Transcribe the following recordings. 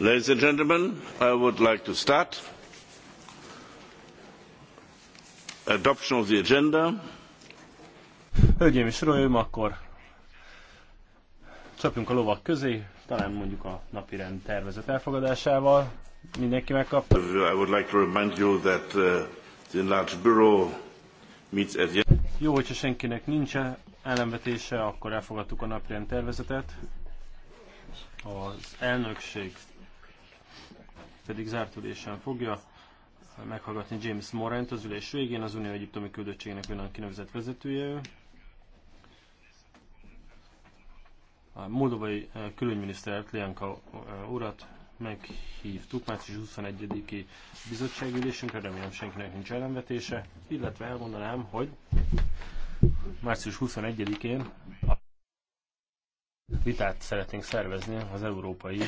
Ladies and gentlemen, I would like to start. Adoption of the agenda. Hölgyeim és uraim, akkor csapjunk a lovak közé, talán mondjuk a napi rend tervezet elfogadásával. Mindenki megkapta. I would like to remind you that uh, the enlarged bureau meets at the... Jó, hogyha senkinek nincs ellenvetése, akkor elfogadtuk a napirend tervezetet. Az elnökség pedig zárt ülésen fogja meghallgatni James Morant az ülés végén, az Unió Egyiptomi Küldöttségének olyan kinevezett vezetője ő. A moldovai eh, külügyminisztert Lianka eh, urat meghívtuk március 21-i bizottságülésünkre, remélem senkinek nincs ellenvetése, illetve elmondanám, hogy március 21-én vitát szeretnénk szervezni az európai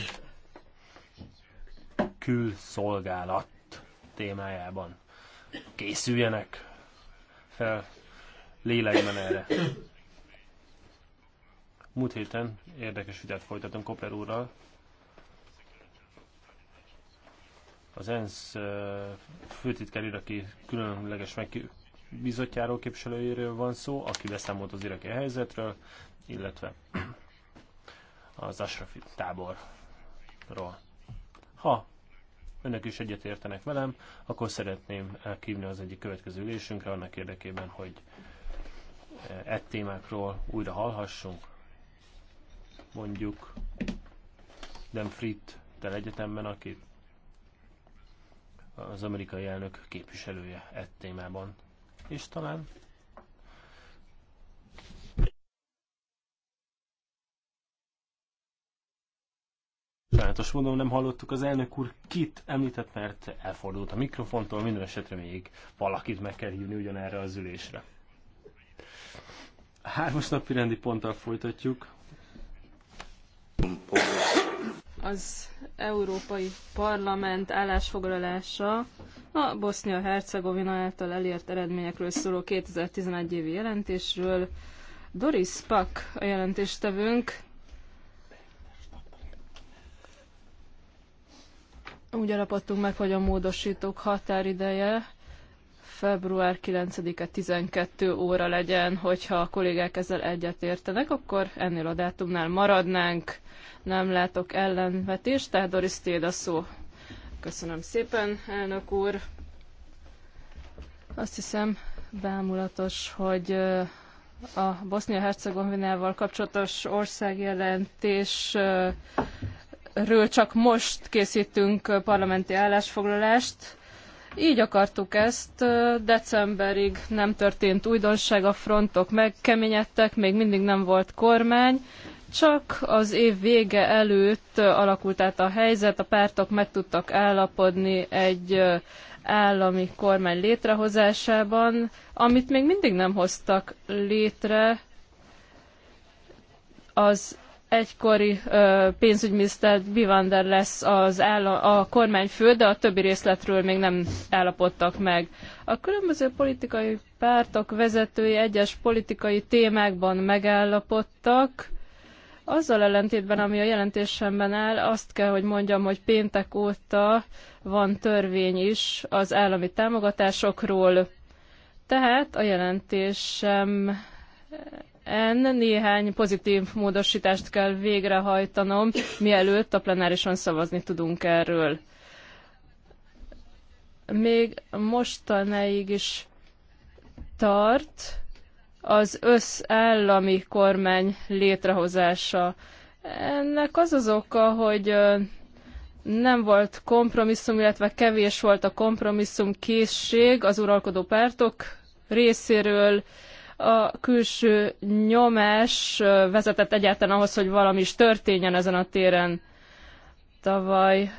külszolgálat témájában. Készüljenek fel lélegben erre. Múlt héten érdekes vitát folytattam Kopler úrral. Az ENSZ főtitkár iraki különleges megbizotjáról képviselőjéről van szó, aki beszámolt az iraki helyzetről, illetve az Ashrafi táborról. Ha önök is egyetértenek velem, akkor szeretném elkívni az egyik következő ülésünkre annak érdekében, hogy egy eh, e témákról újra hallhassunk. Mondjuk nem Fritt Tel Egyetemben, aki az amerikai elnök képviselője egy témában. És talán Sajnálatos módon nem hallottuk az elnök úr kit említett, mert elfordult a mikrofontól, minden esetre még valakit meg kell hívni ugyanerre az ülésre. hármas napi rendi ponttal folytatjuk. Az Európai Parlament állásfoglalása a Bosznia-Hercegovina által elért eredményekről szóló 2011 évi jelentésről. Doris Pak a jelentéstevőnk, Úgy alapodtunk meg, hogy a módosítók határideje február 9-e 12 óra legyen, hogyha a kollégák ezzel egyetértenek, akkor ennél a dátumnál maradnánk. Nem látok ellenvetést, tehát Doris téd a szó. Köszönöm szépen, elnök úr. Azt hiszem bámulatos, hogy a Bosznia-Hercegovinával kapcsolatos országjelentés ről csak most készítünk parlamenti állásfoglalást. Így akartuk ezt, decemberig nem történt újdonság, a frontok megkeményedtek, még mindig nem volt kormány, csak az év vége előtt alakult át a helyzet, a pártok meg tudtak állapodni egy állami kormány létrehozásában, amit még mindig nem hoztak létre, az egykori pénzügyminiszter Bivander lesz az állam, a kormányfő, de a többi részletről még nem állapodtak meg. A különböző politikai pártok vezetői egyes politikai témákban megállapodtak. Azzal ellentétben, ami a jelentésemben áll, azt kell, hogy mondjam, hogy péntek óta van törvény is az állami támogatásokról. Tehát a jelentésem néhány pozitív módosítást kell végrehajtanom, mielőtt a plenárison szavazni tudunk erről. Még mostanáig is tart az összállami kormány létrehozása. Ennek az az oka, hogy nem volt kompromisszum, illetve kevés volt a kompromisszum készség az uralkodó pártok részéről, a külső nyomás vezetett egyáltalán ahhoz, hogy valami is történjen ezen a téren. Tavaly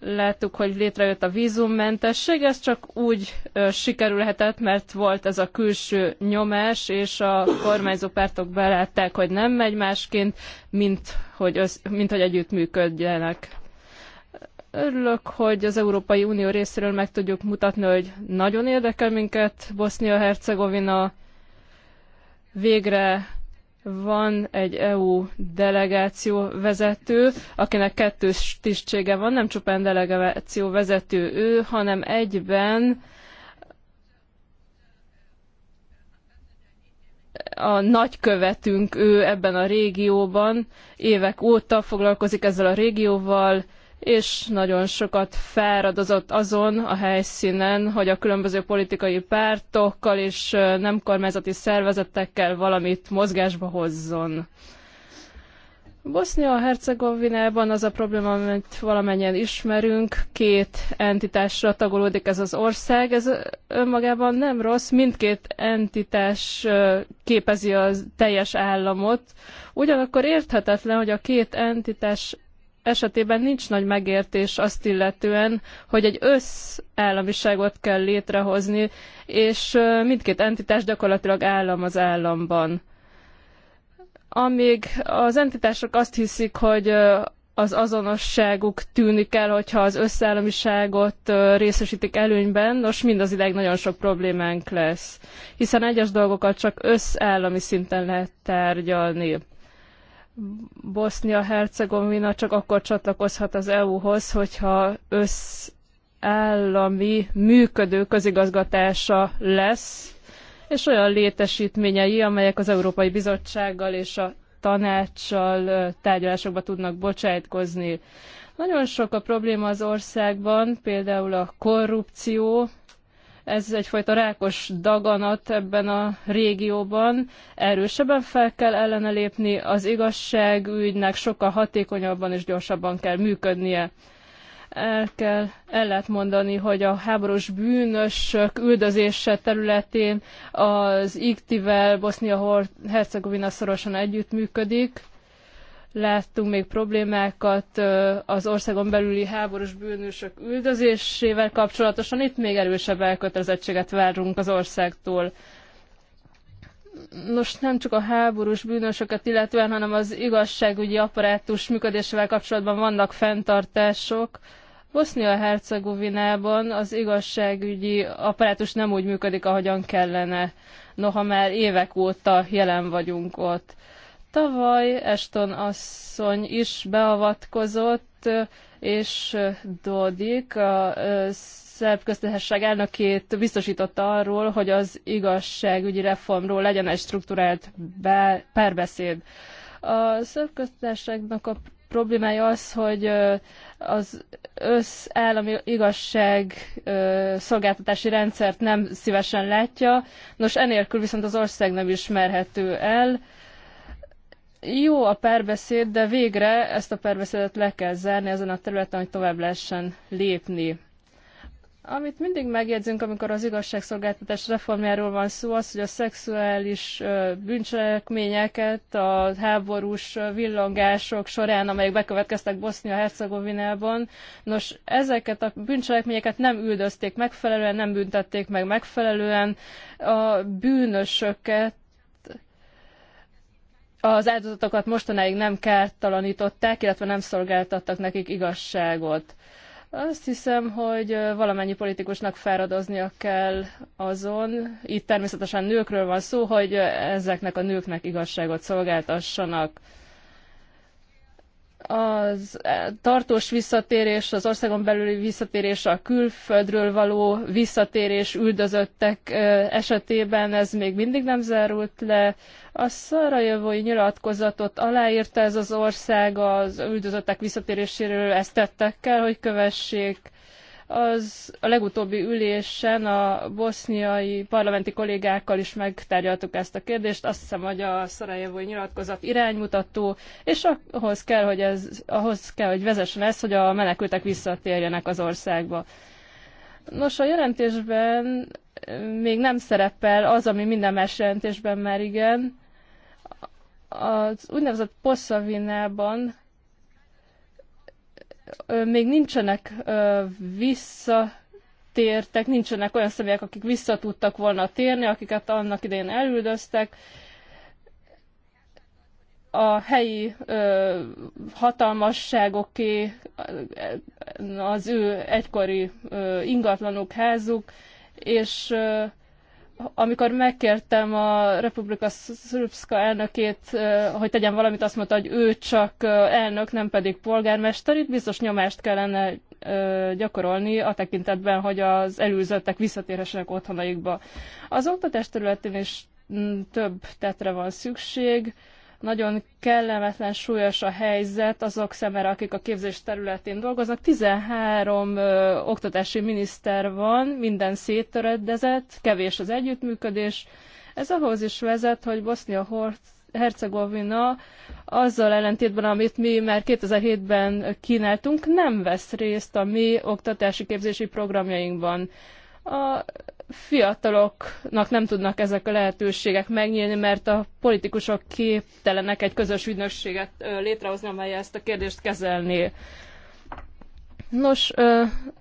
láttuk, hogy létrejött a vízummentesség, ez csak úgy sikerülhetett, mert volt ez a külső nyomás, és a kormányzó pártok belátták, hogy nem megy másként, mint hogy, össz, mint hogy együttműködjenek. Örülök, hogy az Európai Unió részéről meg tudjuk mutatni, hogy nagyon érdekel minket Bosznia-Hercegovina, Végre van egy EU delegáció vezető, akinek kettős tisztsége van, nem csupán delegáció vezető ő, hanem egyben a nagykövetünk ő ebben a régióban, évek óta foglalkozik ezzel a régióval, és nagyon sokat fáradozott azon a helyszínen, hogy a különböző politikai pártokkal és nem kormányzati szervezetekkel valamit mozgásba hozzon. Bosznia-Hercegovinában az a probléma, amit valamennyien ismerünk, két entitásra tagolódik ez az ország. Ez önmagában nem rossz, mindkét entitás képezi a teljes államot. Ugyanakkor érthetetlen, hogy a két entitás esetében nincs nagy megértés azt illetően, hogy egy összállamiságot kell létrehozni, és mindkét entitás gyakorlatilag állam az államban. Amíg az entitások azt hiszik, hogy az azonosságuk tűnik el, hogyha az összeállamiságot részesítik előnyben, nos mindaz ideig nagyon sok problémánk lesz, hiszen egyes dolgokat csak összeállami szinten lehet tárgyalni. Bosznia-Hercegovina csak akkor csatlakozhat az EU-hoz, hogyha összállami működő közigazgatása lesz, és olyan létesítményei, amelyek az Európai Bizottsággal és a tanácssal tárgyalásokba tudnak bocsájtkozni. Nagyon sok a probléma az országban, például a korrupció, ez egyfajta rákos daganat ebben a régióban. Erősebben fel kell ellene lépni, az igazságügynek sokkal hatékonyabban és gyorsabban kell működnie el kell, el lehet mondani, hogy a háborús bűnösök üldözése területén az IKTIVEL Bosznia-Hercegovina szorosan együttműködik, Láttunk még problémákat az országon belüli háborús bűnösök üldözésével kapcsolatosan. Itt még erősebb elkötelezettséget várunk az országtól Nos nem csak a háborús bűnösöket illetően, hanem az igazságügyi apparátus működésével kapcsolatban vannak fenntartások. Bosznia-Hercegovinában az igazságügyi apparátus nem úgy működik, ahogyan kellene. Noha már évek óta jelen vagyunk ott. Tavaly Eston asszony is beavatkozott, és Dodik, a szerb köztársaság elnökét biztosította arról, hogy az igazságügyi reformról legyen egy struktúrált be, párbeszéd. A szerb köztársaságnak a problémája az, hogy az összállami igazság szolgáltatási rendszert nem szívesen látja, nos enélkül viszont az ország nem ismerhető el, jó a párbeszéd, de végre ezt a párbeszédet le kell zárni ezen a területen, hogy tovább lehessen lépni. Amit mindig megjegyzünk, amikor az igazságszolgáltatás reformjáról van szó, az, hogy a szexuális bűncselekményeket a háborús villangások során, amelyek bekövetkeztek Bosznia-Hercegovinában, nos, ezeket a bűncselekményeket nem üldözték megfelelően, nem büntették meg megfelelően, a bűnösöket az áldozatokat mostanáig nem kártalanították, illetve nem szolgáltattak nekik igazságot. Azt hiszem, hogy valamennyi politikusnak fáradoznia kell azon, itt természetesen nőkről van szó, hogy ezeknek a nőknek igazságot szolgáltassanak az tartós visszatérés, az országon belüli visszatérés, a külföldről való visszatérés üldözöttek esetében ez még mindig nem zárult le. A szarajevói nyilatkozatot aláírta ez az ország az üldözöttek visszatéréséről, ezt tettek kell, hogy kövessék. Az a legutóbbi ülésen a boszniai parlamenti kollégákkal is megtárgyaltuk ezt a kérdést. Azt hiszem, hogy a Szarajevói nyilatkozat iránymutató, és ahhoz kell, hogy, ez, ahhoz kell, hogy vezessen ez, hogy a menekültek visszatérjenek az országba. Nos, a jelentésben még nem szerepel az, ami minden más jelentésben már igen. Az úgynevezett Posszavinában még nincsenek vissza tértek, nincsenek olyan személyek, akik vissza tudtak volna térni, akiket annak idején elüldöztek. A helyi ö, hatalmasságoké, az ő egykori ö, ingatlanuk, házuk, és ö, amikor megkértem a Republika Srpska elnökét, hogy tegyen valamit, azt mondta, hogy ő csak elnök, nem pedig polgármester. Itt biztos nyomást kellene gyakorolni a tekintetben, hogy az előzöttek visszatérhessenek otthonaikba. Az oktatás területén is mm, több tetre van szükség. Nagyon kellemetlen, súlyos a helyzet azok szemére, akik a képzés területén dolgoznak. 13 ö, oktatási miniszter van, minden széttöredezett, kevés az együttműködés. Ez ahhoz is vezet, hogy Bosznia-Hort Hercegovina azzal ellentétben, amit mi már 2007-ben kínáltunk, nem vesz részt a mi oktatási képzési programjainkban. A fiataloknak nem tudnak ezek a lehetőségek megnyílni, mert a politikusok képtelenek egy közös ügynökséget létrehozni, amely ezt a kérdést kezelni. Nos,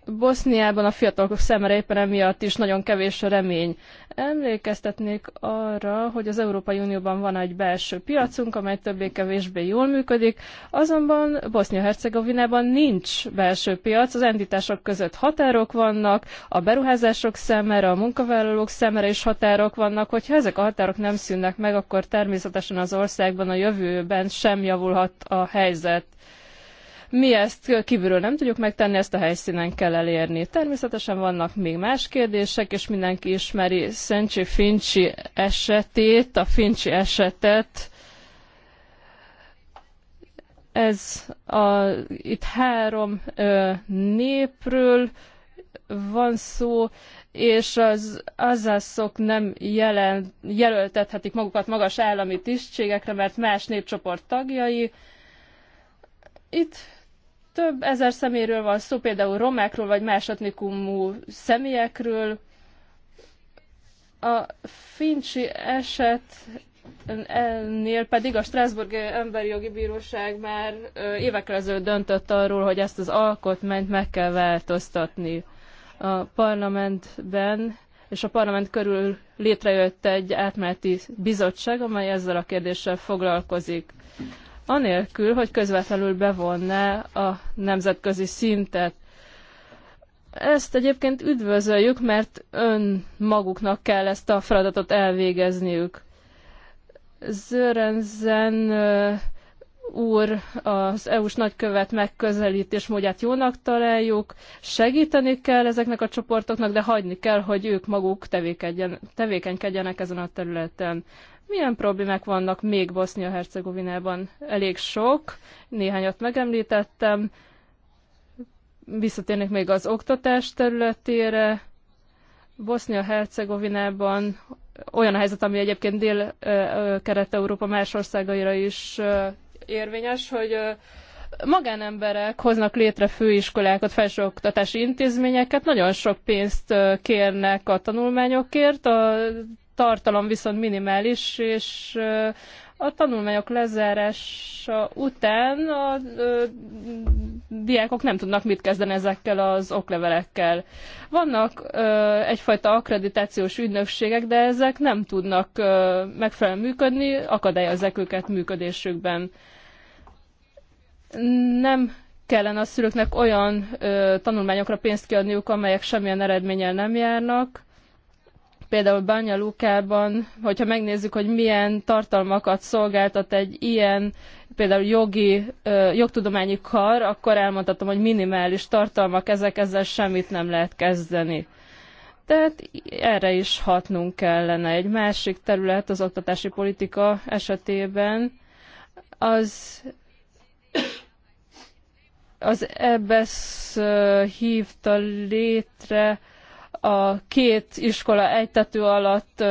Boszniában a fiatalok szemre éppen emiatt is nagyon kevés a remény. Emlékeztetnék arra, hogy az Európai Unióban van egy belső piacunk, amely többé-kevésbé jól működik, azonban Bosznia-Hercegovinában nincs belső piac, az entitások között határok vannak, a beruházások szemre, a munkavállalók szemre is határok vannak, hogyha ezek a határok nem szűnnek meg, akkor természetesen az országban a jövőben sem javulhat a helyzet. Mi ezt kívülről nem tudjuk megtenni, ezt a helyszínen kell elérni. Természetesen vannak még más kérdések, és mindenki ismeri Szentsi Fincsi esetét, a Fincsi esetet. Ez a, itt három ö, népről van szó, és az azászok nem jelen, jelöltethetik magukat magas állami tisztségekre, mert más népcsoport tagjai. Itt több ezer szeméről van szó, például romákról vagy más etnikumú személyekről. A Fincsi eset ennél pedig a Strasbourg Emberi Jogi Bíróság már évekkel ezelőtt döntött arról, hogy ezt az alkotmányt meg kell változtatni. A parlamentben és a parlament körül létrejött egy átmeneti bizottság, amely ezzel a kérdéssel foglalkozik anélkül, hogy közvetlenül bevonná a nemzetközi szintet. Ezt egyébként üdvözöljük, mert ön maguknak kell ezt a feladatot elvégezniük. Zörenzen úr az EU-s nagykövet megközelítés módját jónak találjuk, segíteni kell ezeknek a csoportoknak, de hagyni kell, hogy ők maguk tevékenykedjenek ezen a területen. Milyen problémák vannak még Bosznia-Hercegovinában? Elég sok, néhányat megemlítettem. Visszatérnék még az oktatás területére. Bosznia-Hercegovinában olyan a helyzet, ami egyébként Dél-Kelet-Európa más országaira is érvényes, hogy magánemberek hoznak létre főiskolákat, felsőoktatási intézményeket, nagyon sok pénzt kérnek a tanulmányokért, a tartalom viszont minimális, és a tanulmányok lezárása után a diákok nem tudnak mit kezdeni ezekkel az oklevelekkel. Vannak egyfajta akkreditációs ügynökségek, de ezek nem tudnak megfelelően működni, akadályozzák őket működésükben. Nem kellene a szülőknek olyan ö, tanulmányokra pénzt kiadniuk, amelyek semmilyen eredménnyel nem járnak, Például Banya Lukában, hogyha megnézzük, hogy milyen tartalmakat szolgáltat egy ilyen például jogi, jogtudományi kar, akkor elmondhatom, hogy minimális tartalmak, ezek ezzel semmit nem lehet kezdeni. Tehát erre is hatnunk kellene. Egy másik terület az oktatási politika esetében az az EBSZ e hívta létre a két iskola egytető alatt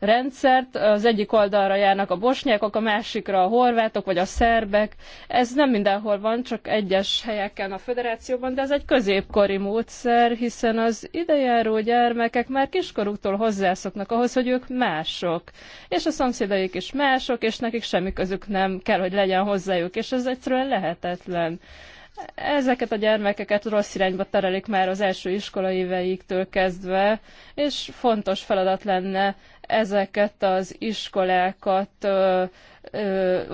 rendszert, az egyik oldalra járnak a bosnyákok, a másikra a horvátok vagy a szerbek. Ez nem mindenhol van, csak egyes helyeken a föderációban, de ez egy középkori módszer, hiszen az idejáró gyermekek már kiskoruktól hozzászoknak ahhoz, hogy ők mások. És a szomszédaik is mások, és nekik semmi közük nem kell, hogy legyen hozzájuk, és ez egyszerűen lehetetlen ezeket a gyermekeket rossz irányba terelik már az első iskola éveiktől kezdve, és fontos feladat lenne ezeket az iskolákat,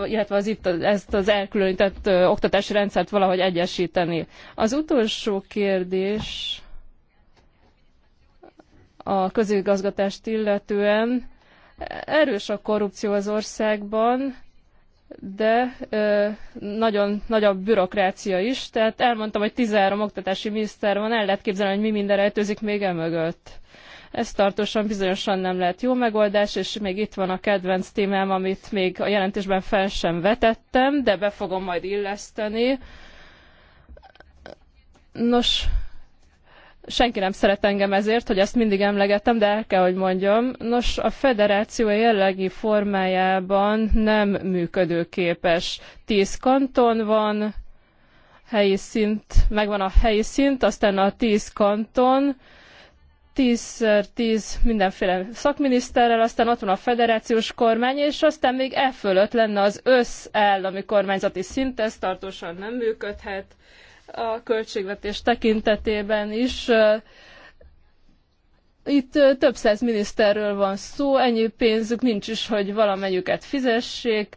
illetve az itt, ezt az elkülönített oktatási rendszert valahogy egyesíteni. Az utolsó kérdés a közigazgatást illetően. Erős a korrupció az országban, de ö, nagyon nagy a bürokrácia is, tehát elmondtam, hogy 13 oktatási miniszter van, el lehet képzelni, hogy mi minden rejtőzik még emögött. Ez tartósan bizonyosan nem lehet jó megoldás, és még itt van a kedvenc témám, amit még a jelentésben fel sem vetettem, de be fogom majd illeszteni. Nos, Senki nem szeret engem ezért, hogy ezt mindig emlegettem, de el kell, hogy mondjam. Nos, a federáció jellegi formájában nem működőképes. Tíz kanton van, helyi szint, megvan a helyi szint, aztán a tíz kanton, 10 tíz mindenféle szakminiszterrel, aztán ott van a federációs kormány, és aztán még e fölött lenne az összállami kormányzati szint, ez tartósan nem működhet a költségvetés tekintetében is. Itt több száz miniszterről van szó, ennyi pénzük nincs is, hogy valamelyiket fizessék.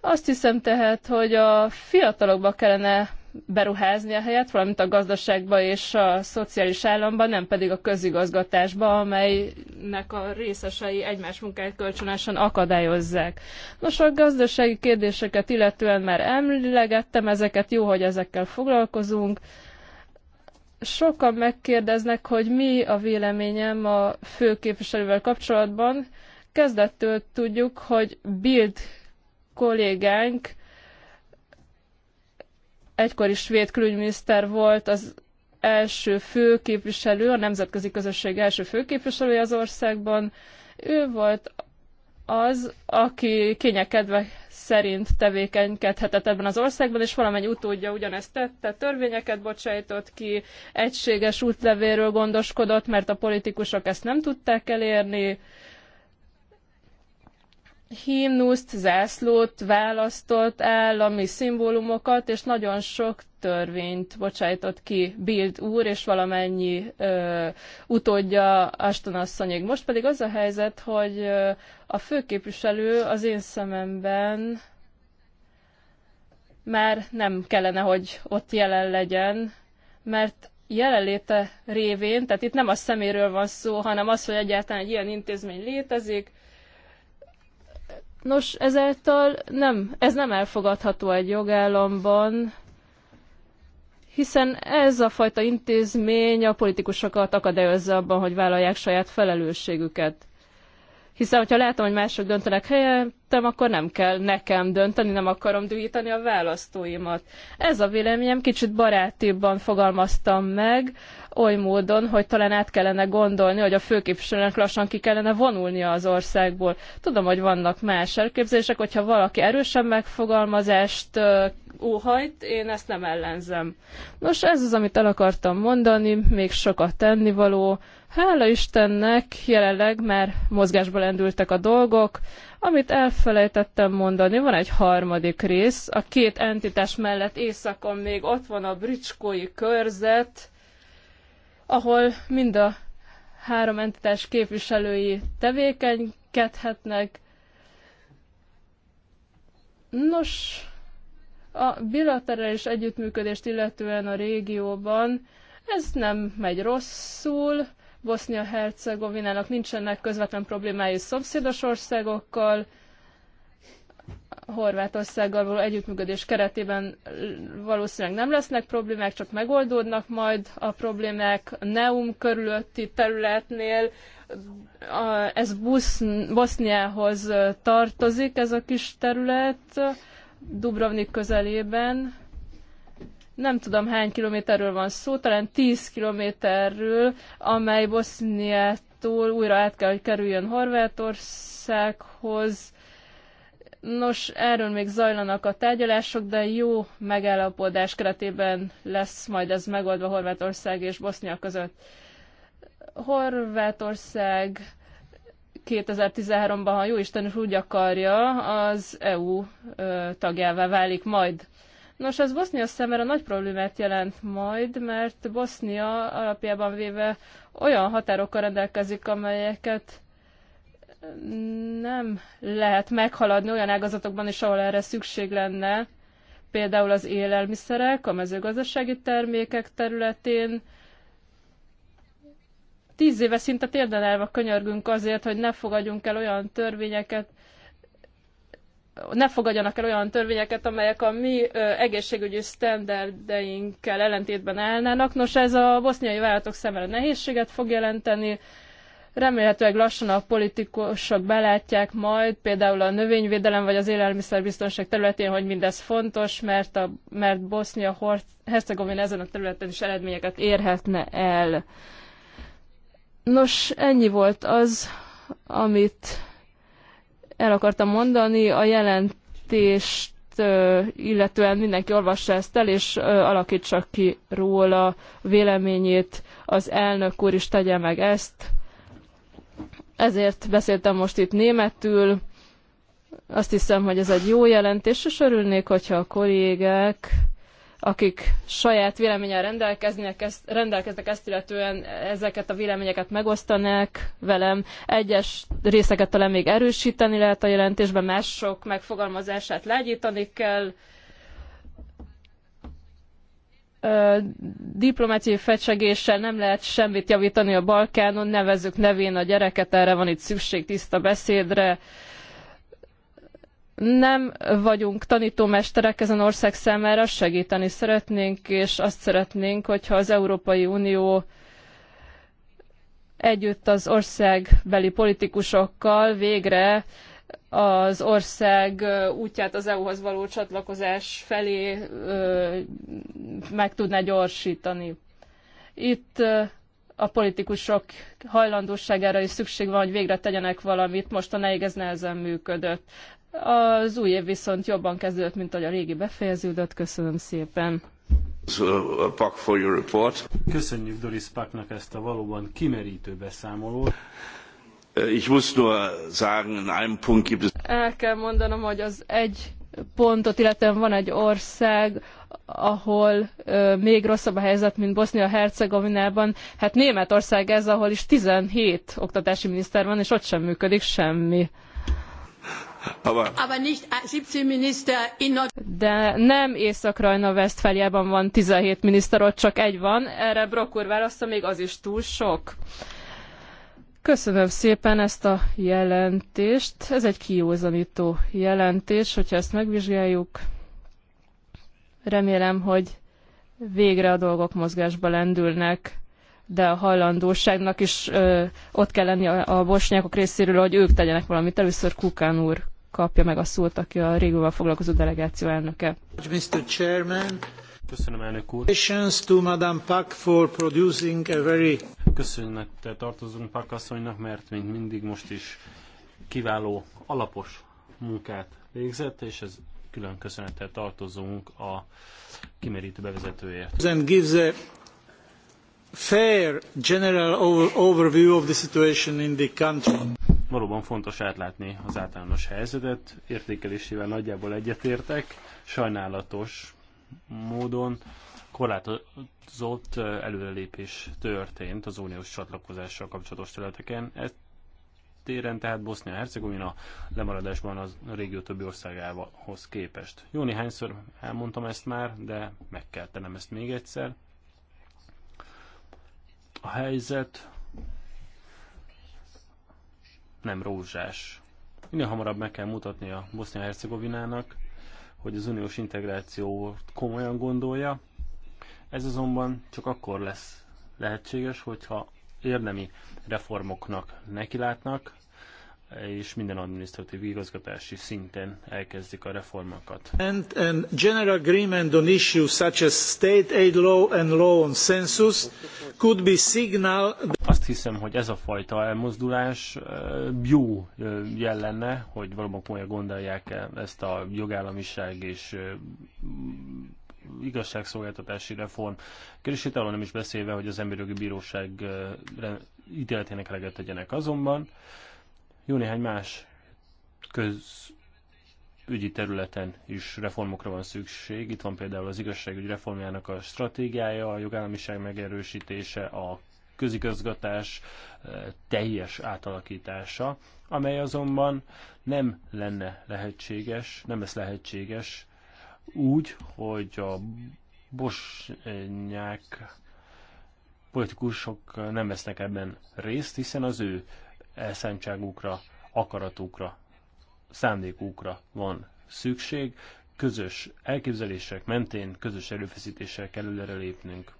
Azt hiszem tehát, hogy a fiatalokba kellene beruházni a helyet, valamint a gazdaságba és a szociális államba, nem pedig a közigazgatásba, amelynek a részesei egymás munkáját kölcsönösen akadályozzák. Nos, a gazdasági kérdéseket illetően már emlegettem ezeket, jó, hogy ezekkel foglalkozunk. Sokan megkérdeznek, hogy mi a véleményem a főképviselővel kapcsolatban. Kezdettől tudjuk, hogy Bild kollégánk egykori svéd külügyminiszter volt az első főképviselő, a nemzetközi közösség első főképviselője az országban. Ő volt az, aki kényekedve szerint tevékenykedhetett ebben az országban, és valamennyi utódja ugyanezt tette, törvényeket bocsájtott ki, egységes útlevéről gondoskodott, mert a politikusok ezt nem tudták elérni, himnuszt, zászlót választott el, ami szimbólumokat, és nagyon sok törvényt bocsájtott ki Bild úr, és valamennyi ö, utódja Aston asszonyig. Most pedig az a helyzet, hogy a főképviselő az én szememben már nem kellene, hogy ott jelen legyen, mert jelenléte révén, tehát itt nem a szeméről van szó, hanem az, hogy egyáltalán egy ilyen intézmény létezik, Nos, ezáltal nem, ez nem elfogadható egy jogállamban, hiszen ez a fajta intézmény a politikusokat akadályozza abban, hogy vállalják saját felelősségüket. Hiszen, hogyha látom, hogy mások döntenek helyettem, akkor nem kell nekem dönteni, nem akarom dühíteni a választóimat. Ez a véleményem kicsit barátibban fogalmaztam meg, oly módon, hogy talán át kellene gondolni, hogy a főképviselőnek lassan ki kellene vonulnia az országból. Tudom, hogy vannak más elképzelések, hogyha valaki erősen megfogalmazást óhajt, én ezt nem ellenzem. Nos, ez az, amit el akartam mondani, még sokat tennivaló. való Hála Istennek jelenleg már mozgásba lendültek a dolgok. Amit elfelejtettem mondani, van egy harmadik rész. A két entitás mellett északon még ott van a bricskói körzet, ahol mind a három entitás képviselői tevékenykedhetnek. Nos, a bilaterális együttműködést illetően a régióban ez nem megy rosszul, Bosznia-Hercegovinának nincsenek közvetlen problémái szomszédos országokkal, Horvátországgal való együttműködés keretében valószínűleg nem lesznek problémák, csak megoldódnak majd a problémák. Neum körülötti területnél ez Busz, Boszniához tartozik, ez a kis terület, Dubrovnik közelében nem tudom hány kilométerről van szó, talán 10 kilométerről, amely Boszniától újra át kell, hogy kerüljön Horvátországhoz. Nos, erről még zajlanak a tárgyalások, de jó megállapodás keretében lesz majd ez megoldva Horvátország és Bosznia között. Horvátország 2013-ban, ha jó Isten úgy akarja, az EU tagjává válik majd. Nos, ez Bosznia szemére nagy problémát jelent majd, mert Bosznia alapjában véve olyan határokkal rendelkezik, amelyeket nem lehet meghaladni olyan ágazatokban is, ahol erre szükség lenne, például az élelmiszerek, a mezőgazdasági termékek területén. Tíz éve szinte térden elve könyörgünk azért, hogy ne fogadjunk el olyan törvényeket, ne fogadjanak el olyan törvényeket, amelyek a mi egészségügyi sztenderdeinkkel ellentétben állnának. Nos, ez a boszniai vállalatok szemére nehézséget fog jelenteni. Remélhetőleg lassan a politikusok belátják majd, például a növényvédelem vagy az élelmiszerbiztonság területén, hogy mindez fontos, mert, a, mert Bosznia Hercegovina ezen a területen is eredményeket érhetne el. Nos, ennyi volt az, amit el akartam mondani, a jelentést illetően mindenki olvassa ezt el, és alakítsa ki róla véleményét, az elnök úr is tegye meg ezt. Ezért beszéltem most itt németül. Azt hiszem, hogy ez egy jó jelentés, és örülnék, hogyha a kollégák akik saját véleményen rendelkeznek, ezt, rendelkeznek ezt illetően ezeket a véleményeket megosztanák velem. Egyes részeket talán még erősíteni lehet a jelentésben, mások megfogalmazását legyítani kell. Diplomáciai fecsegéssel nem lehet semmit javítani a Balkánon, nevezzük nevén a gyereket, erre van itt szükség tiszta beszédre. Ö, nem vagyunk tanítómesterek ezen ország számára, segíteni szeretnénk, és azt szeretnénk, hogyha az Európai Unió együtt az ország beli politikusokkal végre az ország útját az EU-hoz való csatlakozás felé meg tudná gyorsítani. Itt a politikusok hajlandóságára is szükség van, hogy végre tegyenek valamit, mostanáig ez nehezen működött. Az új év viszont jobban kezdődött, mint ahogy a régi befejeződött. Köszönöm szépen. Uh, Pak for your report. Köszönjük Doris Paknak ezt a valóban kimerítő beszámolót. Uh, ich muss nur sagen, in einem Punkt gibt es... El kell mondanom, hogy az egy pontot, illetve van egy ország, ahol ö, uh, még rosszabb a helyzet, mint Bosznia-Hercegovinában. Hát Németország ez, ahol is 17 oktatási miniszter van, és ott sem működik semmi. De nem Észak-Rajna-Vesztfáliában van 17 miniszter, ott csak egy van. Erre Brok úr válasza, még az is túl sok. Köszönöm szépen ezt a jelentést. Ez egy kiózanító jelentés, hogyha ezt megvizsgáljuk. Remélem, hogy végre a dolgok mozgásba lendülnek de a hajlandóságnak is ö, ott kell lenni a, a bosnyákok részéről, hogy ők tegyenek valamit. Először Kukán úr kapja meg a szót, aki a régóval foglalkozó delegáció elnöke. Mr. Chairman. Köszönöm, elnök úr. To Madame Pak for producing a very... Köszönettel tartozunk Pak asszonynak, mert mint mindig most is kiváló, alapos munkát végzett, és ez külön köszönettel tartozunk a kimerítő bevezetőért. And gives a fair general overview of the situation in the country. Valóban fontos átlátni az általános helyzetet, értékelésével nagyjából egyetértek, sajnálatos módon korlátozott előrelépés történt az uniós csatlakozással kapcsolatos területeken. Ez téren, tehát Bosznia-Hercegovina lemaradásban az régió többi országához képest. Jó néhányszor elmondtam ezt már, de meg kell tennem ezt még egyszer. A helyzet nem rózsás. Minél hamarabb meg kell mutatni a Bosznia-Hercegovinának, hogy az uniós integrációt komolyan gondolja. Ez azonban csak akkor lesz lehetséges, hogyha érdemi reformoknak nekilátnak, és minden adminisztratív igazgatási szinten elkezdik a reformokat. And, and general agreement on issues such as state aid law and law on census could be signal... Azt hiszem, hogy ez a fajta elmozdulás jó jel lenne, hogy valóban komolyan gondolják -e ezt a jogállamiság és igazságszolgáltatási reform. Kérdését arról nem is beszélve, hogy az emberjogi bíróság ítéletének eleget tegyenek azonban. Jó néhány más közügyi területen is reformokra van szükség. Itt van például az igazságügy reformjának a stratégiája, a jogállamiság megerősítése, a közigazgatás eh, teljes átalakítása, amely azonban nem lenne lehetséges, nem lesz lehetséges úgy, hogy a bosnyák politikusok nem vesznek ebben részt, hiszen az ő elszántságukra, akaratukra, szándékukra van szükség. Közös elképzelések mentén, közös erőfeszítéssel kell lépnünk.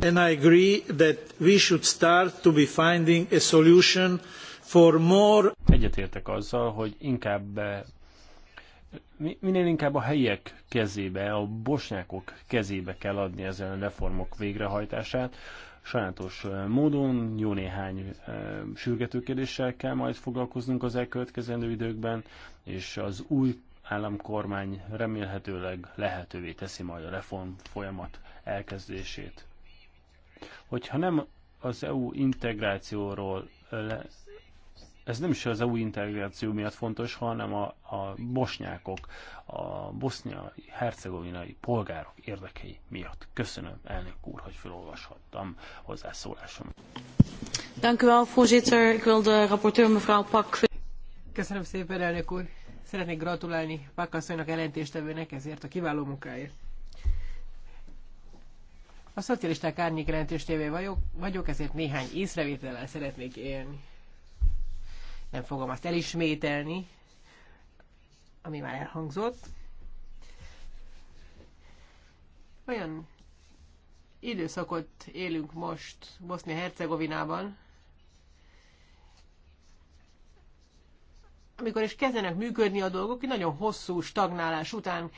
And I agree that we should start to be finding a solution for more... Egyetértek azzal, hogy inkább eh, minél inkább a helyiek kezébe, a bosnyákok kezébe kell adni ezen a reformok végrehajtását, sajátos módon, jó néhány sürgető kérdéssel kell majd foglalkoznunk az elkövetkezendő időkben, és az új államkormány remélhetőleg lehetővé teszi majd a reform folyamat elkezdését. Hogyha nem az EU integrációról ez nem is az EU integráció miatt fontos, hanem a, a bosnyákok, a boszniai, hercegovinai polgárok érdekei miatt. Köszönöm, elnök úr, hogy felolvashattam hozzászólásom. Köszönöm szépen, elnök úr. Szeretnék gratulálni Pak asszonynak elentéstevőnek ezért a kiváló munkáért. A szocialisták árnyék jelentéstévé vagyok, vagyok, ezért néhány észrevétellel szeretnék élni nem fogom azt elismételni, ami már elhangzott. Olyan időszakot élünk most Bosznia-Hercegovinában, amikor is kezdenek működni a dolgok, nagyon hosszú stagnálás után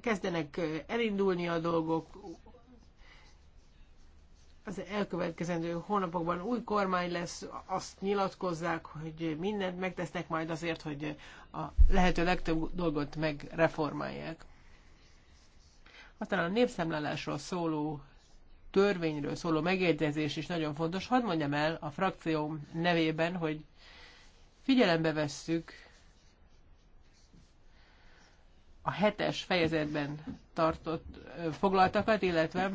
kezdenek elindulni a dolgok, az elkövetkezendő hónapokban új kormány lesz, azt nyilatkozzák, hogy mindent megtesznek majd azért, hogy a lehető legtöbb dolgot megreformálják. Aztán a népszemlálásról szóló törvényről szóló megjegyzés is nagyon fontos. Hadd mondjam el a frakcióm nevében, hogy figyelembe vesszük a hetes fejezetben tartott foglaltakat, illetve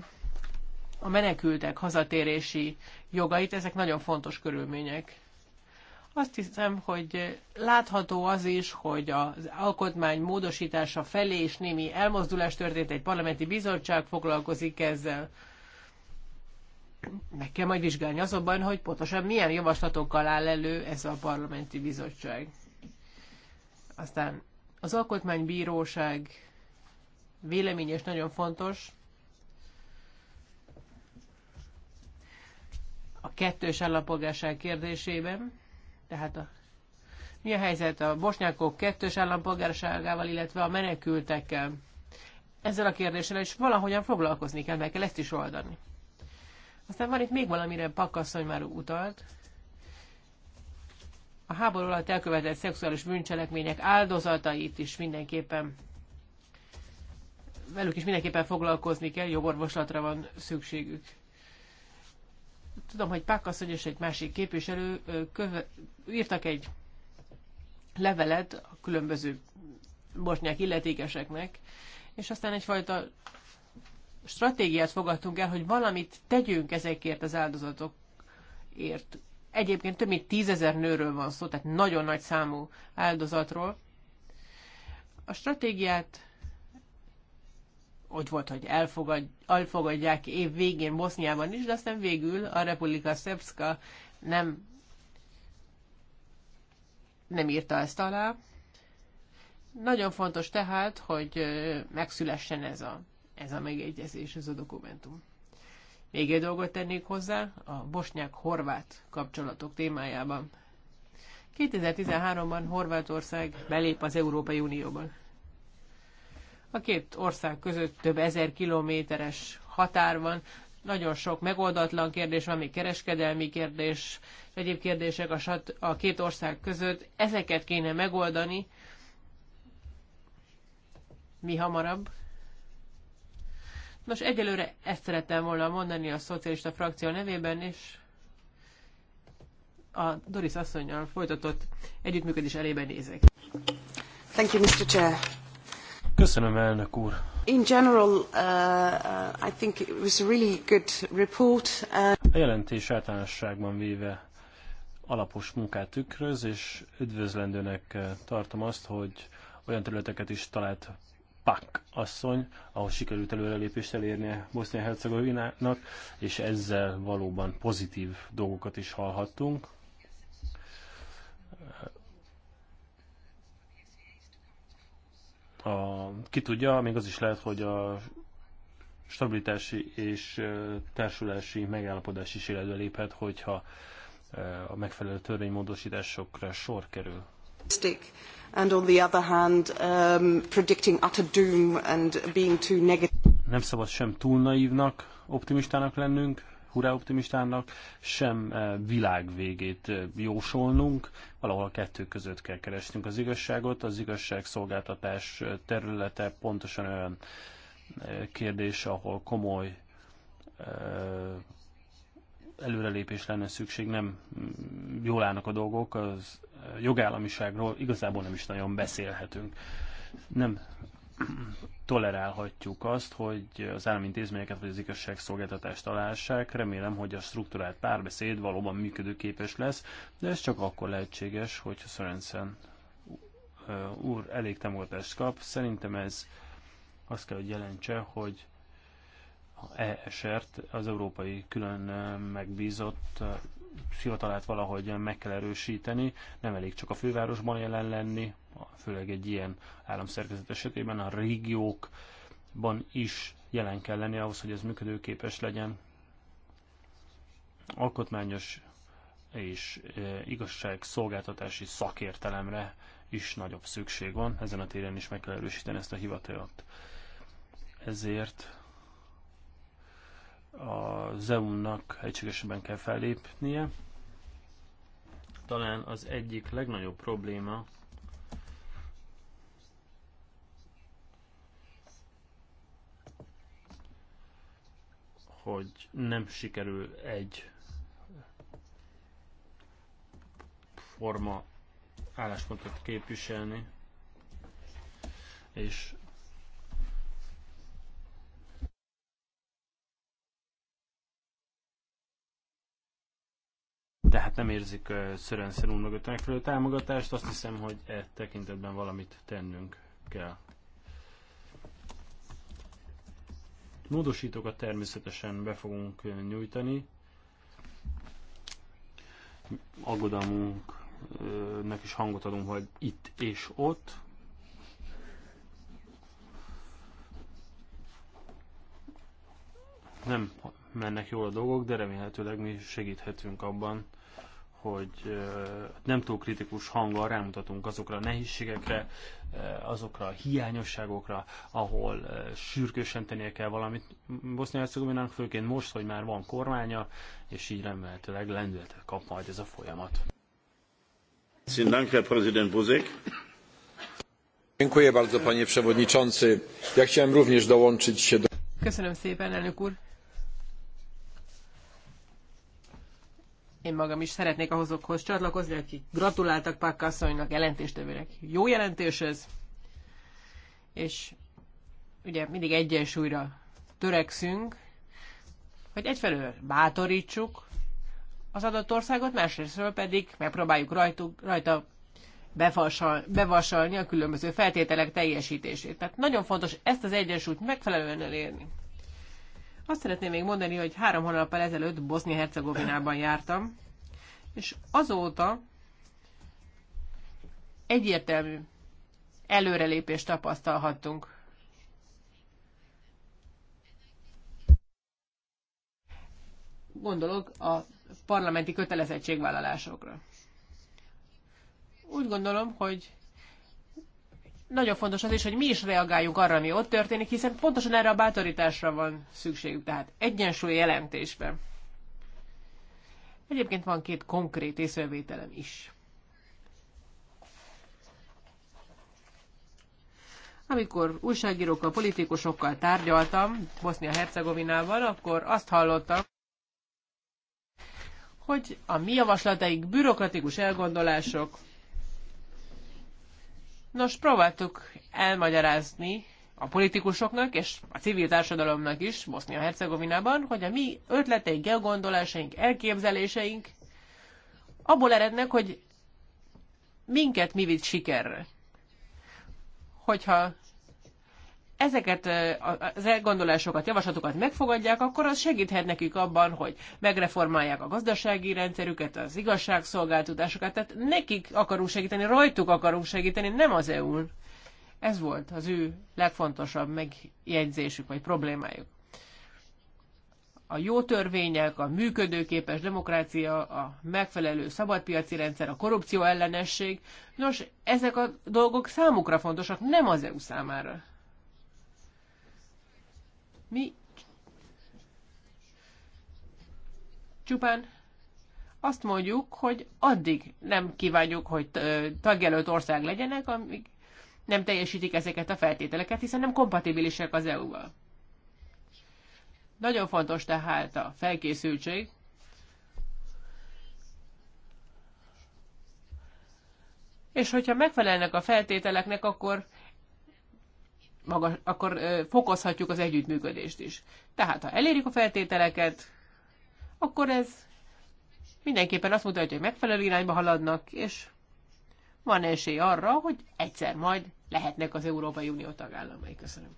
a menekültek hazatérési jogait, ezek nagyon fontos körülmények. Azt hiszem, hogy látható az is, hogy az alkotmány módosítása felé is némi elmozdulás történt, egy parlamenti bizottság foglalkozik ezzel. Meg kell majd vizsgálni azonban, hogy pontosan milyen javaslatokkal áll elő ez a parlamenti bizottság. Aztán az alkotmánybíróság véleménye is nagyon fontos. kettős állampolgárság kérdésében, tehát a, mi a helyzet a bosnyákok kettős állampolgárságával, illetve a menekültekkel? Ezzel a kérdéssel is valahogyan foglalkozni kell, meg kell ezt is oldani. Aztán van itt még valamire Pakasszony már utalt. A háború alatt elkövetett szexuális bűncselekmények áldozatait is mindenképpen velük is mindenképpen foglalkozni kell, jogorvoslatra van szükségük. Tudom, hogy asszony és egy másik képviselő köve, írtak egy levelet a különböző bosnyák illetékeseknek, és aztán egyfajta stratégiát fogadtunk el, hogy valamit tegyünk ezekért az áldozatokért. Egyébként több mint tízezer nőről van szó, tehát nagyon nagy számú áldozatról. A stratégiát ott volt, hogy elfogad, elfogadják év végén Boszniában is, de aztán végül a Republika Szepszka nem, nem írta ezt alá. Nagyon fontos tehát, hogy megszülessen ez a, ez a megegyezés, ez a dokumentum. Még egy dolgot tennék hozzá, a bosnyák-horvát kapcsolatok témájában. 2013-ban Horvátország belép az Európai Unióban. A két ország között több ezer kilométeres határ van, nagyon sok megoldatlan kérdés van, még kereskedelmi kérdés, egyéb kérdések a, sat, a két ország között. Ezeket kéne megoldani mi hamarabb. Nos, egyelőre ezt szerettem volna mondani a szocialista frakció nevében, és a Doris asszonynal folytatott együttműködés elébe nézek. Thank you, Mr. Chair. Köszönöm, elnök úr. In general, uh, uh, I think it was a really good report. Uh, a jelentés általánosságban véve alapos munkát tükröz, és üdvözlendőnek uh, tartom azt, hogy olyan területeket is talált Pak asszony, ahol sikerült előrelépést elérnie Bosznia-Hercegovinának, és ezzel valóban pozitív dolgokat is hallhattunk. a, ki tudja, még az is lehet, hogy a stabilitási és társulási megállapodás is életbe léphet, hogyha a megfelelő törvénymódosításokra sor kerül. And on the other hand, um, predicting utter doom and being too negative. Nem szabad sem túl naívnak, optimistának lennünk, hurrá optimistának, sem eh, világvégét eh, jósolnunk, valahol a kettő között kell keresnünk az igazságot. Az igazságszolgáltatás eh, területe pontosan olyan kérdés, ahol komoly előrelépés lenne szükség, nem mm, jól állnak a dolgok, az jogállamiságról igazából nem is nagyon beszélhetünk. Nem tolerálhatjuk azt, hogy az állami intézményeket vagy az igazságszolgáltatást alássák. Remélem, hogy a struktúrált párbeszéd valóban működőképes lesz, de ez csak akkor lehetséges, hogy Sörensen úr elég támogatást kap. Szerintem ez azt kell, hogy jelentse, hogy a ESR-t az Európai Külön Megbízott hivatalát valahogy meg kell erősíteni, nem elég csak a fővárosban jelen lenni, főleg egy ilyen államszerkezet esetében a régiókban is jelen kell lenni ahhoz, hogy ez működőképes legyen. Alkotmányos és e, igazságszolgáltatási szakértelemre is nagyobb szükség van, ezen a téren is meg kell erősíteni ezt a hivatalt. Ezért a Zeumnak nak egységesebben kell fellépnie. Talán az egyik legnagyobb probléma hogy nem sikerül egy forma álláspontot képviselni, és hát nem érzik Szörenszen úr mögött megfelelő támogatást. Azt hiszem, hogy e tekintetben valamit tennünk kell. Módosítókat természetesen be fogunk nyújtani. Aggodalmunknak is hangot adunk, hogy itt és ott. Nem mennek jól a dolgok, de remélhetőleg mi segíthetünk abban, hogy nem túl kritikus hanggal rámutatunk azokra a nehézségekre, azokra a hiányosságokra, ahol sürgősen tennie kell valamit. Bosznia-Hercegovinának főként most, hogy már van kormánya, és így remélhetőleg lendületet kap majd ez a folyamat. Köszönöm szépen, elnök úr. Én magam is szeretnék ahhozokhoz csatlakozni, akik gratuláltak Pak asszonynak, jelentéstevőnek. Jó jelentés ez, és ugye mindig egyensúlyra törekszünk, hogy egyfelől bátorítsuk az adott országot, másrésztről pedig megpróbáljuk rajtuk, rajta befasal, bevasalni a különböző feltételek teljesítését. Tehát nagyon fontos ezt az egyensúlyt megfelelően elérni. Azt szeretném még mondani, hogy három hónappal ezelőtt Bosznia-Hercegovinában jártam, és azóta egyértelmű előrelépést tapasztalhattunk. Gondolok a parlamenti kötelezettségvállalásokra. Úgy gondolom, hogy nagyon fontos az is, hogy mi is reagáljunk arra, ami ott történik, hiszen pontosan erre a bátorításra van szükségük, tehát egyensúly jelentésben. Egyébként van két konkrét észrevételem is. Amikor újságírókkal, politikusokkal tárgyaltam bosnia hercegovinával akkor azt hallottam, hogy a mi javaslataik bürokratikus elgondolások, Nos, próbáltuk elmagyarázni a politikusoknak és a civil társadalomnak is Bosznia-Hercegovinában, hogy a mi ötleteink, elgondolásaink, elképzeléseink abból erednek, hogy minket mi vitt sikerre. Hogyha ezeket az elgondolásokat, javaslatokat megfogadják, akkor az segíthet nekik abban, hogy megreformálják a gazdasági rendszerüket, az igazságszolgáltatásokat, tehát nekik akarunk segíteni, rajtuk akarunk segíteni, nem az EU-n. Ez volt az ő legfontosabb megjegyzésük vagy problémájuk. A jó törvények, a működőképes demokrácia, a megfelelő szabadpiaci rendszer, a korrupció ellenesség, nos, ezek a dolgok számukra fontosak, nem az EU számára. Mi csupán azt mondjuk, hogy addig nem kívánjuk, hogy tagjelölt ország legyenek, amíg nem teljesítik ezeket a feltételeket, hiszen nem kompatibilisek az EU-val. Nagyon fontos tehát a felkészültség. És hogyha megfelelnek a feltételeknek, akkor magas, akkor fokozhatjuk az együttműködést is. Tehát, ha elérjük a feltételeket, akkor ez mindenképpen azt mutatja, hogy megfelelő irányba haladnak, és van esély arra, hogy egyszer majd lehetnek az Európai Unió tagállamai. Köszönöm.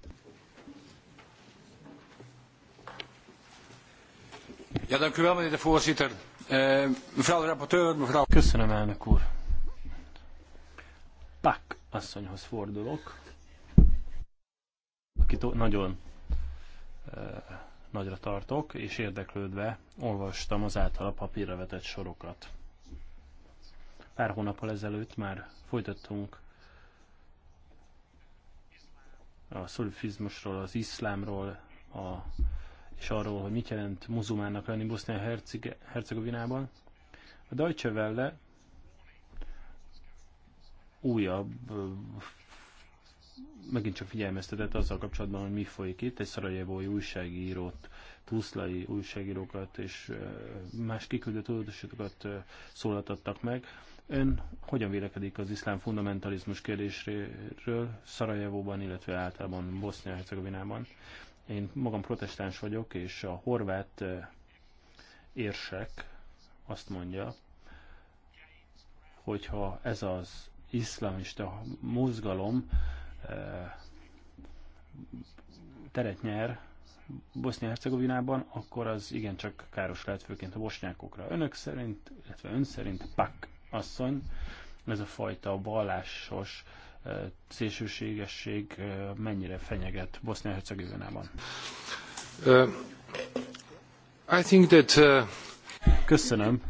Ja, dank u wel, meneer de voorzitter. Eh, mevrouw de rapporteur, mevrouw... Köszönöm, elnök úr. Pak asszonyhoz fordulok akit nagyon nagyra tartok, és érdeklődve olvastam az általa papírra vetett sorokat. Pár hónappal ezelőtt már folytattunk a szolifizmusról, az iszlámról, a, és arról, hogy mit jelent muzumának lenni Bosznia-Hercegovinában. A Deutsche Welle újabb megint csak figyelmeztetett azzal kapcsolatban, hogy mi folyik itt. Egy szarajevói újságírót, tuszlai újságírókat és más kiküldött tudatosítókat szólaltattak meg. Ön hogyan vélekedik az iszlám fundamentalizmus kérdéséről Szarajevóban, illetve általában Bosznia-Hercegovinában? Én magam protestáns vagyok, és a horvát érsek azt mondja, hogyha ez az iszlamista mozgalom Eh, teret nyer Bosznia-Hercegovinában, akkor az igencsak káros lehet főként a bosnyákokra. Önök szerint, illetve ön szerint Pak asszony, ez a fajta vallásos eh, szélsőségesség eh, mennyire fenyeget Bosznia-Hercegovinában? Uh, I think that, uh... Köszönöm.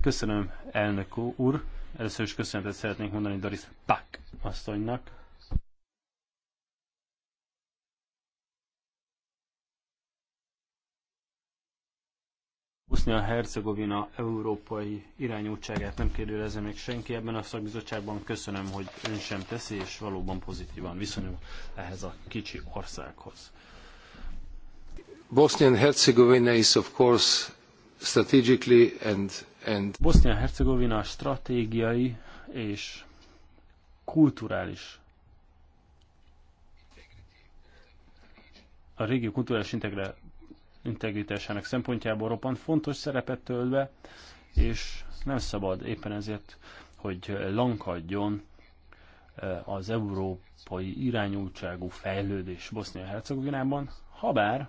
Köszönöm, elnök úr. Először is köszönetet szeretnénk mondani Doris Pak asszonynak. Bosznia-Hercegovina európai irányultságát nem kérdőjelezze még senki ebben a szakbizottságban. Köszönöm, hogy ön sem teszi, és valóban pozitívan viszonyul ehhez a kicsi országhoz. Bosnia hercegovina is of course strategically and And... Bosznia-Hercegovina stratégiai és kulturális a régió kulturális integre, integritásának szempontjából roppant fontos szerepet töltve, és nem szabad éppen ezért, hogy lankadjon e, az európai irányultságú fejlődés Bosznia-Hercegovinában, habár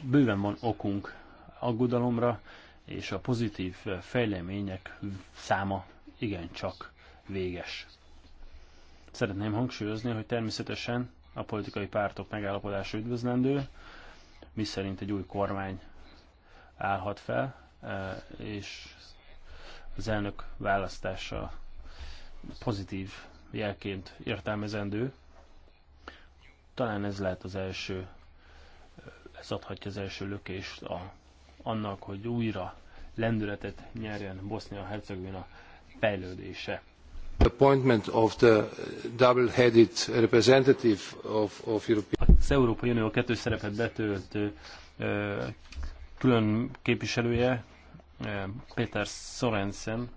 bőven van okunk aggodalomra, és a pozitív fejlemények száma igencsak véges. Szeretném hangsúlyozni, hogy természetesen a politikai pártok megállapodása üdvözlendő, miszerint egy új kormány állhat fel, e, és az elnök választása pozitív jelként értelmezendő. Talán ez lehet az első, ez adhatja az első lökést a annak, hogy újra lendületet nyerjen Bosznia-Hercegovina fejlődése. Appointment of the double-headed representative of, of European... Az Európai Unió kettő szerepet betölt külön képviselője, Péter Sorensen,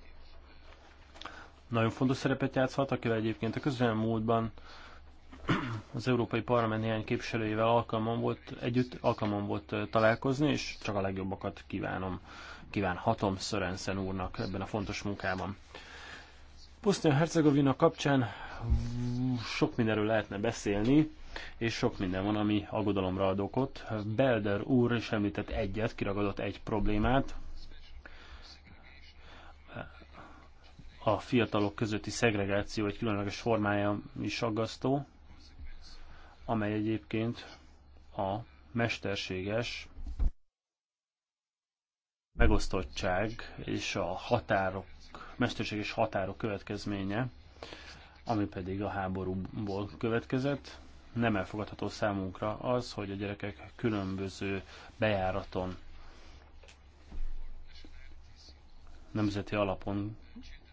nagyon fontos szerepet játszhat, akivel egyébként a közelmúltban az Európai Parlament néhány képviselőjével alkalmam volt, együtt alkalmam volt találkozni, és csak a legjobbakat kívánom, kívánhatom Szörenszen úrnak ebben a fontos munkában. Bosznia-Hercegovina kapcsán sok mindenről lehetne beszélni, és sok minden van, ami aggodalomra ad okot. Belder úr is említett egyet, kiragadott egy problémát, a fiatalok közötti szegregáció egy különleges formája is aggasztó amely egyébként a mesterséges megosztottság és a határok, mesterséges határok következménye, ami pedig a háborúból következett. Nem elfogadható számunkra az, hogy a gyerekek különböző bejáraton, nemzeti alapon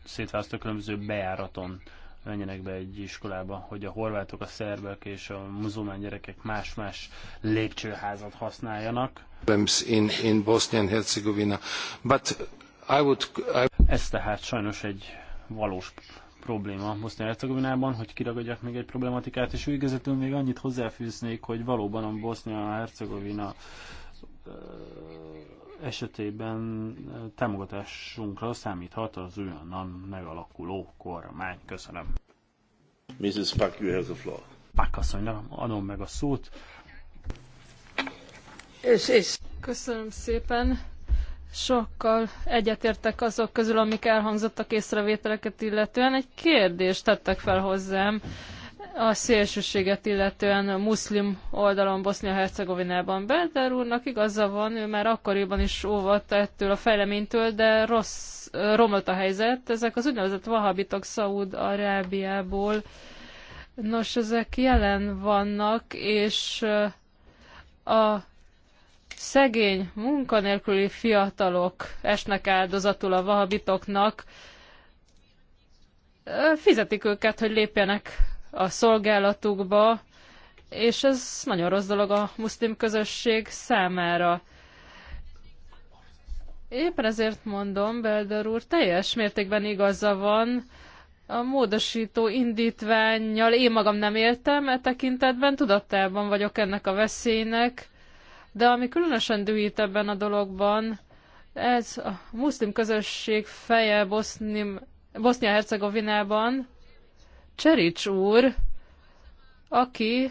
szétválasztó különböző bejáraton menjenek be egy iskolába, hogy a horvátok, a szerbek és a muzulmán gyerekek más-más lépcsőházat használjanak. In, in Bosnia Herzegovina. But I would, I... Ez tehát sajnos egy valós probléma Bosznia-Hercegovinában, hogy kiragadjak még egy problematikát, és végezetül még annyit hozzáfűznék, hogy valóban a Bosznia-Hercegovina esetében támogatásunkra számíthat az olyan megalakuló kormány. Köszönöm. Mrs. Pak, you have the floor. Pak asszonynak adom meg a szót. Köszönöm szépen. Sokkal egyetértek azok közül, amik elhangzottak észrevételeket illetően. Egy kérdést tettek fel hozzám a szélsőséget illetően a muszlim oldalon Bosznia-Hercegovinában. Belder úrnak igaza van, ő már akkoriban is óvatta ettől a fejleménytől, de rossz, romlott a helyzet. Ezek az úgynevezett vahabitok Szaúd-Arábiából, nos, ezek jelen vannak, és a szegény, munkanélküli fiatalok esnek áldozatul a vahabitoknak, fizetik őket, hogy lépjenek a szolgálatukba, és ez nagyon rossz dolog a muszlim közösség számára. Éppen ezért mondom, Belder úr, teljes mértékben igaza van, a módosító indítványjal én magam nem éltem e tekintetben, tudatában vagyok ennek a veszélynek, de ami különösen dühít ebben a dologban, ez a muszlim közösség feje Bosznia-Hercegovinában, Cserics úr, aki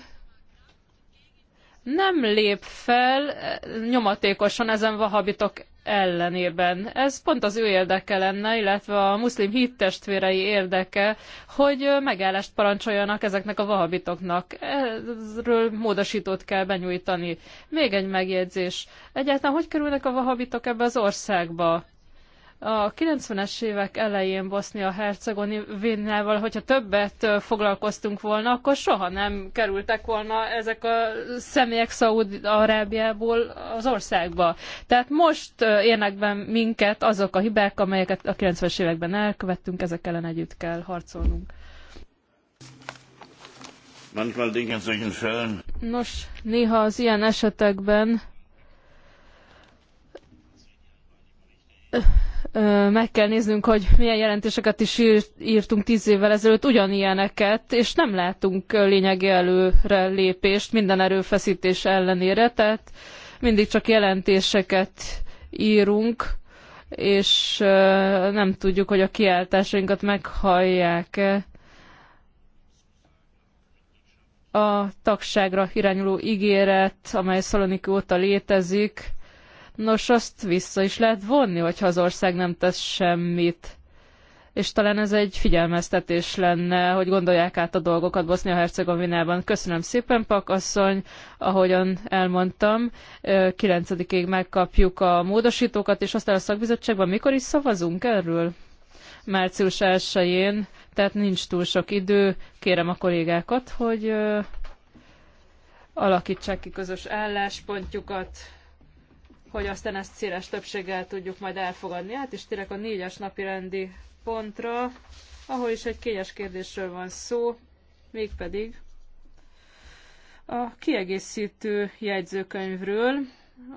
nem lép fel eh, nyomatékosan ezen vahabitok ellenében. Ez pont az ő érdeke lenne, illetve a muszlim hittestvérei érdeke, hogy eh, megállást parancsoljanak ezeknek a vahabitoknak. Erről módosítót kell benyújtani. Még egy megjegyzés. Egyáltalán hogy kerülnek a vahabitok ebbe az országba? A 90-es évek elején Bosznia-Hercegovinával, hogyha többet foglalkoztunk volna, akkor soha nem kerültek volna ezek a személyek Szaúd-Arábiából az országba. Tehát most érnek be minket azok a hibák, amelyeket a 90-es években elkövettünk, ezek ellen együtt kell harcolnunk. Nos, néha az ilyen esetekben meg kell néznünk, hogy milyen jelentéseket is írtunk tíz évvel ezelőtt, ugyanilyeneket, és nem látunk lényegi előre lépést minden erőfeszítés ellenére, tehát mindig csak jelentéseket írunk, és nem tudjuk, hogy a kiáltásainkat meghallják-e a tagságra irányuló ígéret, amely Szaloniki óta létezik, Nos, azt vissza is lehet vonni, hogyha az ország nem tesz semmit. És talán ez egy figyelmeztetés lenne, hogy gondolják át a dolgokat Bosznia-Hercegovinában. Köszönöm szépen, Pak asszony, ahogyan elmondtam, 9-ig megkapjuk a módosítókat, és aztán a szakbizottságban mikor is szavazunk erről? Március 1-én, tehát nincs túl sok idő. Kérem a kollégákat, hogy alakítsák ki közös álláspontjukat hogy aztán ezt széles többséggel tudjuk majd elfogadni. Hát is tényleg a négyes napi rendi pontra, ahol is egy kényes kérdésről van szó, mégpedig a kiegészítő jegyzőkönyvről,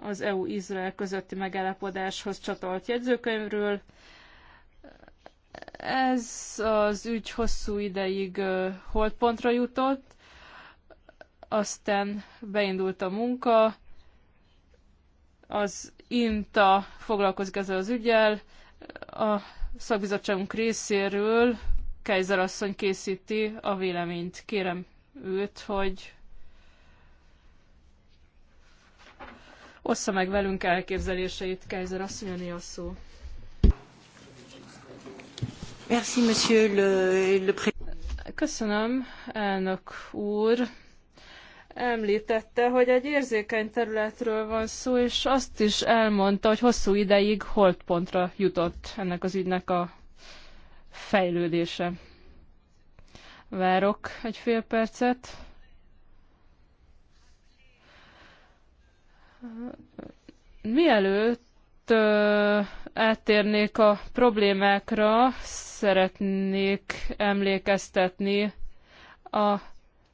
az EU-Izrael közötti megállapodáshoz csatolt jegyzőkönyvről. Ez az ügy hosszú ideig holdpontra jutott, aztán beindult a munka, az INTA foglalkozik ezzel az ügyel. A szakbizottságunk részéről Kejzer asszony készíti a véleményt. Kérem őt, hogy ossza meg velünk elképzeléseit. Kejzer asszony, a szó. Köszönöm, elnök úr említette, hogy egy érzékeny területről van szó, és azt is elmondta, hogy hosszú ideig holtpontra jutott ennek az ügynek a fejlődése. Várok egy fél percet. Mielőtt ö, áttérnék a problémákra, szeretnék emlékeztetni a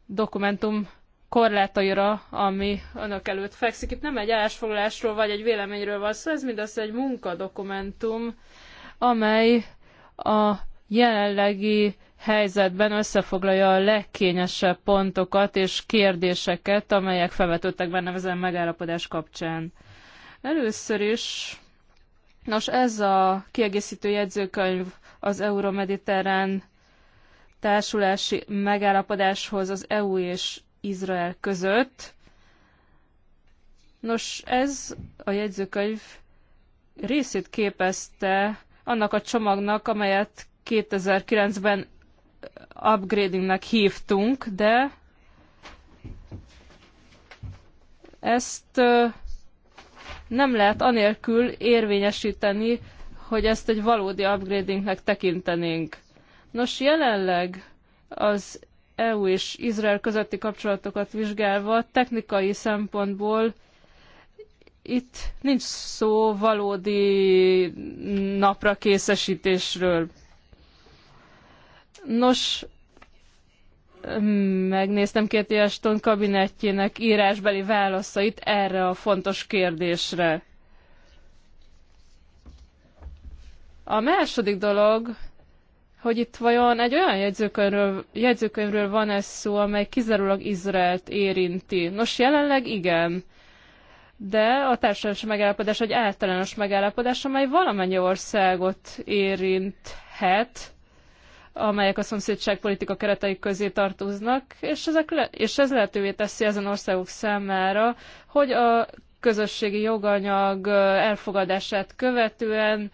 dokumentum korlátaira, ami önök előtt fekszik. Itt nem egy állásfoglalásról vagy egy véleményről van szó, ez mindaz egy munkadokumentum, amely a jelenlegi helyzetben összefoglalja a legkényesebb pontokat és kérdéseket, amelyek felvetődtek bennem ezen megállapodás kapcsán. Először is, nos ez a kiegészítő jegyzőkönyv az Euromediterrán társulási megállapodáshoz az EU és Izrael között. Nos, ez a jegyzőkönyv részét képezte annak a csomagnak, amelyet 2009-ben upgradingnek hívtunk, de ezt nem lehet anélkül érvényesíteni, hogy ezt egy valódi upgradingnek tekintenénk. Nos, jelenleg az EU és Izrael közötti kapcsolatokat vizsgálva, technikai szempontból itt nincs szó valódi napra készesítésről. Nos, megnéztem két Ashton kabinetjének írásbeli válaszait erre a fontos kérdésre. A második dolog, hogy itt vajon egy olyan jegyzőkönyvről, jegyzőkönyvről van ez szó, amely kizárólag Izraelt érinti. Nos, jelenleg igen. De a társadalmi megállapodás egy általános megállapodás, amely valamennyi országot érinthet, amelyek a szomszédságpolitika keretei közé tartoznak, és, ezek le- és ez lehetővé teszi ezen országok számára, hogy a közösségi joganyag elfogadását követően uh,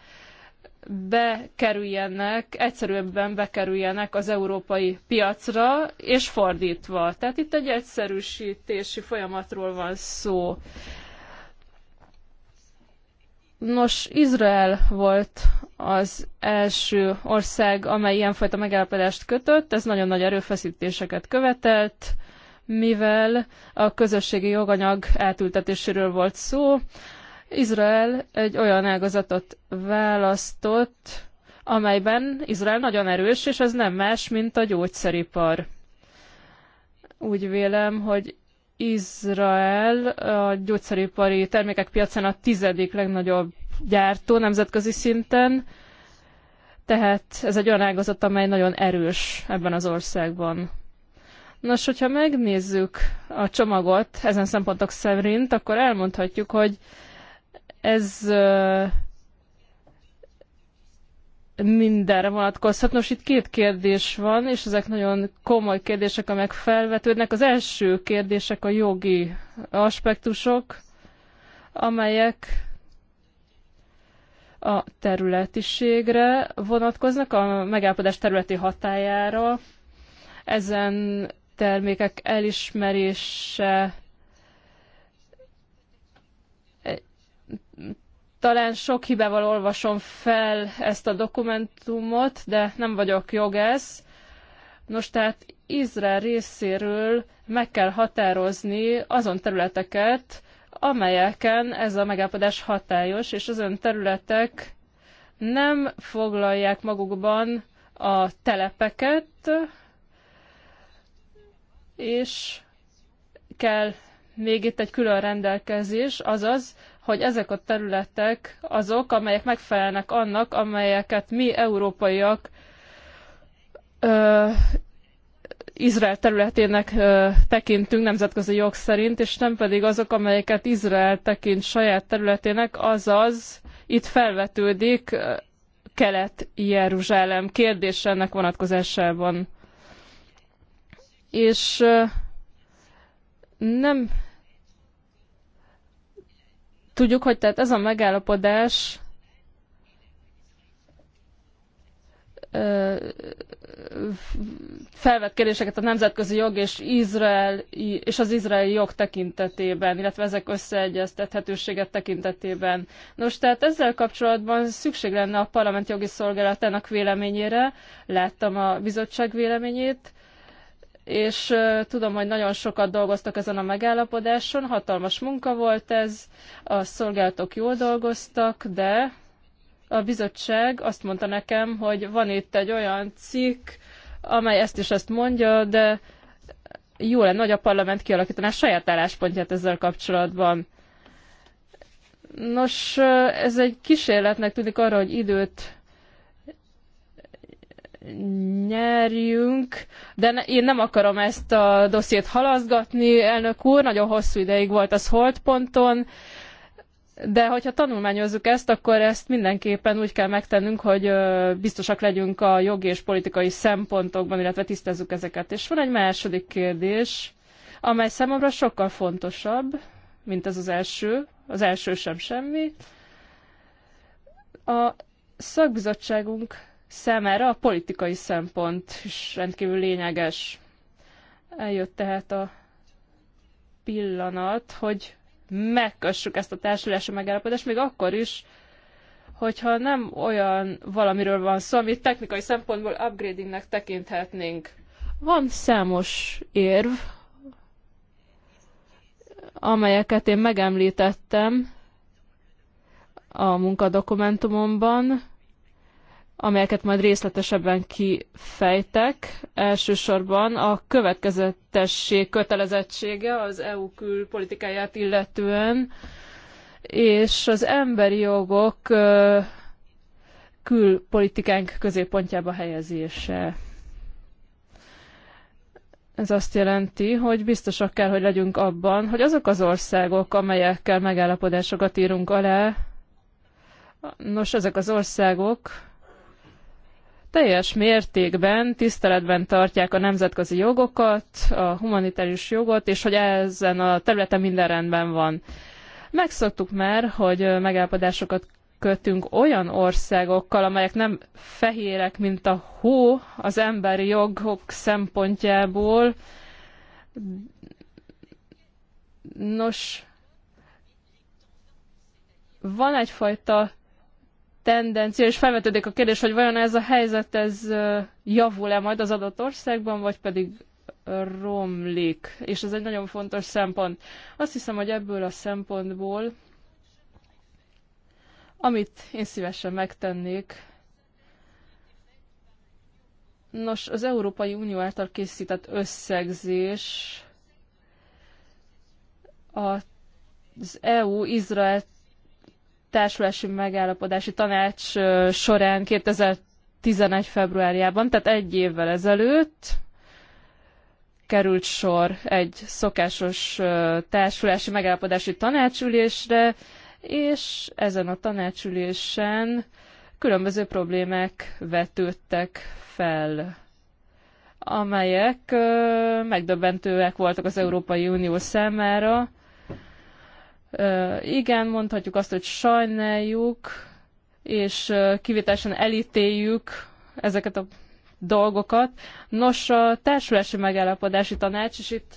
bekerüljenek, egyszerűbben bekerüljenek az európai piacra, és fordítva. Tehát itt egy egyszerűsítési folyamatról van szó. Nos, Izrael volt az első ország, amely ilyenfajta megállapodást kötött, ez nagyon nagy erőfeszítéseket követelt, mivel a közösségi joganyag átültetéséről volt szó, Izrael egy olyan ágazatot választott, amelyben Izrael nagyon erős, és ez nem más, mint a gyógyszeripar. Úgy vélem, hogy Izrael a gyógyszeripari termékek piacán a tizedik legnagyobb gyártó nemzetközi szinten, tehát ez egy olyan ágazat, amely nagyon erős ebben az országban. Nos, hogyha megnézzük a csomagot ezen szempontok szerint, akkor elmondhatjuk, hogy ez mindenre vonatkozhat. Nos, itt két kérdés van, és ezek nagyon komoly kérdések, amelyek felvetődnek. Az első kérdések a jogi aspektusok, amelyek a területiségre vonatkoznak, a megállapodás területi hatájára. Ezen termékek elismerése Talán sok hibával olvasom fel ezt a dokumentumot, de nem vagyok jogász. Nos, tehát Izrael részéről meg kell határozni azon területeket, amelyeken ez a megállapodás hatályos, és azon területek nem foglalják magukban a telepeket, és kell még itt egy külön rendelkezés, azaz hogy ezek a területek azok, amelyek megfelelnek annak, amelyeket mi európaiak ö, Izrael területének ö, tekintünk nemzetközi jog szerint, és nem pedig azok, amelyeket Izrael tekint saját területének, azaz itt felvetődik Kelet-Jeruzsálem kérdése ennek vonatkozásában. És ö, nem Tudjuk, hogy tehát ez a megállapodás felvett kérdéseket a nemzetközi jog és, Izrael, és az izraeli jog tekintetében, illetve ezek összeegyeztethetőséget tekintetében. Nos, tehát ezzel kapcsolatban szükség lenne a parlament jogi szolgálatának véleményére, láttam a bizottság véleményét, és tudom, hogy nagyon sokat dolgoztak ezen a megállapodáson, hatalmas munka volt ez, a szolgálatok jól dolgoztak, de a bizottság azt mondta nekem, hogy van itt egy olyan cikk, amely ezt is ezt mondja, de jó lenne, hogy a parlament kialakítaná saját álláspontját ezzel kapcsolatban. Nos, ez egy kísérletnek tűnik arra, hogy időt nyerjünk, de ne, én nem akarom ezt a dossziét halaszgatni, elnök úr, nagyon hosszú ideig volt az holdponton, de hogyha tanulmányozzuk ezt, akkor ezt mindenképpen úgy kell megtennünk, hogy biztosak legyünk a jogi és politikai szempontokban, illetve tisztázzuk ezeket. És van egy második kérdés, amely számomra sokkal fontosabb, mint ez az első. Az első sem semmi. A szakbizottságunk számára a politikai szempont is rendkívül lényeges. Eljött tehát a pillanat, hogy megkössük ezt a társulási megállapodást, még akkor is, hogyha nem olyan valamiről van szó, amit technikai szempontból upgradingnek tekinthetnénk. Van számos érv, amelyeket én megemlítettem a munkadokumentumomban, amelyeket majd részletesebben kifejtek. Elsősorban a következetesség kötelezettsége az EU külpolitikáját illetően, és az emberi jogok külpolitikánk középpontjába helyezése. Ez azt jelenti, hogy biztosak kell, hogy legyünk abban, hogy azok az országok, amelyekkel megállapodásokat írunk alá, nos, ezek az országok teljes mértékben tiszteletben tartják a nemzetközi jogokat, a humanitárius jogot, és hogy ezen a területen minden rendben van. Megszoktuk már, hogy megállapodásokat kötünk olyan országokkal, amelyek nem fehérek, mint a hó az emberi jogok szempontjából. Nos, van egyfajta tendencia, és felvetődik a kérdés, hogy vajon ez a helyzet ez javul-e majd az adott országban, vagy pedig romlik, és ez egy nagyon fontos szempont. Azt hiszem, hogy ebből a szempontból, amit én szívesen megtennék, nos, az Európai Unió által készített összegzés a az EU Izrael társulási megállapodási tanács során 2011. februárjában, tehát egy évvel ezelőtt került sor egy szokásos társulási megállapodási tanácsülésre, és ezen a tanácsülésen különböző problémák vetődtek fel amelyek megdöbbentőek voltak az Európai Unió számára, igen, mondhatjuk azt, hogy sajnáljuk, és kivételesen elítéljük ezeket a dolgokat. Nos, a társulási megállapodási tanács, és itt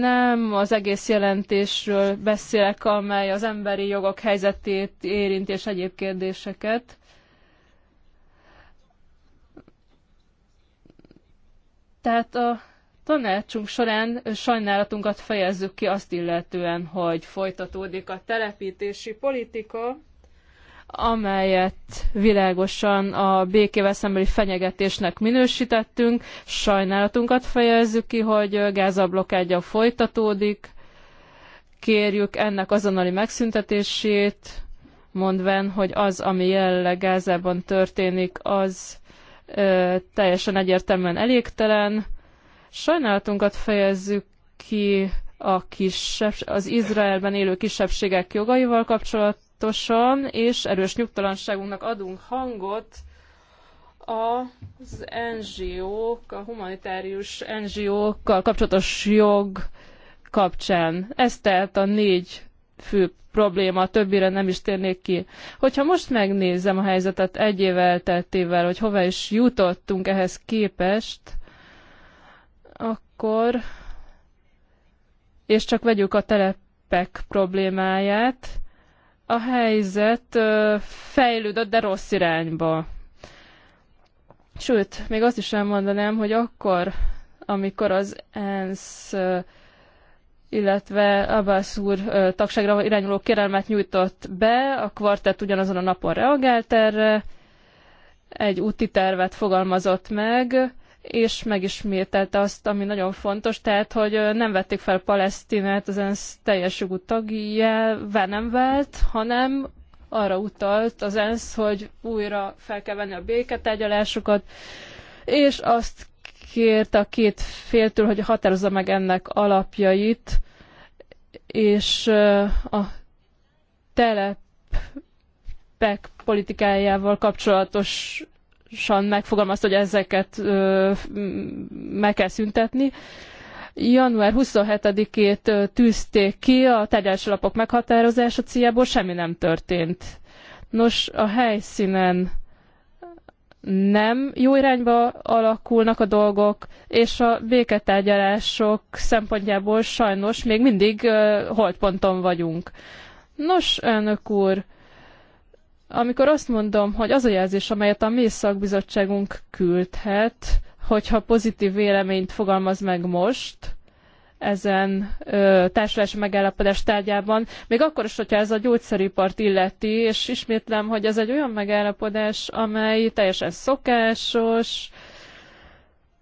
nem az egész jelentésről beszélek, amely az emberi jogok helyzetét érinti és egyéb kérdéseket. Tehát a tanácsunk során sajnálatunkat fejezzük ki azt illetően, hogy folytatódik a telepítési politika, amelyet világosan a békével szembeli fenyegetésnek minősítettünk. Sajnálatunkat fejezzük ki, hogy gázablokádja folytatódik. Kérjük ennek azonnali megszüntetését, mondván, hogy az, ami jelenleg Gázában történik, az ö, teljesen egyértelműen elégtelen Sajnálatunkat fejezzük ki a kisebb, az Izraelben élő kisebbségek jogaival kapcsolatosan, és erős nyugtalanságunknak adunk hangot az NGO-k, a humanitárius NGO-kkal kapcsolatos jog kapcsán. Ez tehát a négy fő probléma, a többire nem is térnék ki. Hogyha most megnézem a helyzetet egy év elteltével, hogy hova is jutottunk ehhez képest, akkor, és csak vegyük a telepek problémáját, a helyzet fejlődött, de rossz irányba. Sőt, még azt is elmondanám, hogy akkor, amikor az ENSZ illetve Abbas úr tagságra irányuló kérelmet nyújtott be, a kvartett ugyanazon a napon reagált erre, egy úti tervet fogalmazott meg, és megismételte azt, ami nagyon fontos, tehát, hogy nem vették fel Palesztinát az ENSZ teljes jogú tagjává nem vált, hanem arra utalt az ENSZ, hogy újra fel kell venni a béketárgyalásokat, és azt kérte a két féltől, hogy határozza meg ennek alapjait, és a telepek politikájával kapcsolatos világosan megfogalmazta, hogy ezeket meg kell szüntetni. Január 27-ét tűzték ki a lapok meghatározása céljából, semmi nem történt. Nos, a helyszínen nem jó irányba alakulnak a dolgok, és a béketárgyalások szempontjából sajnos még mindig holtponton vagyunk. Nos, elnök úr, amikor azt mondom, hogy az a jelzés, amelyet a mi szakbizottságunk küldhet, hogyha pozitív véleményt fogalmaz meg most, ezen ö, társulási megállapodás tárgyában, még akkor is, hogyha ez a gyógyszeripart illeti, és ismétlem, hogy ez egy olyan megállapodás, amely teljesen szokásos,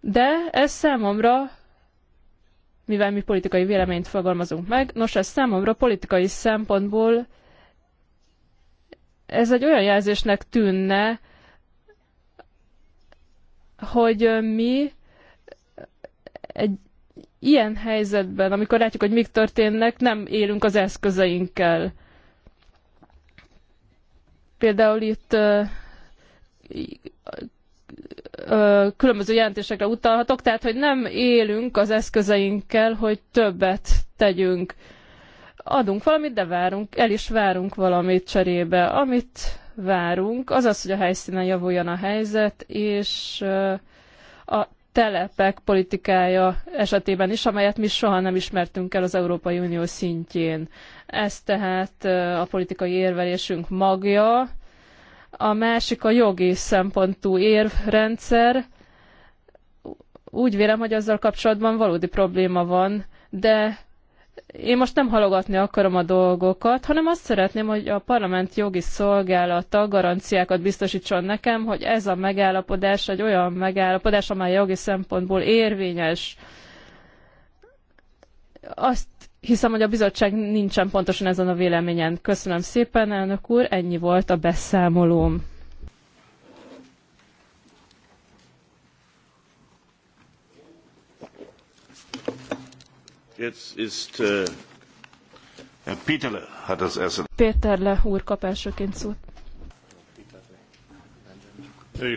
de ez számomra, mivel mi politikai véleményt fogalmazunk meg, nos, ez számomra politikai szempontból ez egy olyan jelzésnek tűnne, hogy mi egy ilyen helyzetben, amikor látjuk, hogy mik történnek, nem élünk az eszközeinkkel. Például itt ö, ö, különböző jelentésekre utalhatok, tehát hogy nem élünk az eszközeinkkel, hogy többet tegyünk. Ö, adunk valamit, de várunk, el is várunk valamit cserébe. Amit várunk, az az, hogy a helyszínen javuljon a helyzet, és a telepek politikája esetében is, amelyet mi soha nem ismertünk el az Európai Unió szintjén. Ez tehát a politikai érvelésünk magja, a másik a jogi szempontú érvrendszer. Úgy vélem, hogy azzal kapcsolatban valódi probléma van, de én most nem halogatni akarom a dolgokat, hanem azt szeretném, hogy a parlament jogi szolgálata garanciákat biztosítson nekem, hogy ez a megállapodás egy olyan megállapodás, amely jogi szempontból érvényes. Azt hiszem, hogy a bizottság nincsen pontosan ezen a véleményen. Köszönöm szépen, elnök úr, ennyi volt a beszámolóm. Jetzt ist äh, Herr Peterle hat das erste. Peterle úr kap elsőként szót.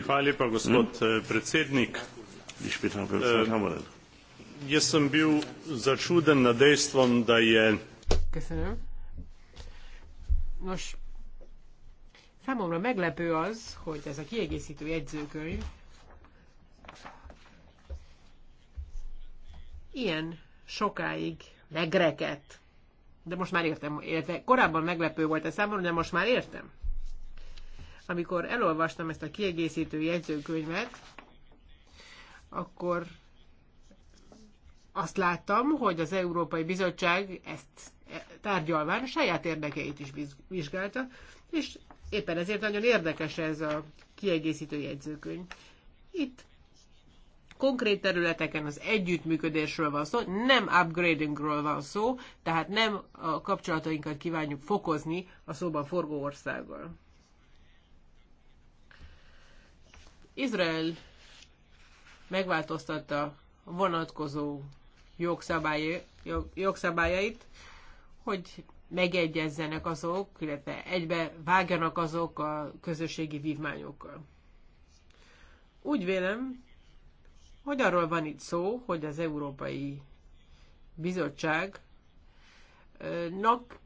Hvala lepa, gospod hmm? predsednik. Um eh, jaz sem bil začuden nad dejstvom, da je. Köszönöm. Nos, számomra meglepő az, hogy ez a kiegészítő jegyzőkönyv ilyen sokáig megrekedt. De most már értem, érte. Korábban meglepő volt a számomra, de most már értem. Amikor elolvastam ezt a kiegészítő jegyzőkönyvet, akkor azt láttam, hogy az Európai Bizottság ezt tárgyalván saját érdekeit is vizsgálta, és éppen ezért nagyon érdekes ez a kiegészítő jegyzőkönyv. Itt konkrét területeken az együttműködésről van szó, nem upgradingról van szó, tehát nem a kapcsolatainkat kívánjuk fokozni a szóban forgó országgal. Izrael megváltoztatta vonatkozó jogszabályai, jog, jogszabályait, hogy megegyezzenek azok, illetve egybe vágjanak azok a közösségi vívmányokkal. Úgy vélem, hogy arról van itt szó, hogy az Európai Bizottságnak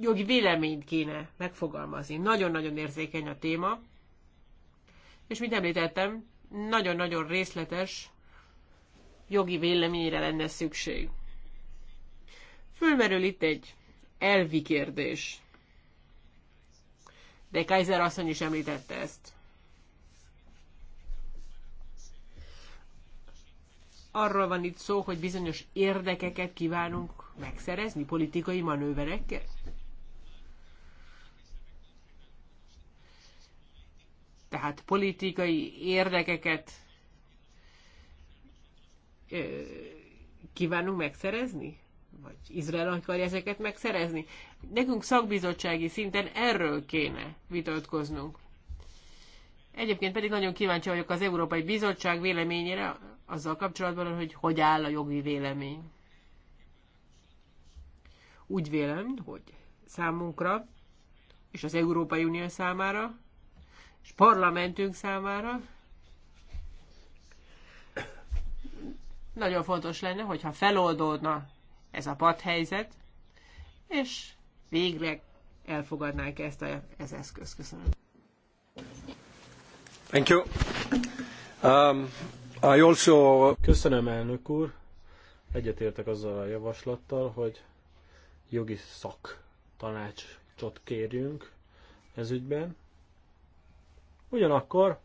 jogi véleményt kéne megfogalmazni. Nagyon-nagyon érzékeny a téma, és mint említettem, nagyon-nagyon részletes jogi véleményre lenne szükség. Fölmerül itt egy elvi kérdés. De Kaiser asszony is említette ezt. arról van itt szó, hogy bizonyos érdekeket kívánunk megszerezni politikai manőverekkel? Tehát politikai érdekeket ö, kívánunk megszerezni? Vagy Izrael akarja ezeket megszerezni? Nekünk szakbizottsági szinten erről kéne vitatkoznunk. Egyébként pedig nagyon kíváncsi vagyok az Európai Bizottság véleményére azzal kapcsolatban, hogy hogy áll a jogi vélemény. Úgy vélem, hogy számunkra és az Európai Unió számára és parlamentünk számára nagyon fontos lenne, hogyha feloldódna ez a padhelyzet, és végre elfogadnánk ezt a, ez Köszönöm. Thank you. Um, also... Köszönöm, elnök úr. Egyetértek azzal a javaslattal, hogy jogi szak tanácsot kérjünk ez ügyben. Ugyanakkor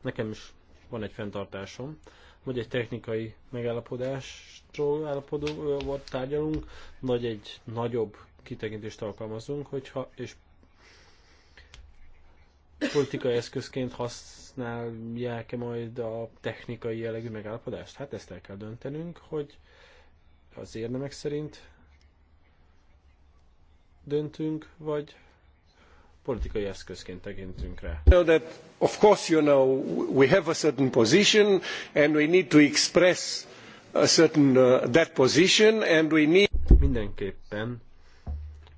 nekem is van egy fenntartásom, vagy egy technikai megállapodásról állapodó, tárgyalunk, vagy egy nagyobb kitekintést alkalmazunk, hogyha, és politikai eszközként használják-e majd a technikai jellegű megállapodást? Hát ezt el kell döntenünk, hogy az érdemek szerint döntünk, vagy politikai eszközként tekintünk rá. So that of course you know we have a certain position and we need to express a certain uh, that position and we need mindenképpen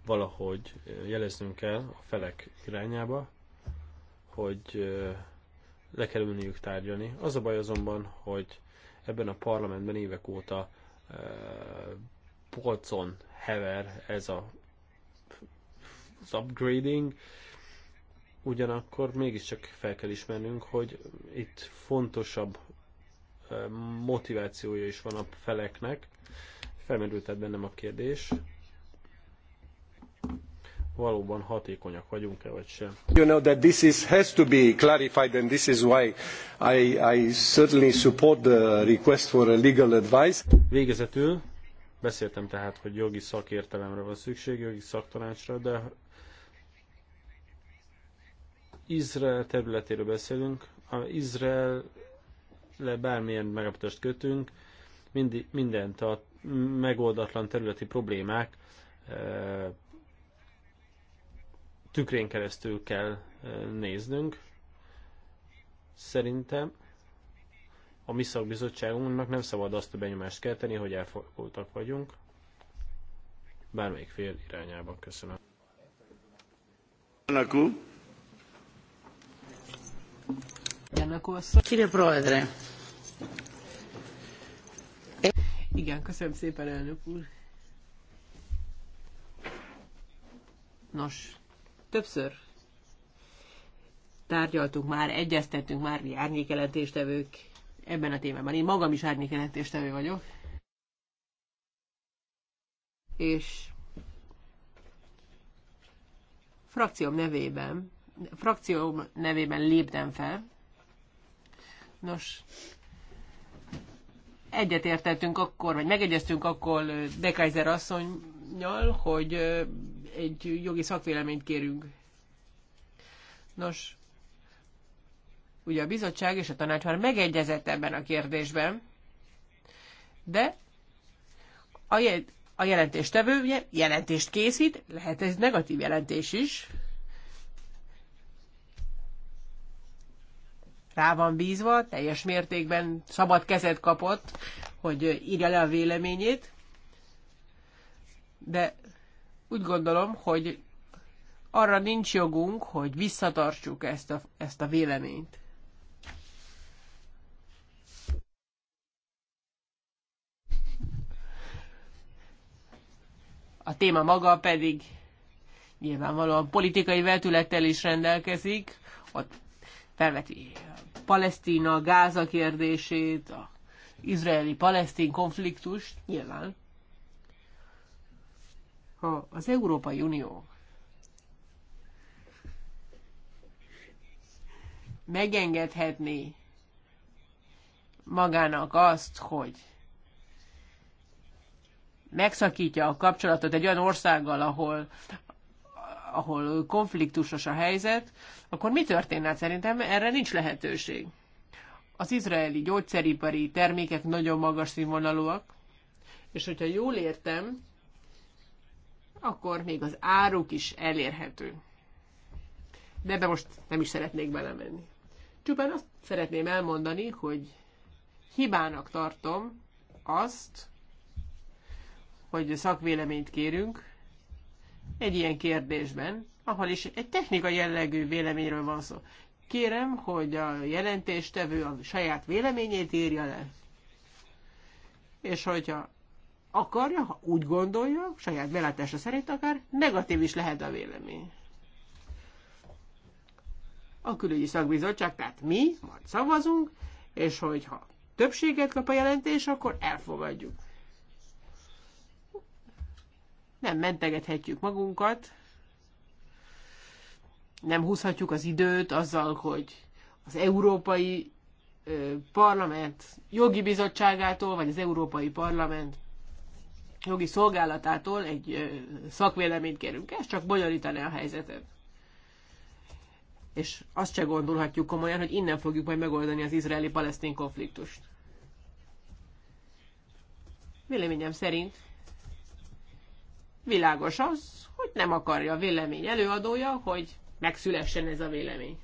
valahogy jeleznünk kell a felek irányába, hogy le kell ülniük tárgyalni. Az a baj azonban, hogy ebben a parlamentben évek óta polcon hever ez a az upgrading, ugyanakkor mégiscsak fel kell ismernünk, hogy itt fontosabb motivációja is van a feleknek. Felmerült nem a kérdés, valóban hatékonyak vagyunk-e vagy sem. You know that this is, has to be clarified and this is why I, I certainly support the request for a legal advice. Végezetül beszéltem tehát, hogy jogi szakértelemre van szükség, jogi szaktanácsra, de Izrael területéről beszélünk, ha Izrael le bármilyen megállapodást kötünk, mindig, mindent a megoldatlan területi problémák eh, tükrén keresztül kell néznünk. Szerintem a mi szakbizottságunknak nem szabad azt a benyomást kelteni, hogy elfogultak vagyunk. Bármelyik fél irányában köszönöm. Janakú. asszony. Szóval- Kire Igen, köszönöm szépen, elnök úr. Nos, Többször tárgyaltunk már, egyeztettünk már mi árnyékelentéstevők ebben a témában. Én magam is árnyékelentéstevő vagyok. És frakcióm nevében, frakcióm nevében léptem fel. Nos, egyetértettünk akkor, vagy megegyeztünk akkor Dekajzer asszony nyal, hogy egy jogi szakvéleményt kérünk. Nos, ugye a bizottság és a tanács már megegyezett ebben a kérdésben, de a, jel- a jelentéstevő ugye, jelentést készít, lehet ez negatív jelentés is, rá van bízva, teljes mértékben szabad kezet kapott, hogy írja le a véleményét de úgy gondolom, hogy arra nincs jogunk, hogy visszatartsuk ezt a, ezt a véleményt. A téma maga pedig nyilvánvalóan politikai vetülettel is rendelkezik, ott felveti a Palesztina, Gáza kérdését, az izraeli-palesztin konfliktust, nyilván ha az Európai Unió megengedhetné magának azt, hogy megszakítja a kapcsolatot egy olyan országgal, ahol, ahol konfliktusos a helyzet, akkor mi történne hát szerintem? Erre nincs lehetőség. Az izraeli gyógyszeripari termékek nagyon magas színvonalúak, és hogyha jól értem, akkor még az áruk is elérhető. De ebbe most nem is szeretnék belemenni. Csupán azt szeretném elmondani, hogy hibának tartom azt, hogy szakvéleményt kérünk egy ilyen kérdésben, ahol is egy technika jellegű véleményről van szó. Kérem, hogy a jelentéstevő a saját véleményét írja le. És hogyha akarja, ha úgy gondolja, saját belátása szerint akár negatív is lehet a vélemény. A külügyi szakbizottság, tehát mi, majd szavazunk, és hogyha többséget kap a jelentés, akkor elfogadjuk. Nem mentegethetjük magunkat, nem húzhatjuk az időt azzal, hogy az Európai Parlament jogi bizottságától, vagy az Európai Parlament jogi szolgálatától egy szakvéleményt kérünk. Ez csak bonyolítani a helyzetet. És azt se gondolhatjuk komolyan, hogy innen fogjuk majd megoldani az izraeli-palesztin konfliktust. Véleményem szerint világos az, hogy nem akarja a vélemény előadója, hogy megszülessen ez a vélemény.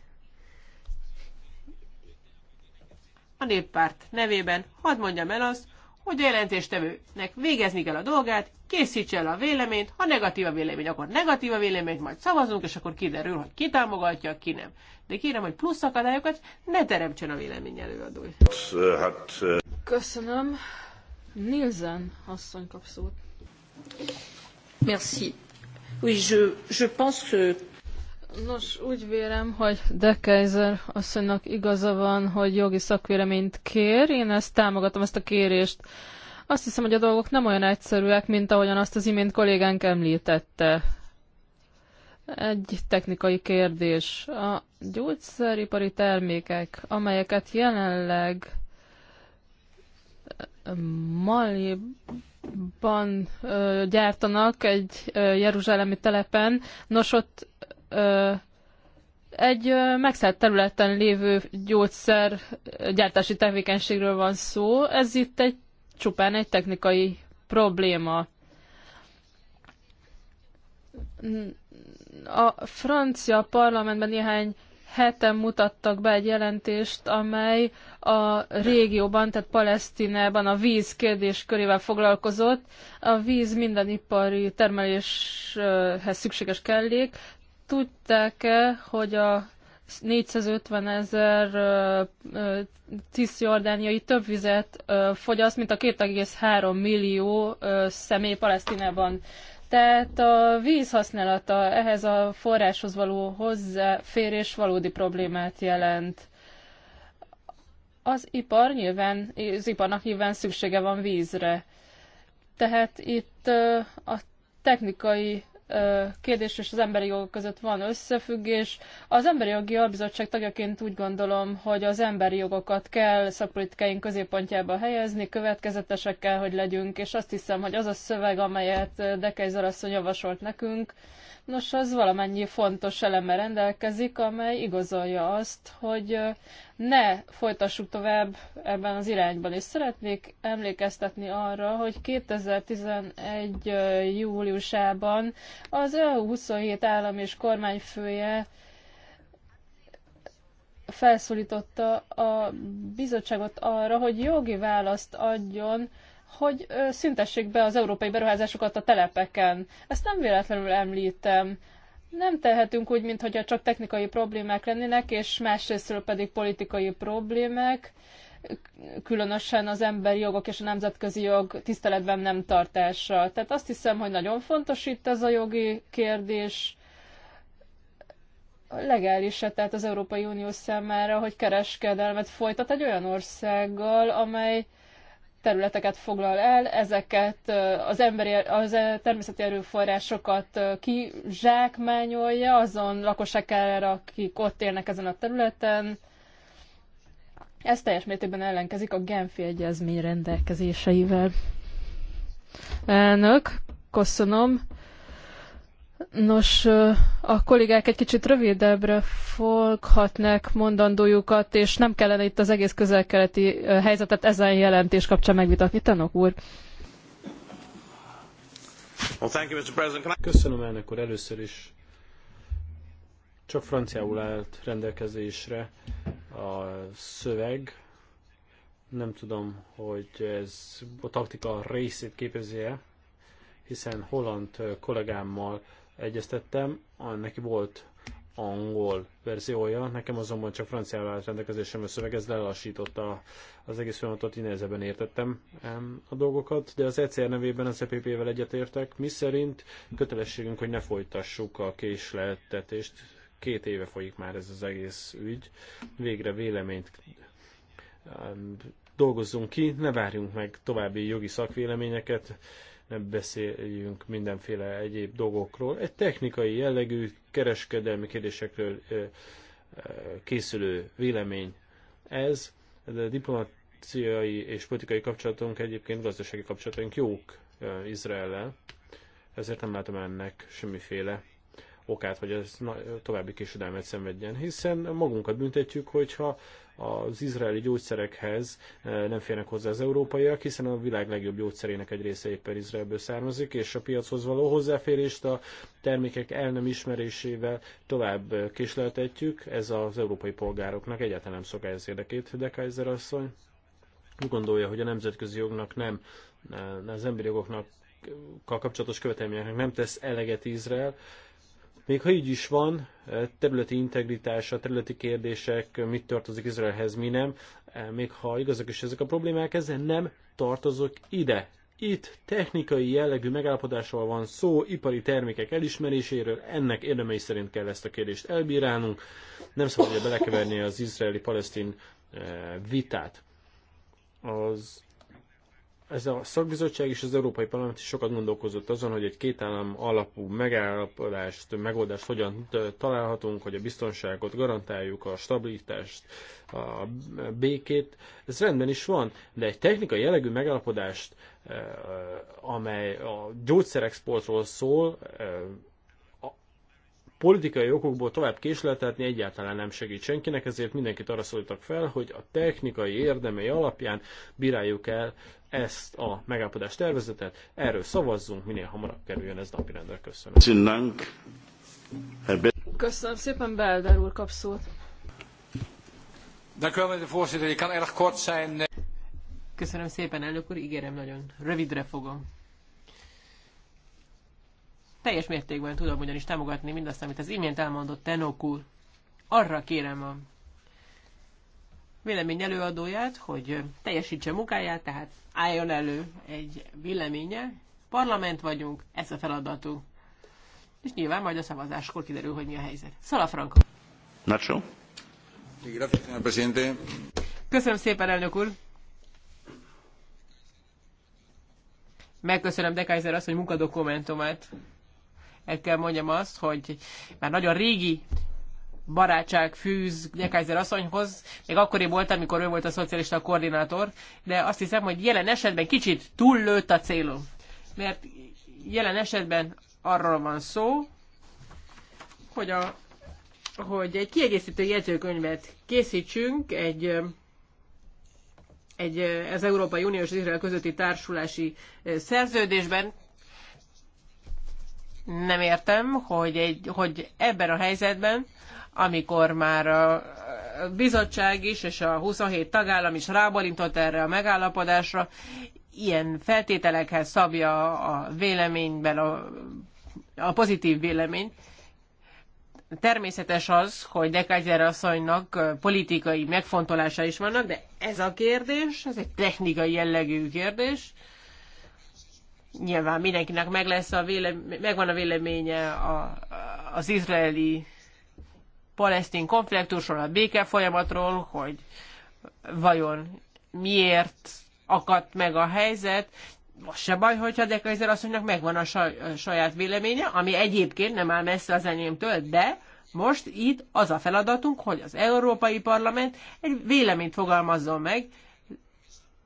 A néppárt nevében hadd mondjam el azt, hogy a jelentéstevőnek végezni kell a dolgát, készíts el a véleményt, ha negatív a vélemény, akkor negatív a véleményt, majd szavazunk, és akkor kiderül, hogy ki támogatja, ki nem. De kérem, hogy plusz akadályokat ne teremtsen a vélemény előadó. Hát, Köszönöm. Nielsen asszony kap szót. Merci. Oui, je, je pense que Nos, úgy vélem, hogy De Kaiser asszonynak igaza van, hogy jogi szakvéleményt kér. Én ezt támogatom, ezt a kérést. Azt hiszem, hogy a dolgok nem olyan egyszerűek, mint ahogyan azt az imént kollégánk említette. Egy technikai kérdés. A gyógyszeripari termékek, amelyeket jelenleg Maliban gyártanak egy jeruzsálemi telepen, nos ott egy megszállt területen lévő gyógyszer gyártási tevékenységről van szó. Ez itt egy csupán egy technikai probléma. A francia parlamentben néhány heten mutattak be egy jelentést, amely a régióban, tehát Palesztinában a víz kérdés körével foglalkozott. A víz minden ipari termeléshez szükséges kellék, tudták-e, hogy a 450 ezer cisziordániai több vizet fogyaszt, mint a 2,3 millió személy Palesztinában. Tehát a víz használata ehhez a forráshoz való hozzáférés valódi problémát jelent. Az ipar nyilván, az iparnak nyilván szüksége van vízre. Tehát itt a technikai kérdés és az emberi jogok között van összefüggés. Az Emberi Jogi Albizottság tagjaként úgy gondolom, hogy az emberi jogokat kell szakpolitikáink középpontjába helyezni, következetesek kell, hogy legyünk, és azt hiszem, hogy az a szöveg, amelyet Dekeizer asszony javasolt nekünk, nos, az valamennyi fontos eleme rendelkezik, amely igazolja azt, hogy ne folytassuk tovább ebben az irányban. És szeretnék emlékeztetni arra, hogy 2011. júliusában az EU27 állam és kormányfője felszólította a bizottságot arra, hogy jogi választ adjon, hogy szüntessék be az európai beruházásokat a telepeken. Ezt nem véletlenül említem nem tehetünk úgy, mintha csak technikai problémák lennének, és másrésztről pedig politikai problémák, különösen az emberi jogok és a nemzetközi jog tiszteletben nem tartása. Tehát azt hiszem, hogy nagyon fontos itt ez a jogi kérdés, legális -e, tehát az Európai Unió számára, hogy kereskedelmet folytat egy olyan országgal, amely területeket foglal el, ezeket az, emberi, az természeti erőforrásokat kizsákmányolja azon lakosság kárára, akik ott élnek ezen a területen. Ez teljes mértékben ellenkezik a Genfi Egyezmény rendelkezéseivel. Elnök, köszönöm. Nos, a kollégák egy kicsit rövidebbre foghatnak mondandójukat, és nem kellene itt az egész közel-keleti helyzetet ezen jelentés kapcsán megvitatni. Tanok úr! Köszönöm elnök úr először is. Csak franciául állt rendelkezésre a szöveg. Nem tudom, hogy ez a taktika részét képezi-e, hiszen holland kollégámmal egyeztettem, neki volt angol verziója, nekem azonban csak franciával állt a szöveg, ez lelassította az egész folyamatot, így nehezebben értettem a dolgokat, de az ECR nevében az EPP-vel egyetértek, mi szerint kötelességünk, hogy ne folytassuk a késleltetést, két éve folyik már ez az egész ügy, végre véleményt dolgozzunk ki, ne várjunk meg további jogi szakvéleményeket, ne beszéljünk mindenféle egyéb dolgokról. Egy technikai jellegű kereskedelmi kérdésekről készülő vélemény ez, de diplomáciai és politikai kapcsolatunk egyébként gazdasági kapcsolatunk jók izrael ezért nem látom ennek semmiféle okát, hogy ez további késődelmet szenvedjen, hiszen magunkat büntetjük, hogyha az izraeli gyógyszerekhez eh, nem férnek hozzá az európaiak, hiszen a világ legjobb gyógyszerének egy része éppen Izraelből származik, és a piachoz való hozzáférést a termékek el nem ismerésével tovább eh, késleltetjük. Ez az európai polgároknak egyáltalán nem szokálja az érdekét, de Kaiser asszony gondolja, hogy a nemzetközi jognak nem, eh, az emberi jogoknak kapcsolatos követelményeknek nem tesz eleget Izrael, még ha így is van, eh, területi integritása, területi kérdések, eh, mit tartozik Izraelhez, mi nem, eh, még ha igazak is ezek a problémák, ez nem tartozok ide. Itt technikai jellegű megállapodásról van szó, ipari termékek elismeréséről, ennek érdemei szerint kell ezt a kérdést elbírálnunk. Nem szabad belekeverni az izraeli-palesztin vitát. Az ez a szakbizottság és az Európai Parlament is sokat gondolkozott azon, hogy egy két állam alapú megállapodást, megoldást hogyan találhatunk, hogy a biztonságot garantáljuk, a stabilitást, a békét. Ez rendben is van, de egy technikai jellegű megállapodást, amely a gyógyszerexportról szól, politikai okokból tovább késleltetni egyáltalán nem segít senkinek, ezért mindenkit arra szóltak fel, hogy a technikai érdemei alapján bíráljuk el ezt a megállapodás tervezetet, erről szavazzunk, minél hamarabb kerüljön ez napirendre. Köszönöm. Köszönöm szépen, Belder úr kap szót. Eh. Köszönöm szépen, elnök úr, ígérem, nagyon rövidre fogom. Teljes mértékben tudom ugyanis támogatni mindazt, amit az imént elmondott Tenok úr. Arra kérem a vélemény előadóját, hogy teljesítse munkáját, tehát álljon elő egy véleménye. Parlament vagyunk, ez a feladatunk. És nyilván majd a szavazáskor kiderül, hogy mi a helyzet. Szalafranco. Nacho. Köszönöm szépen, elnök úr. Megköszönöm Dekaiser azt, hogy munkadokumentumát el kell mondjam azt, hogy már nagyon régi barátság fűz Nyekájzer asszonyhoz, még akkori volt, amikor ő volt a szocialista koordinátor, de azt hiszem, hogy jelen esetben kicsit túllőtt a célom. Mert jelen esetben arról van szó, hogy, a, hogy egy kiegészítő jegyzőkönyvet készítsünk egy, egy az Európai Uniós Izrael közötti társulási szerződésben, nem értem, hogy, egy, hogy ebben a helyzetben, amikor már a bizottság is és a 27 tagállam is rábalintott erre a megállapodásra, ilyen feltételekhez szabja a véleményben a, a pozitív véleményt. Természetes az, hogy Dekaiser asszonynak politikai megfontolása is vannak, de ez a kérdés, ez egy technikai jellegű kérdés, Nyilván mindenkinek meg lesz a vélemény, megvan a véleménye a, az izraeli palesztin konfliktusról, a béke folyamatról, hogy vajon miért akadt meg a helyzet. Most se baj, hogyha de azt asszonynak megvan a saját véleménye, ami egyébként nem áll messze az enyémtől, de most itt az a feladatunk, hogy az Európai Parlament egy véleményt fogalmazzon meg,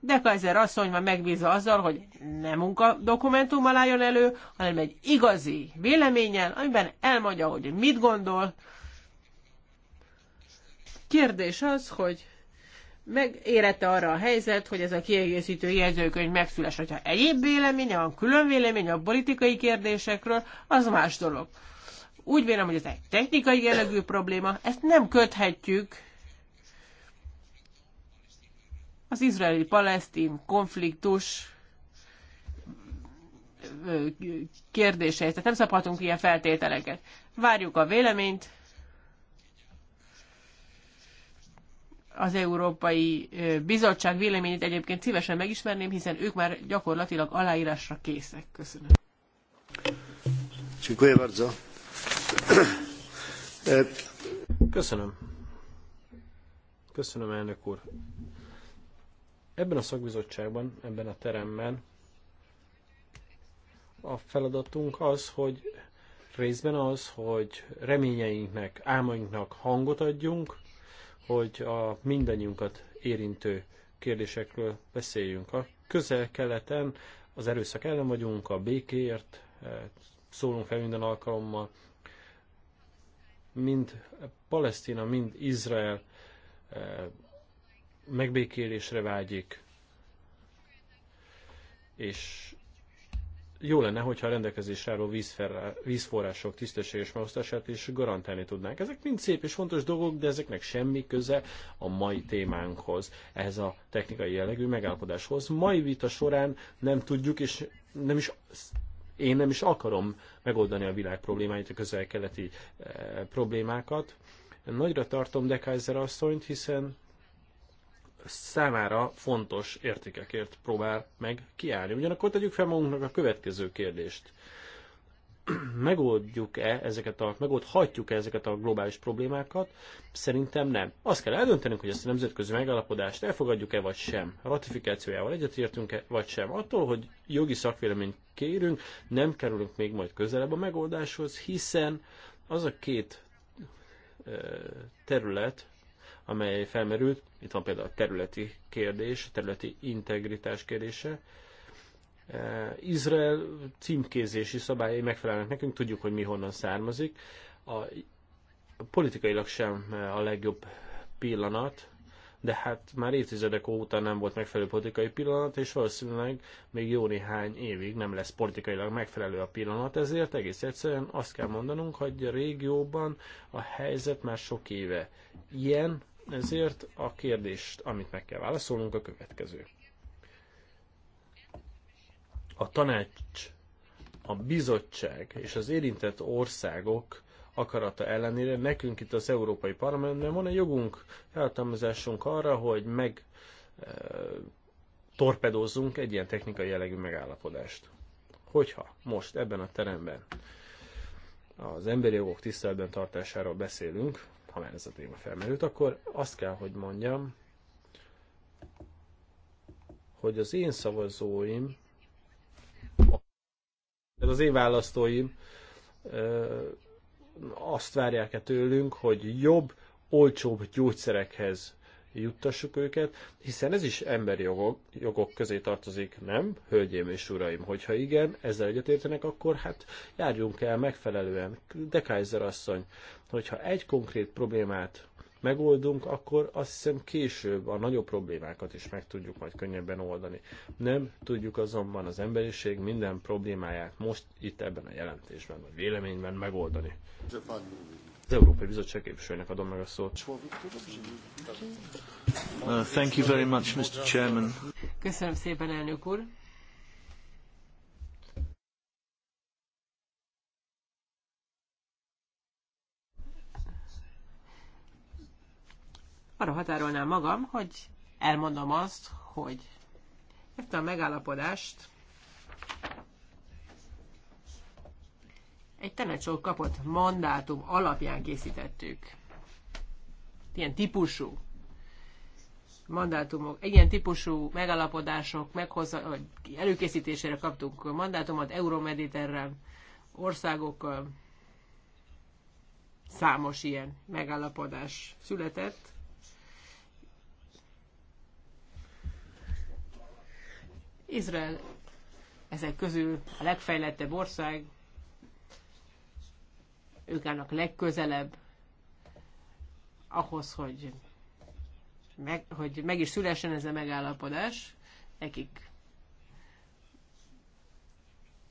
de Kaiser asszony van megbízva azzal, hogy nem munka dokumentummal álljon elő, hanem egy igazi véleményen, amiben elmondja, hogy mit gondol. Kérdés az, hogy megérette arra a helyzet, hogy ez a kiegészítő jegyzőkönyv megszüles, hogyha egyéb véleménye van, külön vélemény a politikai kérdésekről, az más dolog. Úgy vélem, hogy ez egy technikai jellegű probléma, ezt nem köthetjük az izraeli-palesztin konfliktus kérdéseit, tehát nem szabhatunk ilyen feltételeket. Várjuk a véleményt, az Európai Bizottság véleményét egyébként szívesen megismerném, hiszen ők már gyakorlatilag aláírásra készek. Köszönöm. Köszönöm. Köszönöm, elnök úr. Ebben a szakbizottságban, ebben a teremben a feladatunk az, hogy részben az, hogy reményeinknek, álmainknak hangot adjunk, hogy a mindannyiunkat érintő kérdésekről beszéljünk. A közel-keleten az erőszak ellen vagyunk, a békéért eh, szólunk fel minden alkalommal. Mind Palesztina, mind Izrael eh, megbékélésre vágyik, és jó lenne, hogyha a rendelkezésre álló vízforrások tisztességes megosztását is garantálni tudnánk. Ezek mind szép és fontos dolgok, de ezeknek semmi köze a mai témánkhoz, ehhez a technikai jellegű megállapodáshoz. Mai vita során nem tudjuk, és nem is én nem is akarom megoldani a világ problémáit, a közel-keleti eh, problémákat. Nagyra tartom de Kaiser asszonyt, hiszen számára fontos értékekért próbál meg kiállni. Ugyanakkor tegyük fel magunknak a következő kérdést. Megoldjuk-e ezeket a, megoldhatjuk-e ezeket a globális problémákat? Szerintem nem. Azt kell eldöntenünk, hogy ezt a nemzetközi megállapodást elfogadjuk-e vagy sem. A ratifikációjával egyetértünk-e vagy sem. Attól, hogy jogi szakvéleményt kérünk, nem kerülünk még majd közelebb a megoldáshoz, hiszen az a két terület, amely felmerült. Itt van például a területi kérdés, területi integritás kérdése. E, Izrael címkézési szabályai megfelelnek nekünk, tudjuk, hogy mi honnan származik. A, politikailag sem a legjobb pillanat, de hát már évtizedek óta nem volt megfelelő politikai pillanat, és valószínűleg még jó néhány évig nem lesz politikailag megfelelő a pillanat, ezért egész egyszerűen azt kell mondanunk, hogy a régióban a helyzet már sok éve ilyen, ezért a kérdést, amit meg kell válaszolnunk, a következő. A tanács, a bizottság és az érintett országok akarata ellenére nekünk itt az Európai Parlamentben van egy jogunk, feltalmazásunk arra, hogy meg e, eh, torpedozzunk egy ilyen technikai jellegű megállapodást. Hogyha most ebben a teremben az emberi jogok tiszteletben tartásáról beszélünk, ha már ez a téma felmerült, akkor azt kell, hogy mondjam, hogy az én szavazóim, az én választóim azt várják-e tőlünk, hogy jobb, olcsóbb gyógyszerekhez juttassuk őket, hiszen ez is emberi jogok, jogok közé tartozik, nem? Hölgyeim és uraim, hogyha igen, ezzel egyetértenek, akkor hát járjunk el megfelelően. De Kaiser asszony, hogyha egy konkrét problémát megoldunk, akkor azt hiszem később a nagyobb problémákat is meg tudjuk majd könnyebben oldani. Nem tudjuk azonban az emberiség minden problémáját most itt ebben a jelentésben, vagy véleményben megoldani. Az Európai Bizottság képviselőnek adom meg a szót. Uh, thank you very much, Mr. Chairman. Köszönöm szépen, elnök úr. arra határolnám magam, hogy elmondom azt, hogy ezt a megállapodást egy tanácsok kapott mandátum alapján készítettük. Ilyen típusú mandátumok, ilyen típusú megalapodások vagy előkészítésére kaptunk mandátumot Euromediterrel, országokkal. Számos ilyen megállapodás született. Izrael ezek közül a legfejlettebb ország, ők állnak legközelebb ahhoz, hogy meg, hogy meg is szülessen ez a megállapodás. Nekik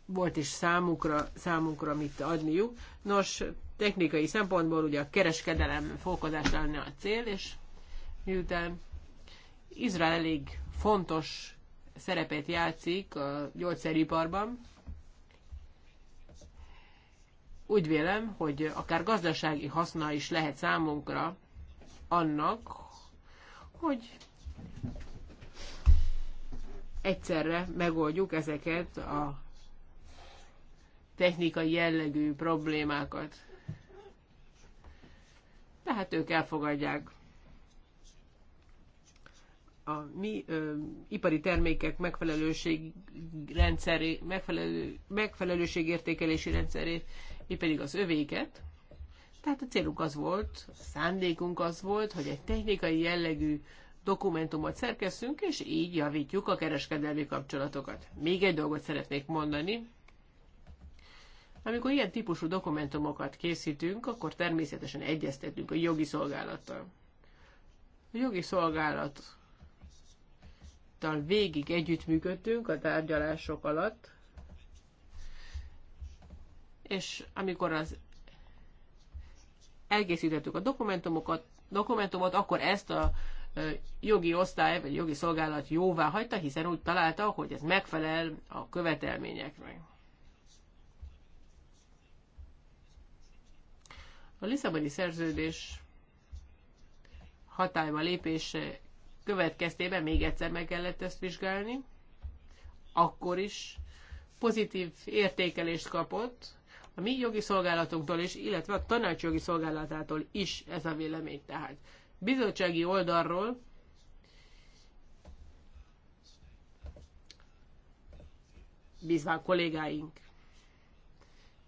volt is számukra, számukra mit adniuk. Nos, technikai szempontból ugye a kereskedelem fokozás lenne a cél, és miután Izrael elég fontos szerepet játszik a gyógyszeriparban, úgy vélem, hogy akár gazdasági haszna is lehet számunkra annak, hogy egyszerre megoldjuk ezeket a technikai jellegű problémákat. Tehát ők elfogadják a mi ö, ipari termékek megfelelőség rendszeré, megfelelő, megfelelőség értékelési rendszerét, mi pedig az övéket. Tehát a célunk az volt, a szándékunk az volt, hogy egy technikai jellegű dokumentumot szerkeszünk, és így javítjuk a kereskedelmi kapcsolatokat. Még egy dolgot szeretnék mondani. Amikor ilyen típusú dokumentumokat készítünk, akkor természetesen egyeztetünk a jogi szolgálattal. A jogi szolgálattal végig együttműködtünk a tárgyalások alatt, és amikor az elkészítettük a dokumentumokat, dokumentumot, akkor ezt a jogi osztály, vagy jogi szolgálat jóvá hagyta, hiszen úgy találta, hogy ez megfelel a követelményeknek. A Lisszaboni szerződés hatályba lépése következtében még egyszer meg kellett ezt vizsgálni, akkor is pozitív értékelést kapott, a mi jogi szolgálatunktól is, illetve a tanács jogi szolgálatától is ez a vélemény tehát. Bizottsági oldalról bízva a kollégáink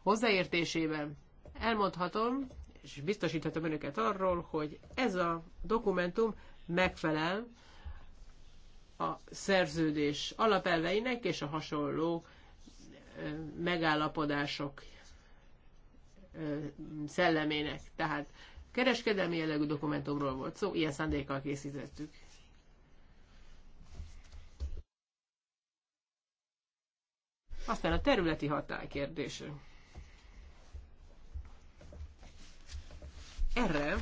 hozzáértésében elmondhatom, és biztosíthatom önöket arról, hogy ez a dokumentum megfelel a szerződés alapelveinek és a hasonló megállapodások szellemének. Tehát kereskedelmi jellegű dokumentumról volt szó, ilyen szándékkal készítettük. Aztán a területi hatály kérdése. Erre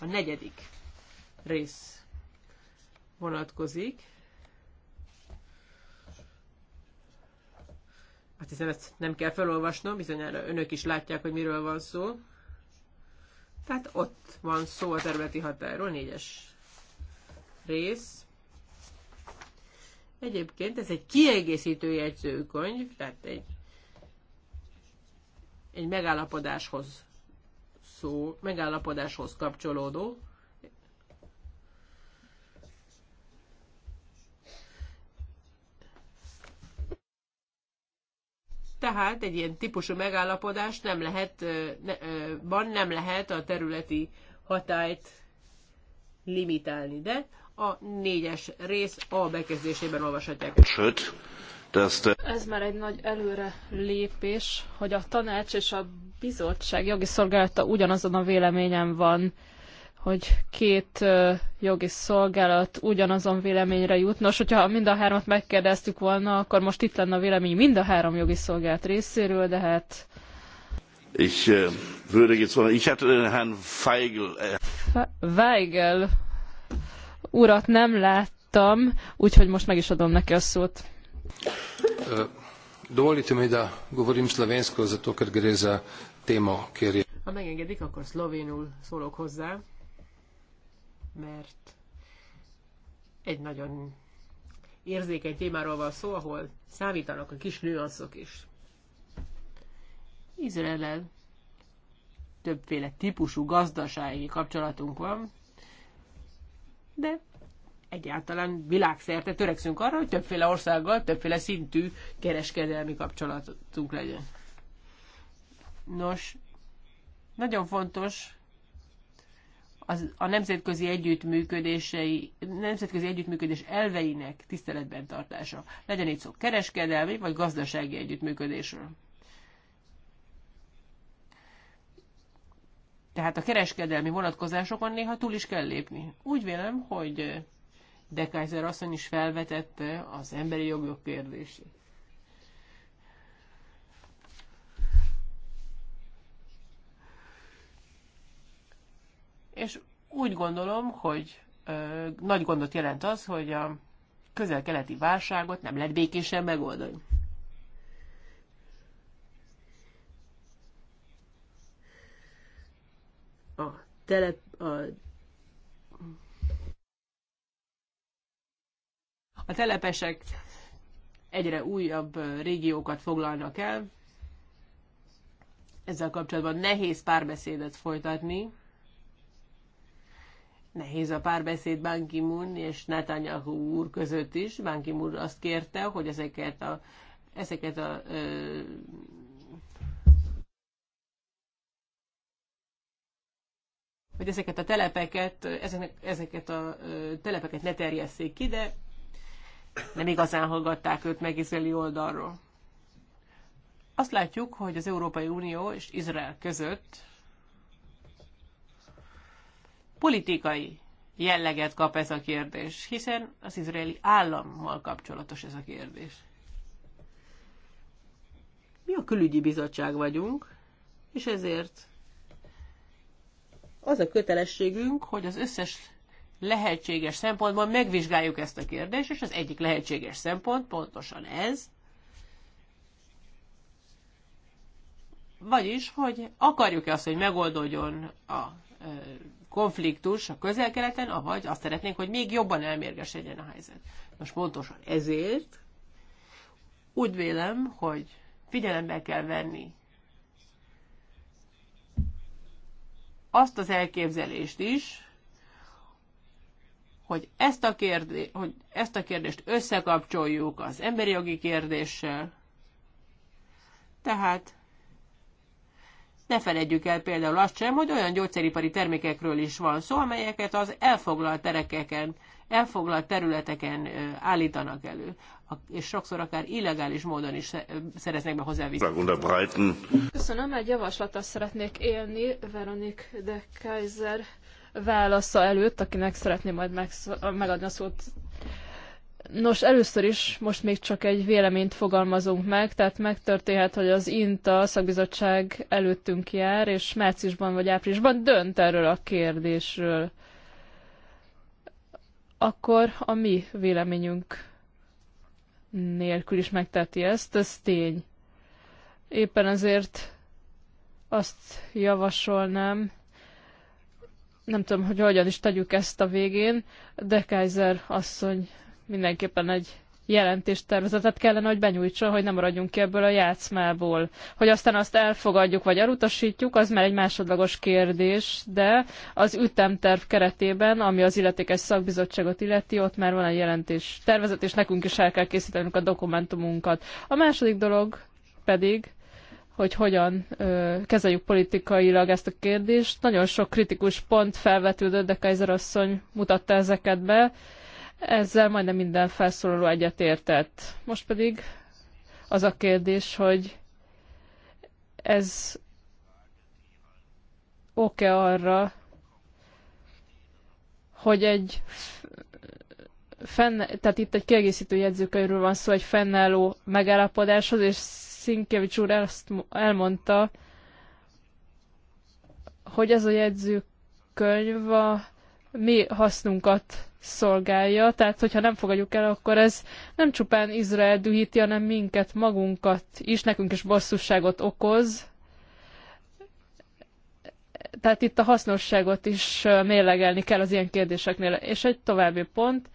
a negyedik rész vonatkozik. Azt hát hiszem, ezt nem kell felolvasnom, bizonyára önök is látják, hogy miről van szó. Tehát ott van szó a területi határól, négyes rész. Egyébként ez egy kiegészítő jegyzőkönyv, tehát egy, egy megállapodáshoz szó, megállapodáshoz kapcsolódó, Tehát egy ilyen típusú megállapodás nem lehet, van, nem lehet a területi hatályt limitálni, de a négyes rész A bekezdésében olvashatják. Sőt, ez már egy nagy előre lépés, hogy a tanács és a bizottság jogi szolgálata ugyanazon a véleményen van hogy két jogi szolgálat ugyanazon véleményre jut. Nos, hogyha mind a hármat megkérdeztük volna, akkor most itt lenne a vélemény mind a három jogi szolgálat részéről, de hát... Ich äh, würde jetzt mal, ich hatte den Herrn Feigl. Äh. Weigel urat nem láttam, úgyhogy most meg is adom neki a szót. Dovolite mi da govorim slovensko, zato ker gre za tema, kérje. Ha megengedik, akkor szlovénul szólok hozzá, mert egy nagyon érzékeny témáról van szó, ahol számítanak a kis nüanszok is. Izrael többféle típusú gazdasági kapcsolatunk van, de egyáltalán világszerte törekszünk arra, hogy többféle országgal, többféle szintű kereskedelmi kapcsolatunk legyen. Nos, nagyon fontos az, a nemzetközi együttműködései, nemzetközi együttműködés elveinek tiszteletben tartása. Legyen itt szó kereskedelmi vagy gazdasági együttműködésről. Tehát a kereskedelmi vonatkozásokon néha túl is kell lépni. Úgy vélem, hogy De Kaiser asszony is felvetette az emberi jogok kérdését. és úgy gondolom, hogy ö, nagy gondot jelent az, hogy a közel-keleti válságot nem lehet békésen megoldani. A, tele, a, a telepesek egyre újabb régiókat foglalnak el. Ezzel kapcsolatban nehéz párbeszédet folytatni, Nehéz a párbeszéd Ban és Netanyahu úr között is. Ban azt kérte, hogy ezeket a, ezeket a ö, hogy ezeket a telepeket, ezeknek ezeket a ö, telepeket ne terjesszék ki, de nem igazán hallgatták őt meg izraeli oldalról. Azt látjuk, hogy az Európai Unió és Izrael között politikai jelleget kap ez a kérdés, hiszen az izraeli állammal kapcsolatos ez a kérdés. Mi a külügyi bizottság vagyunk, és ezért az a kötelességünk, hogy az összes lehetséges szempontban megvizsgáljuk ezt a kérdést, és az egyik lehetséges szempont pontosan ez, vagyis, hogy akarjuk-e azt, hogy megoldódjon a konfliktus a közel-keleten, avagy azt szeretnénk, hogy még jobban elmérgesedjen a helyzet. Most pontosan ezért úgy vélem, hogy figyelembe kell venni azt az elképzelést is, hogy ezt a, kérdést, hogy ezt a kérdést összekapcsoljuk az emberi jogi kérdéssel, tehát ne feledjük el például azt sem, hogy olyan gyógyszeripari termékekről is van szó, amelyeket az elfoglalt terekeken, elfoglalt területeken állítanak elő, és sokszor akár illegális módon is szereznek be hozzá vissza. Köszönöm, egy javaslata szeretnék élni Veronik de Kaiser válasza előtt, akinek szeretném majd megadni a szót Nos, először is most még csak egy véleményt fogalmazunk meg, tehát megtörténhet, hogy az INTA szakbizottság előttünk jár, és márciusban vagy áprilisban dönt erről a kérdésről. Akkor a mi véleményünk nélkül is megteti ezt, ez tény. Éppen ezért azt javasolnám, nem tudom, hogy hogyan is tegyük ezt a végén, de Kaiser asszony mindenképpen egy jelentéstervezetet kellene, hogy benyújtson, hogy nem maradjunk ki ebből a játszmából. Hogy aztán azt elfogadjuk vagy elutasítjuk, az már egy másodlagos kérdés, de az ütemterv keretében, ami az illetékes szakbizottságot illeti, ott már van egy jelentés tervezet, és nekünk is el kell készítenünk a dokumentumunkat. A második dolog pedig, hogy hogyan ö, kezeljük politikailag ezt a kérdést. Nagyon sok kritikus pont felvetődött, de Kaiser asszony mutatta ezeket be ezzel majdnem minden felszólaló egyetértett. Most pedig az a kérdés, hogy ez oké -e arra, hogy egy fenn, tehát itt egy kiegészítő jegyzőkönyvről van szó, egy fennálló megállapodáshoz, és Szinkevics úr azt elmondta, hogy ez a jegyzőkönyv a mi hasznunkat szolgálja. Tehát, hogyha nem fogadjuk el, akkor ez nem csupán Izrael dühíti, hanem minket, magunkat is, nekünk is bosszúságot okoz. Tehát itt a hasznosságot is mérlegelni kell az ilyen kérdéseknél. És egy további pont,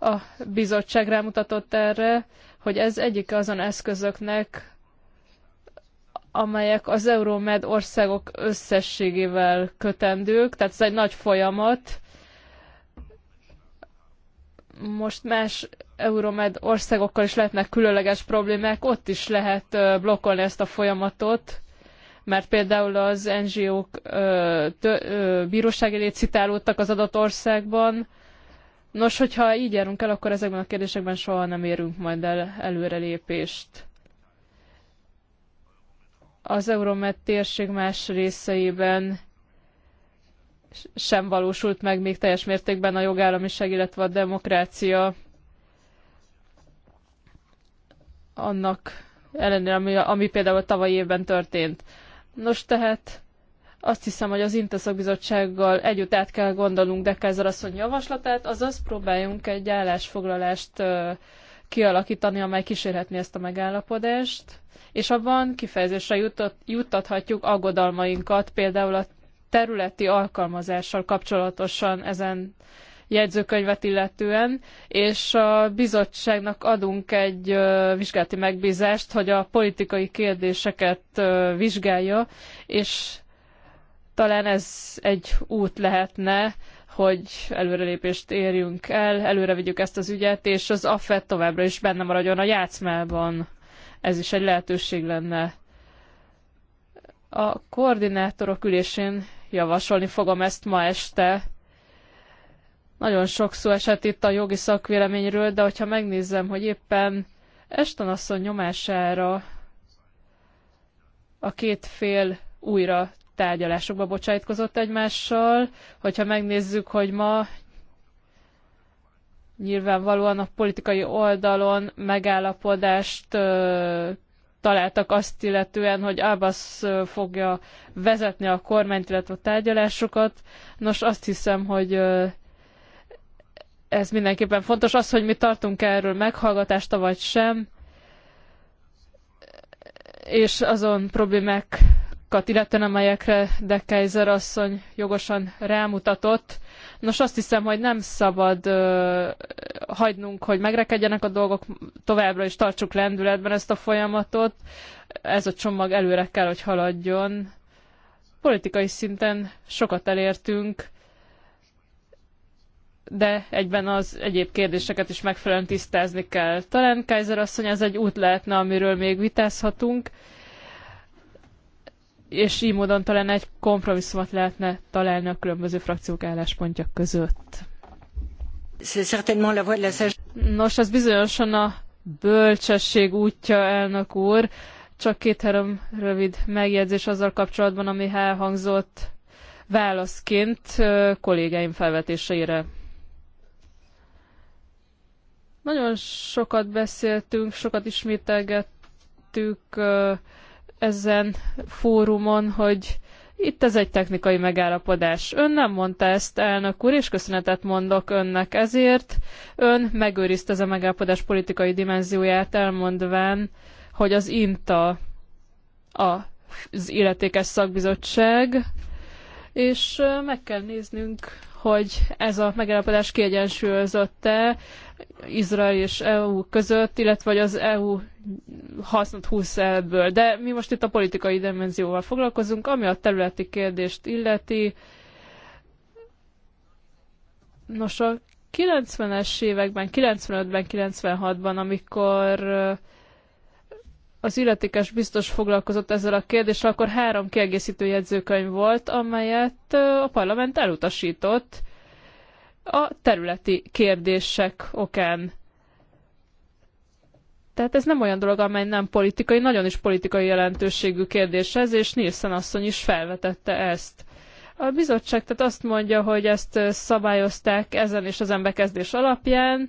a bizottság rámutatott erre, hogy ez egyik azon eszközöknek, amelyek az Euromed országok összességével kötendők, tehát ez egy nagy folyamat, most más Euromed országokkal is lehetnek különleges problémák, ott is lehet blokkolni ezt a folyamatot, mert például az NGO-k bíróság elé citálódtak az adott országban. Nos, hogyha így járunk el, akkor ezekben a kérdésekben soha nem érünk majd el előrelépést. Az Euromed térség más részeiben sem valósult meg még teljes mértékben a jogállamiság, illetve a demokrácia annak ellenére, ami, ami például tavaly évben történt. Nos, tehát azt hiszem, hogy az Intaszakbizottsággal együtt át kell gondolnunk Dekázer asszony javaslatát, azaz próbáljunk egy állásfoglalást kialakítani, amely kísérhetni ezt a megállapodást, és abban kifejezésre jutott, juttathatjuk aggodalmainkat, például a területi alkalmazással kapcsolatosan ezen jegyzőkönyvet illetően, és a bizottságnak adunk egy vizsgálati megbízást, hogy a politikai kérdéseket vizsgálja, és talán ez egy út lehetne, hogy előrelépést érjünk el, előre vigyük ezt az ügyet, és az AFET továbbra is benne maradjon a játszmában. Ez is egy lehetőség lenne. A koordinátorok ülésén javasolni fogom ezt ma este. Nagyon sok szó esett itt a jogi szakvéleményről, de hogyha megnézem, hogy éppen Eston asszony nyomására a két fél újra tárgyalásokba bocsájtkozott egymással. Hogyha megnézzük, hogy ma nyilvánvalóan a politikai oldalon megállapodást találtak azt illetően, hogy Abbas fogja vezetni a kormányt, illetve a tárgyalásokat. Nos, azt hiszem, hogy ez mindenképpen fontos. Az, hogy mi tartunk erről meghallgatást, vagy sem, és azon problémákat, illetően amelyekre De Kaiser asszony jogosan rámutatott, Nos, azt hiszem, hogy nem szabad ö, hagynunk, hogy megrekedjenek a dolgok, továbbra is tartsuk lendületben ezt a folyamatot. Ez a csomag előre kell, hogy haladjon. Politikai szinten sokat elértünk, de egyben az egyéb kérdéseket is megfelelően tisztázni kell. Talán Kaiser asszony, ez egy út lehetne, amiről még vitázhatunk és így módon talán egy kompromisszumot lehetne találni a különböző frakciók álláspontja között. Nos, ez bizonyosan a bölcsesség útja, elnök úr. Csak két-három rövid megjegyzés azzal kapcsolatban, ami elhangzott válaszként kollégáim felvetéseire. Nagyon sokat beszéltünk, sokat ismételgettük ezen fórumon, hogy itt ez egy technikai megállapodás. Ön nem mondta ezt, elnök úr, és köszönetet mondok önnek ezért. Ön megőrizte ez a megállapodás politikai dimenzióját, elmondván, hogy az INTA az illetékes szakbizottság, és meg kell néznünk, hogy ez a megállapodás kiegyensúlyozott-e, Izrael és EU között, illetve hogy az EU hasznot húz ebből. De mi most itt a politikai dimenzióval foglalkozunk, ami a területi kérdést illeti. Nos, a 90-es években, 95-ben, 96-ban, amikor az illetékes biztos foglalkozott ezzel a kérdéssel, akkor három kiegészítő jegyzőkönyv volt, amelyet a parlament elutasított, a területi kérdések okán. Tehát ez nem olyan dolog, amely nem politikai, nagyon is politikai jelentőségű kérdés ez, és Nielsen asszony is felvetette ezt. A bizottság tehát azt mondja, hogy ezt szabályozták ezen és ezen bekezdés alapján.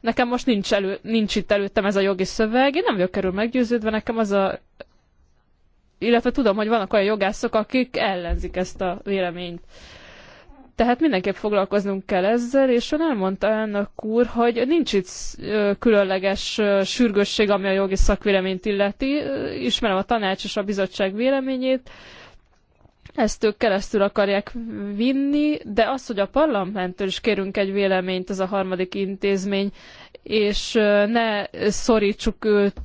Nekem most nincs, elő, nincs itt előttem ez a jogi szöveg, én nem vagyok erről meggyőződve, nekem az a illetve tudom, hogy vannak olyan jogászok, akik ellenzik ezt a véleményt. Tehát mindenképp foglalkoznunk kell ezzel, és ön elmondta elnök úr, hogy nincs itt különleges sürgősség, ami a jogi szakvéleményt illeti. Ismerem a tanács és a bizottság véleményét, ezt ők keresztül akarják vinni, de az, hogy a parlamenttől is kérünk egy véleményt, ez a harmadik intézmény, és ne szorítsuk őt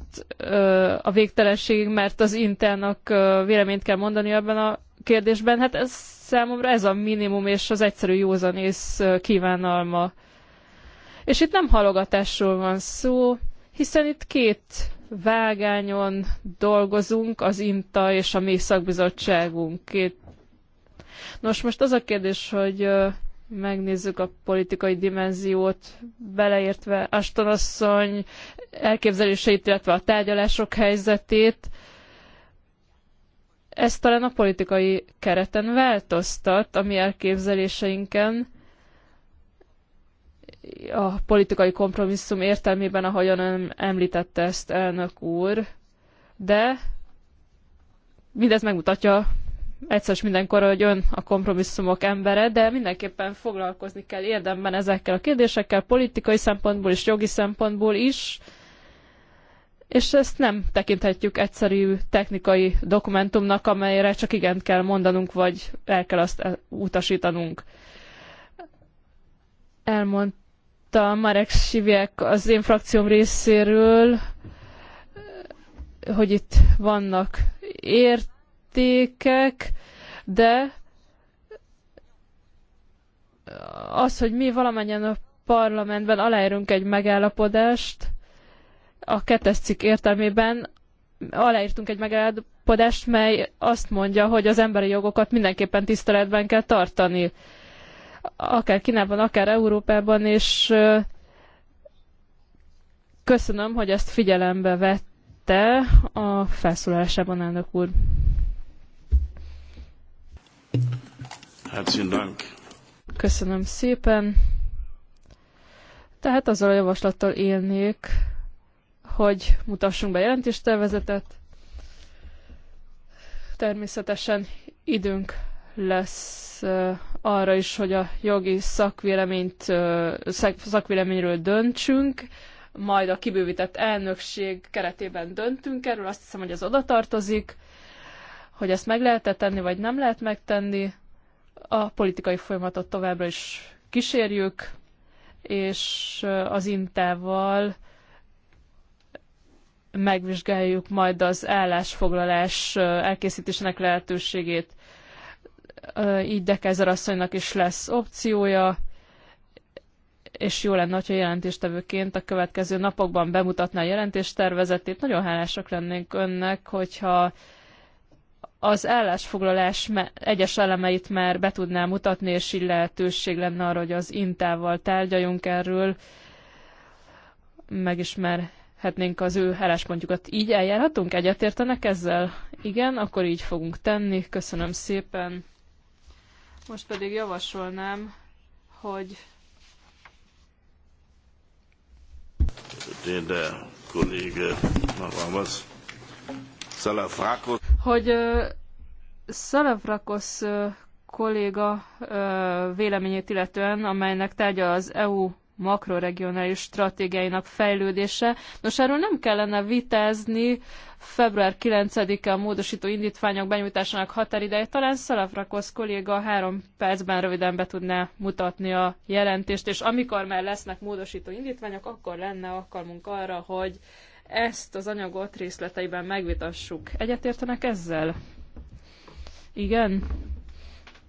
a végtelenségig, mert az internak véleményt kell mondani ebben a kérdésben, hát ez számomra ez a minimum és az egyszerű józanész kívánalma. És itt nem halogatásról van szó, hiszen itt két vágányon dolgozunk, az INTA és a mi szakbizottságunk. Két... Nos, most az a kérdés, hogy megnézzük a politikai dimenziót, beleértve Aston asszony elképzeléseit, illetve a tárgyalások helyzetét. Ez talán a politikai kereten változtat a mi elképzeléseinken, a politikai kompromisszum értelmében, ahogyan említette ezt elnök úr, de mindez megmutatja egyszer mindenkor, hogy ön a kompromisszumok embere, de mindenképpen foglalkozni kell érdemben ezekkel a kérdésekkel, politikai szempontból és jogi szempontból is, és ezt nem tekinthetjük egyszerű technikai dokumentumnak, amelyre csak igent kell mondanunk, vagy el kell azt utasítanunk. Elmondta Marek Siviek az én frakcióm részéről, hogy itt vannak értékek, de az, hogy mi valamennyien a parlamentben aláírunk egy megállapodást, a kettes cikk értelmében aláírtunk egy megállapodást, mely azt mondja, hogy az emberi jogokat mindenképpen tiszteletben kell tartani. Akár Kínában, akár Európában, és köszönöm, hogy ezt figyelembe vette a felszólalásában, elnök úr. Köszönöm szépen. Tehát azzal a javaslattal élnék, hogy mutassunk be jelentéstervezetet. Természetesen időnk lesz arra is, hogy a jogi szakvéleményt, szakvéleményről döntsünk, majd a kibővített elnökség keretében döntünk erről, azt hiszem, hogy ez oda tartozik, hogy ezt meg lehet -e tenni, vagy nem lehet megtenni. A politikai folyamatot továbbra is kísérjük, és az Intával megvizsgáljuk majd az állásfoglalás elkészítésének lehetőségét. Így Dekezer asszonynak is lesz opciója, és jó lenne, hogyha jelentéstevőként a következő napokban bemutatná a jelentéstervezetét. Nagyon hálásak lennénk önnek, hogyha az állásfoglalás egyes elemeit már be tudná mutatni, és így lehetőség lenne arra, hogy az Intával tárgyaljunk erről, megismer követhetnénk az ő álláspontjukat. Így eljárhatunk? Egyetértenek ezzel? Igen, akkor így fogunk tenni. Köszönöm szépen. Most pedig javasolnám, hogy der Kollege, was? Hogy uh, Salafrakos uh, kolléga uh, véleményét illetően, amelynek tárgya az EU makroregionális stratégiáinak fejlődése. Nos, erről nem kellene vitázni február 9-e a módosító indítványok benyújtásának határideje. Talán Szalafrakosz kolléga három percben röviden be tudná mutatni a jelentést, és amikor már lesznek módosító indítványok, akkor lenne alkalmunk arra, hogy ezt az anyagot részleteiben megvitassuk. Egyetértenek ezzel? Igen?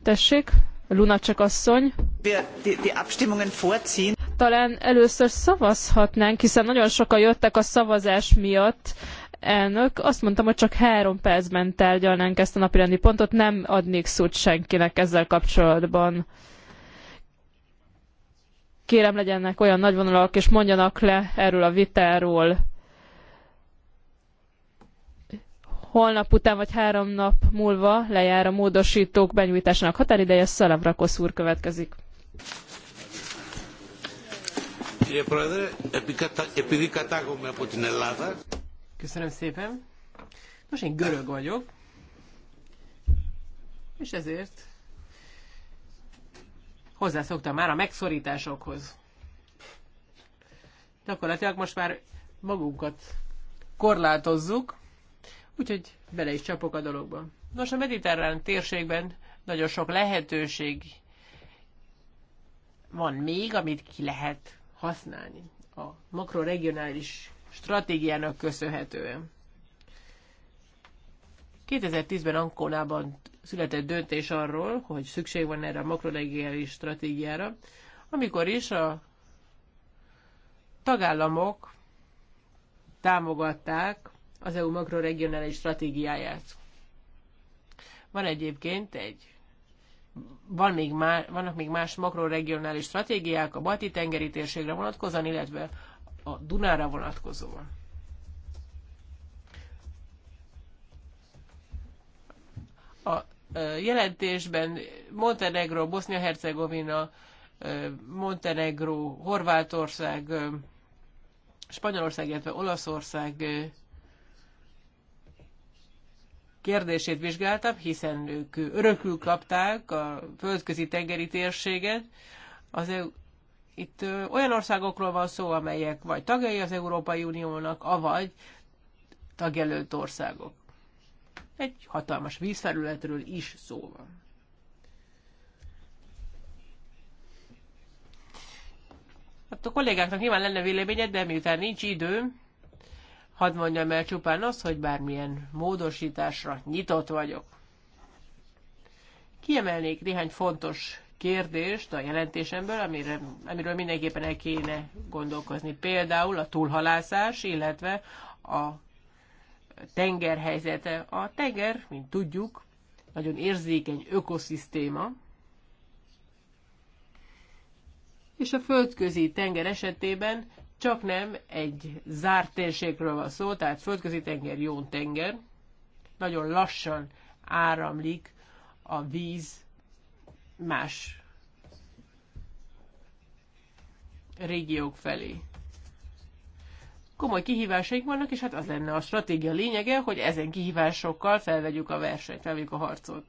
Tessék? Lunacek asszony. Die, die, die Abstimmungen vorziehen talán először szavazhatnánk, hiszen nagyon sokan jöttek a szavazás miatt. Elnök, azt mondtam, hogy csak három percben tárgyalnánk ezt a napirendi pontot, nem adnék szót senkinek ezzel kapcsolatban. Kérem, legyenek olyan nagyvonalak, és mondjanak le erről a vitáról. holnap után vagy három nap múlva lejár a módosítók benyújtásának határideje, Szalavrakosz úr következik. Κύριε Πρόεδρε, επειδή κατάγομαι από την Ελλάδα... Köszönöm szépen. Nos, én görög vagyok, és ezért hozzászoktam már a megszorításokhoz. Gyakorlatilag most már magunkat korlátozzuk, úgyhogy bele is csapok a dologba. Nos, a mediterrán térségben nagyon sok lehetőség van még, amit ki lehet használni a makroregionális stratégiának köszönhetően. 2010-ben Ankonában született döntés arról, hogy szükség van erre a makroregionális stratégiára, amikor is a tagállamok támogatták az EU makroregionális stratégiáját. Van egyébként egy van még má, vannak még más makroregionális stratégiák a balti tengeri térségre vonatkozóan, illetve a Dunára vonatkozóan. A jelentésben Montenegro, Bosznia-Hercegovina, Montenegro, Horvátország, Spanyolország, illetve Olaszország kérdését vizsgáltam, hiszen ők örökül kapták a földközi tengeri térséget. Az EU, itt olyan országokról van szó, amelyek vagy tagjai az Európai Uniónak, avagy tagjelölt országok. Egy hatalmas vízfelületről is szó van. Hát a kollégáknak nyilván lenne véleményed, de miután nincs idő, Hadd mondjam el csupán azt, hogy bármilyen módosításra nyitott vagyok. Kiemelnék néhány fontos kérdést a jelentésemből, amire, amiről mindenképpen el kéne gondolkozni. Például a túlhalászás, illetve a tenger helyzete. A tenger, mint tudjuk, nagyon érzékeny ökoszisztéma, és a földközi tenger esetében csak nem egy zárt térségről van szó, tehát földközi tenger, jó tenger, nagyon lassan áramlik a víz más régiók felé. Komoly kihívásaik vannak, és hát az lenne a stratégia lényege, hogy ezen kihívásokkal felvegyük a versenyt, felvegyük a harcot.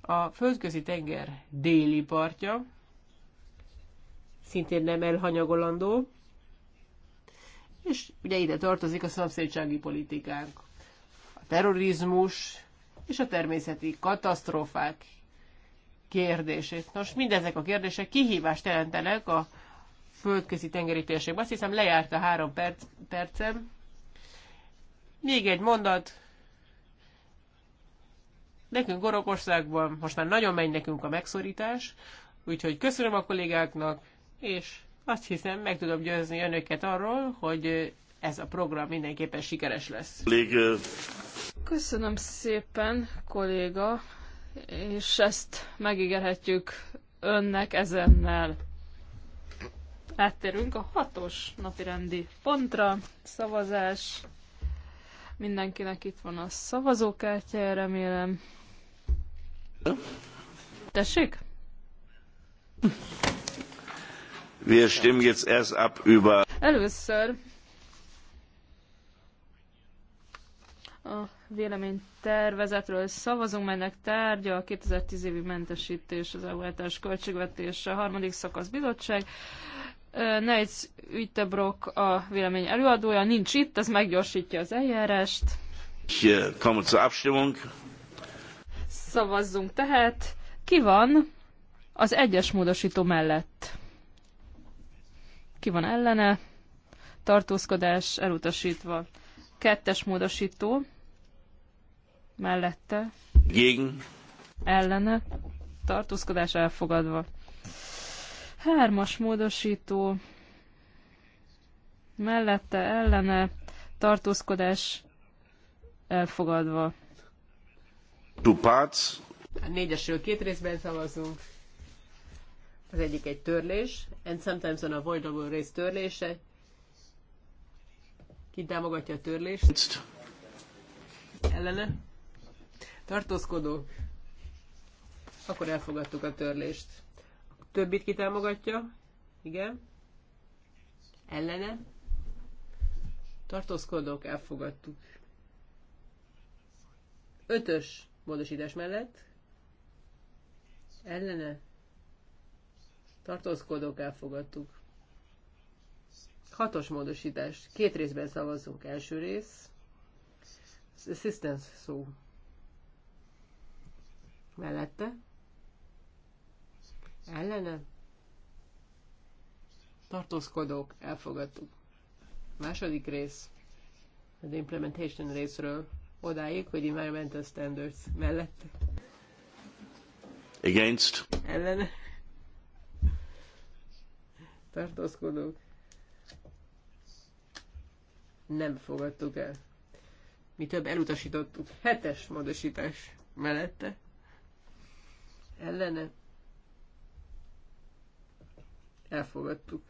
A földközi tenger déli partja, szintén nem elhanyagolandó, és ugye ide tartozik a szomszédsági politikánk. A terrorizmus és a természeti katasztrófák kérdését. Nos, mindezek a kérdések kihívást jelentenek a földközi tengeri térségben. Azt hiszem lejárt a három perc, percem. Még egy mondat. Nekünk Orokországban most már nagyon megy nekünk a megszorítás, úgyhogy köszönöm a kollégáknak, és azt hiszem, meg tudom győzni önöket arról, hogy ez a program mindenképpen sikeres lesz. Köszönöm szépen, kolléga, és ezt megígérhetjük önnek ezennel. Áttérünk a hatos napirendi pontra, szavazás. Mindenkinek itt van a szavazókártya, remélem. Tessék? Wir stimmen jetzt erst ab über. Először a véleménytervezetről szavazunk, melynek tárgya a 2010 évi mentesítés az EU általános költségvetése, a harmadik szakasz bizottság. Neitz Üjtebrok a vélemény előadója, nincs itt, ez meggyorsítja az eljárást. Äh, Szavazzunk tehát. Ki van az egyes módosító mellett? ki van ellene, tartózkodás elutasítva. Kettes módosító, mellette, gegen, ellene, tartózkodás elfogadva. Hármas módosító, mellette, ellene, tartózkodás elfogadva. Two parts. A négyesről két részben szavazunk. Az egyik egy törlés, and sometimes an avoidable race törlése. Ki támogatja a törlést? Ellene? Tartózkodó. Akkor elfogadtuk a törlést. A többit ki támogatja? Igen. Ellene? Tartózkodók, elfogadtuk. Ötös módosítás mellett. Ellene? tartózkodók elfogadtuk. Hatos módosítás. Két részben szavazzunk. Első rész. Assistance szó. Mellette. Ellene. Tartózkodók. Elfogadtuk. Második rész. Az implementation részről. Odáig, hogy environmental standards mellette. Against. Ellene tartózkodók, nem fogadtuk el. Mi több elutasítottuk. Hetes módosítás mellette. Ellene. Elfogadtuk.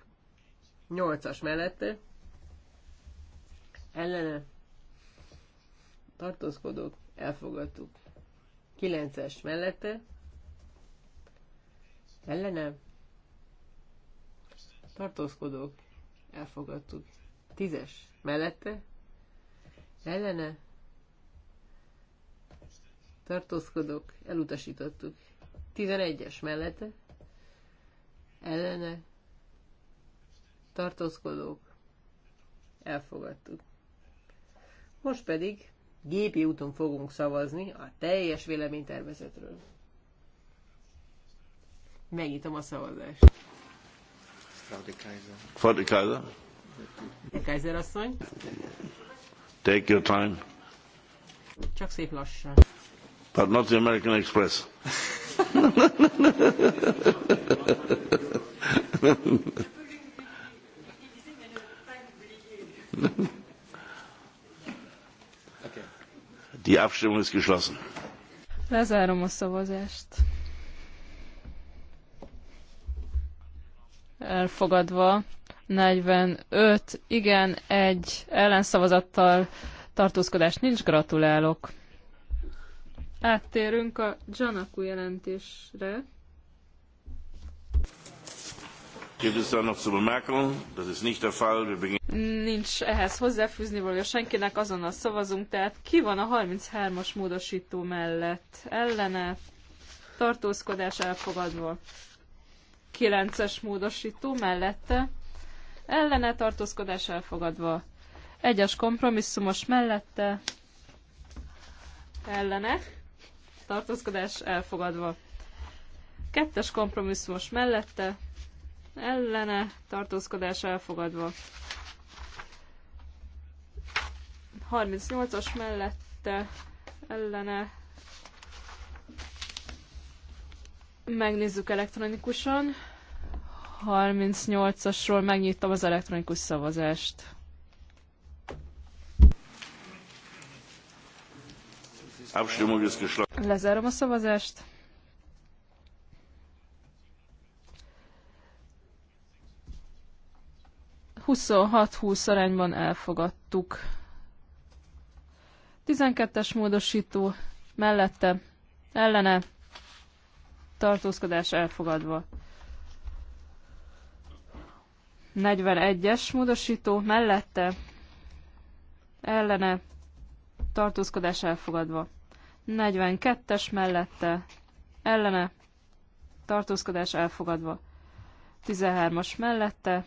Nyolcas mellette. Ellene. Tartózkodók. Elfogadtuk. Kilences mellette. Ellene tartózkodók, elfogadtuk. Tízes, mellette, ellene, tartózkodók, elutasítottuk. Tizenegyes, mellette, ellene, tartózkodók, elfogadtuk. Most pedig gépi úton fogunk szavazni a teljes véleménytervezetről. Megnyitom a szavazást. Frau de Kaiser. Frau de Kaiser. asszony. Take your time. Csak szép lassan. But not the American Express. Die Abstimmung ist geschlossen. Lezárom a szavazást. elfogadva, 45, igen, egy ellenszavazattal tartózkodás nincs, gratulálok. Áttérünk a Janaku jelentésre. Nincs ehhez hozzáfűzni valója senkinek, azonnal szavazunk, tehát ki van a 33-as módosító mellett? Ellene? Tartózkodás elfogadva. 9-es módosító mellette, ellene tartózkodás elfogadva. Egyes kompromisszumos mellette, ellene tartózkodás elfogadva. Kettes kompromisszumos mellette, ellene tartózkodás elfogadva. 38-as mellette, ellene Megnézzük elektronikusan. 38-asról megnyitom az elektronikus szavazást. Lezárom a szavazást. Huszonhat 20 arányban elfogadtuk. 12-es módosító mellette, ellene tartózkodás elfogadva. 41-es módosító mellette ellene tartózkodás elfogadva. 42-es mellette ellene tartózkodás elfogadva. 13-as mellette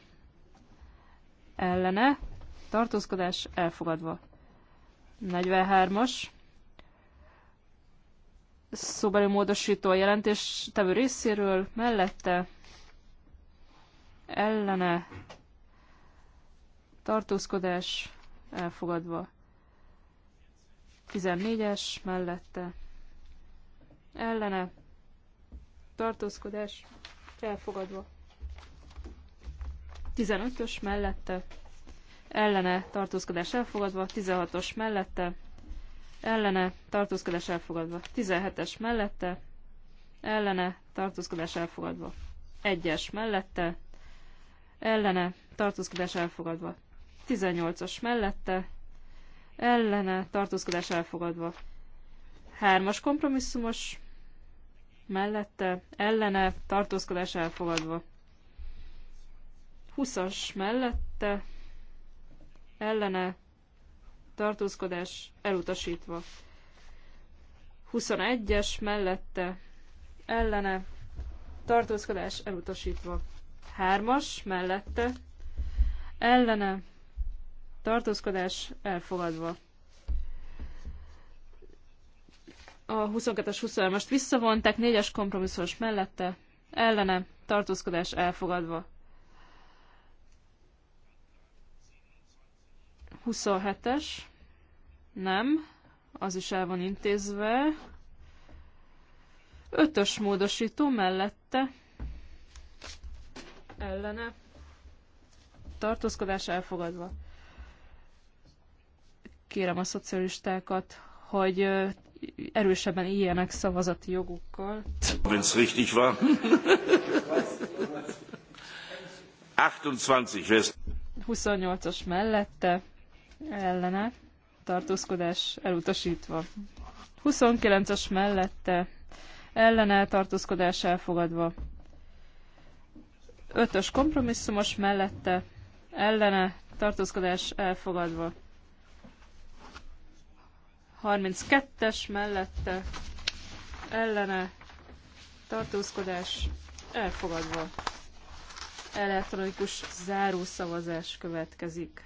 ellene tartózkodás elfogadva. 43-as szóbeli módosító a jelentés tevő részéről, mellette, ellene, tartózkodás, elfogadva. 14-es, mellette, ellene, tartózkodás, elfogadva. 15-ös mellette, ellene tartózkodás elfogadva, 16-os mellette, ellene tartózkodás elfogadva. 17-es mellette ellene tartózkodás elfogadva. 1-es mellette ellene tartózkodás elfogadva. 18-as mellette ellene tartózkodás elfogadva. 3-as kompromisszumos mellette ellene tartózkodás elfogadva. 20-as mellette ellene tartózkodás elutasítva. 21-es mellette ellene tartózkodás elutasítva. 3-as mellette ellene tartózkodás elfogadva. A 22-es 23-ast visszavonták, 4-es kompromisszós mellette ellene tartózkodás elfogadva. 27-es. Nem. Az is el van intézve. Ötös módosító mellette. Ellene. Tartózkodás elfogadva. Kérem a szocialistákat, hogy erősebben éljenek szavazati jogukkal. Wenn's richtig van, 28 28-as mellette ellene tartózkodás elutasítva. 29-as mellette ellene tartózkodás elfogadva. 5-ös kompromisszumos mellette ellene tartózkodás elfogadva. 32-es mellette ellene tartózkodás elfogadva. Elektronikus zárószavazás következik.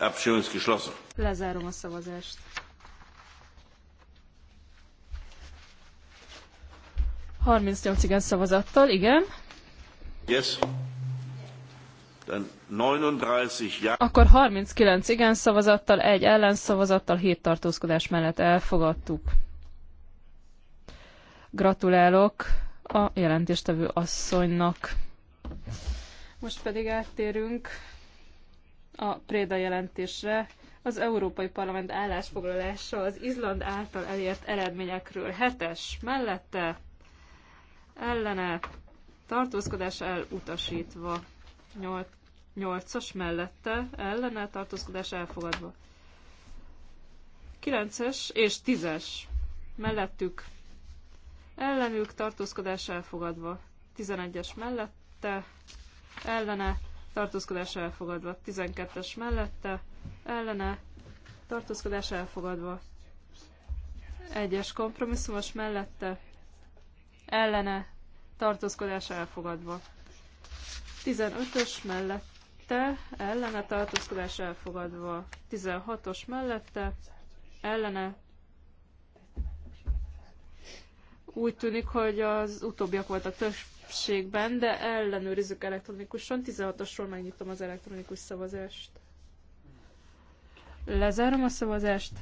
Abstimmung geschlossen. Lezárom a szavazást. Harmincnyolc igen szavazattal, igen. Yes. Then 39 ja. Akkor 39 igen szavazattal, egy ellenszavazattal, hét tartózkodás mellett elfogadtuk. Gratulálok a jelentéstevő asszonynak. Most pedig áttérünk a Préda jelentésre. Az Európai Parlament állásfoglalása az Izland által elért eredményekről hetes mellette ellene tartózkodás elutasítva. Nyolcas mellette ellene tartózkodás elfogadva. kilences és tízes mellettük ellenük tartózkodás elfogadva. tizenegyes mellette ellene tartózkodás elfogadva. 12-es mellette, ellene, tartózkodás elfogadva. 1-es kompromisszumos mellette, ellene, tartózkodás elfogadva. 15-ös mellette, ellene, tartózkodás elfogadva. 16-os mellette, ellene, úgy tűnik, hogy az utóbbiak voltak több többségben, de ellenőrizzük elektronikusan. 16-osról megnyitom az elektronikus szavazást. Lezárom a szavazást.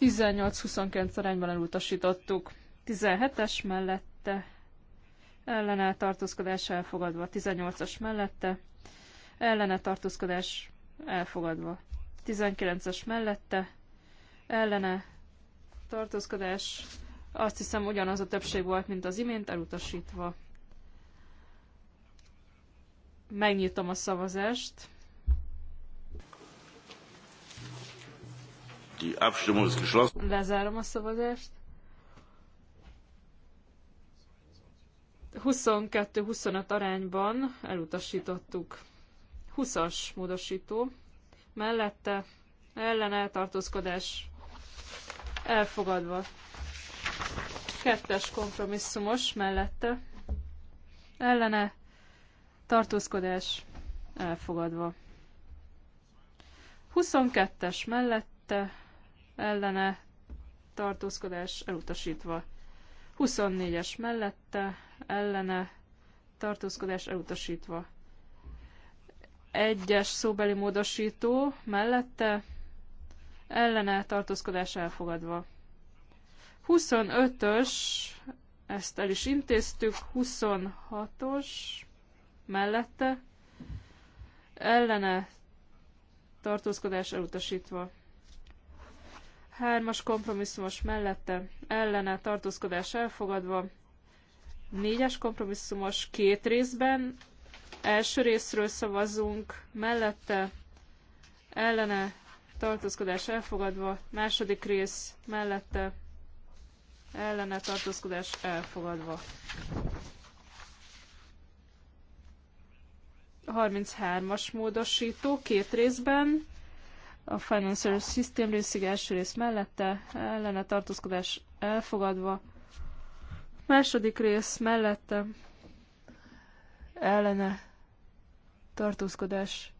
18-29 arányban elutasítottuk. 17-es mellette ellene tartózkodás elfogadva. 18-as mellette ellene tartózkodás elfogadva. 19-es mellette ellene tartózkodás azt hiszem, ugyanaz a többség volt, mint az imént, elutasítva. Megnyitom a szavazást. Lezárom a szavazást. 22-25 arányban elutasítottuk. 20-as módosító, mellette ellen eltartózkodás elfogadva. Kettes kompromisszumos mellette. Ellene tartózkodás elfogadva. 22-es mellette ellene tartózkodás elutasítva. 24-es mellette ellene tartózkodás elutasítva. 1-es szóbeli módosító mellette ellene tartózkodás elfogadva. 25-ös, ezt el is intéztük, 26-os mellette ellene tartózkodás elutasítva. Hármas kompromisszumos mellette ellene tartózkodás elfogadva. Négyes kompromisszumos két részben. Első részről szavazunk mellette ellene tartózkodás elfogadva. Második rész mellette ellene tartózkodás elfogadva. 33-as módosító két részben, a Financial System részig első rész mellette, ellene tartózkodás elfogadva, második rész mellette, ellene tartózkodás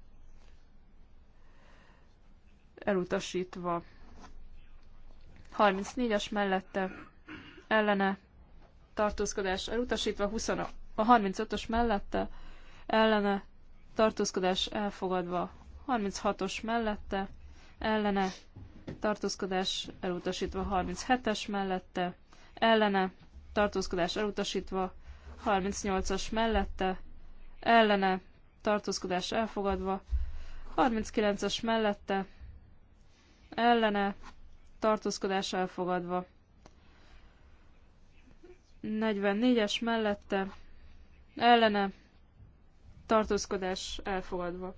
elutasítva. 34-es mellette ellene tartózkodás elutasítva, 20 a 35-ös mellette ellene tartózkodás elfogadva, 36-os mellette ellene tartózkodás elutasítva, 37-es mellette ellene tartózkodás elutasítva, 38-as mellette ellene tartózkodás elfogadva, 39-es mellette ellene tartózkodás elfogadva. 44-es mellette ellene tartózkodás elfogadva.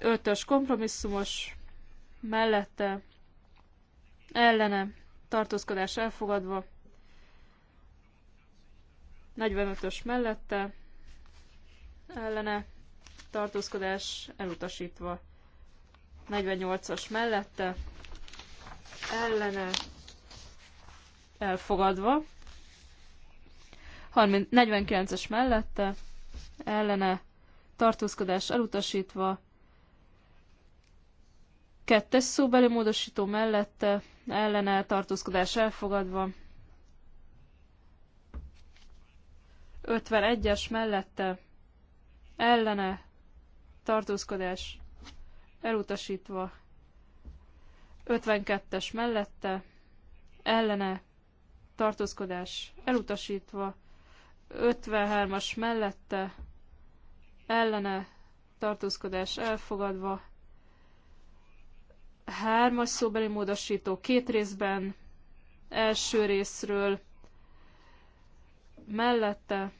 5-ös kompromisszumos mellette ellene tartózkodás elfogadva. 45-ös mellette ellene tartózkodás elutasítva. 48-as mellette ellene elfogadva. 49-es mellette, ellene, tartózkodás elutasítva, kettes szóbeli módosító mellette, ellene, tartózkodás elfogadva, 51-es mellette, ellene, tartózkodás elutasítva, 52-es mellette, ellene, tartózkodás elutasítva, 53-as mellette, ellene tartózkodás elfogadva, hármas szóbeli módosító két részben, első részről, mellette,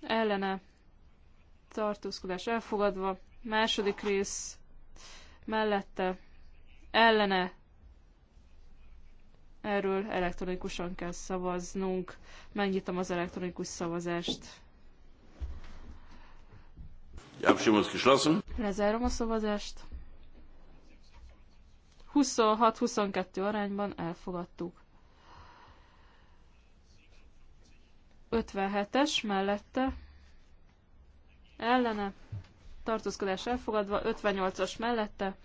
ellene tartózkodás elfogadva, második rész, mellette, ellene Erről elektronikusan kell szavaznunk. Megnyitom az elektronikus szavazást. Lezárom a szavazást. 26-22 arányban elfogadtuk. 57-es mellette ellene, tartózkodás elfogadva, 58-as mellette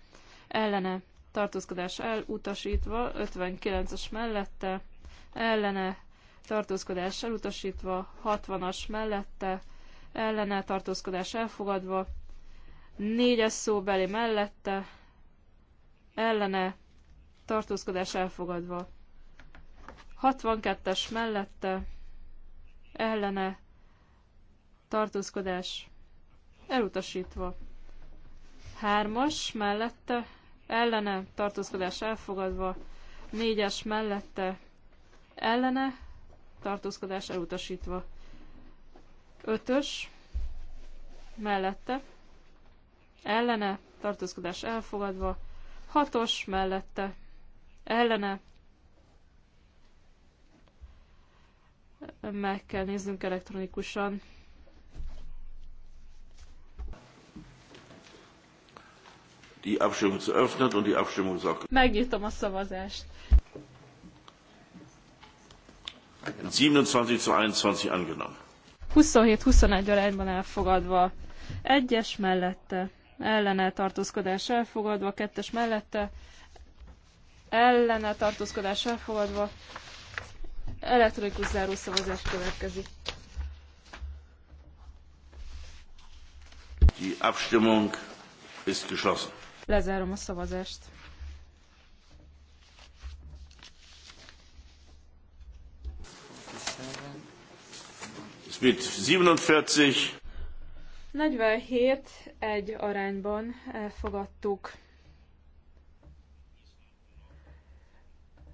ellene, tartózkodás elutasítva, 59-es mellette, ellene tartózkodás elutasítva, 60-as mellette, ellene tartózkodás elfogadva, 4-es szóbeli mellette, ellene tartózkodás elfogadva, 62-es mellette, ellene tartózkodás elutasítva, 3-as mellette, ellene, tartózkodás elfogadva, négyes mellette, ellene, tartózkodás elutasítva, ötös mellette, ellene, tartózkodás elfogadva, hatos mellette, ellene, meg kell néznünk elektronikusan. Die Abstimmung ist eröffnet und die Abstimmung ist auch... Megnyitom a szavazást. 27 zu 21 angenommen. 27-21 arányban elfogadva. Egyes mellette. Ellene tartózkodás elfogadva. Kettes mellette. Ellene tartózkodás elfogadva. Elektronikus zárószavazás következik. Die Abstimmung ist geschlossen. Lezárom a szavazást. Mit 47. 47 egy arányban elfogadtuk.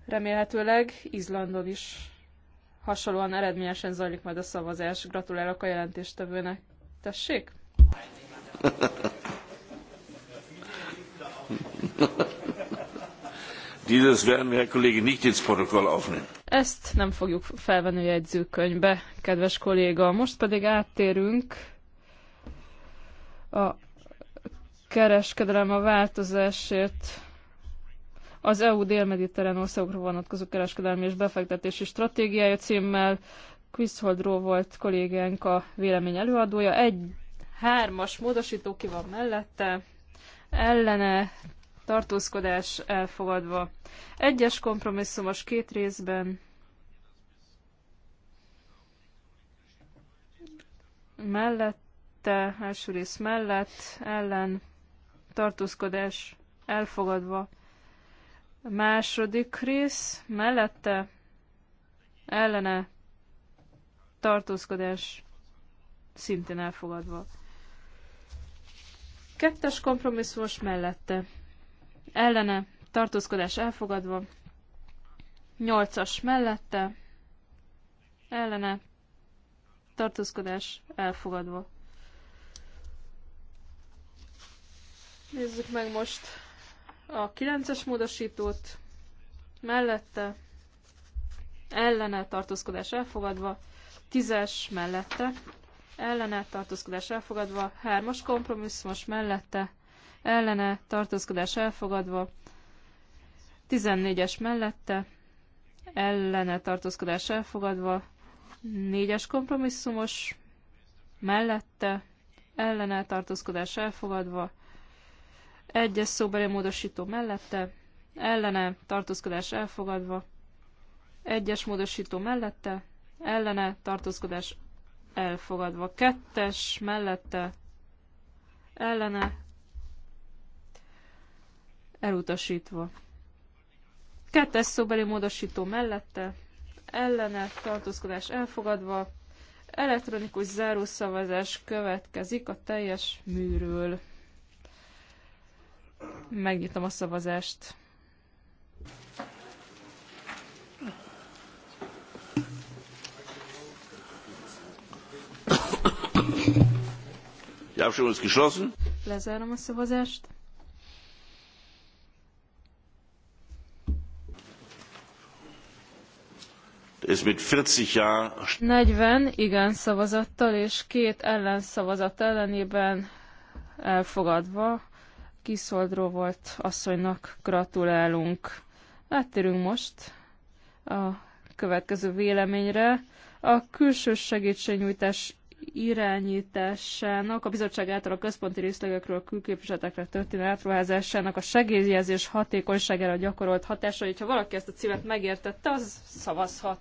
Remélhetőleg Izlandon is hasonlóan eredményesen zajlik majd a szavazás. Gratulálok a jelentéstevőnek. Tessék! Dieses werden wir, Herr Kollege, nicht ins Protokoll aufnehmen. Ezt nem fogjuk felvenni jegyzőkönyvbe, kedves kolléga. Most pedig áttérünk a kereskedelem a változásért az EU délmediterrán országokra vonatkozó kereskedelmi és befektetési stratégiája címmel. Quizholdró volt kollégánk a vélemény előadója. Egy hármas módosító ki van mellette, ellene tartózkodás elfogadva. Egyes kompromisszumos két részben. Mellette, első rész mellett, ellen, tartózkodás elfogadva. Második rész mellette, ellene, tartózkodás szintén elfogadva. Kettes kompromisszumos mellette ellene tartózkodás elfogadva, 8-as mellette, ellene tartózkodás elfogadva. Nézzük meg most a 9-es módosítót, mellette, ellene tartózkodás elfogadva, 10-es mellette, ellene tartózkodás elfogadva, 3-as kompromisszumos mellette, ellene tartózkodás elfogadva, 14-es mellette ellene tartózkodás elfogadva, 4-es kompromisszumos mellette ellene tartózkodás elfogadva, 1-es szóbeli módosító mellette ellene tartózkodás elfogadva, 1-es módosító mellette ellene tartózkodás elfogadva, 2-es mellette ellene elutasítva. Kettes szóbeli módosító mellette, ellene tartózkodás elfogadva, elektronikus zárószavazás következik a teljes műről. Megnyitom a szavazást. Die Abstimmung ist geschlossen. Lezárom a szavazást. 40 40 igen szavazattal és két ellenszavazat ellenében elfogadva Kiszoldró volt asszonynak gratulálunk. Áttérünk most a következő véleményre. A külső segítségnyújtás irányításának, a bizottság által a központi részlegekről a külképviseletekre történő átruházásának a segélyezés hatékonyságára gyakorolt hatása, hogyha valaki ezt a címet megértette, az szavazhat.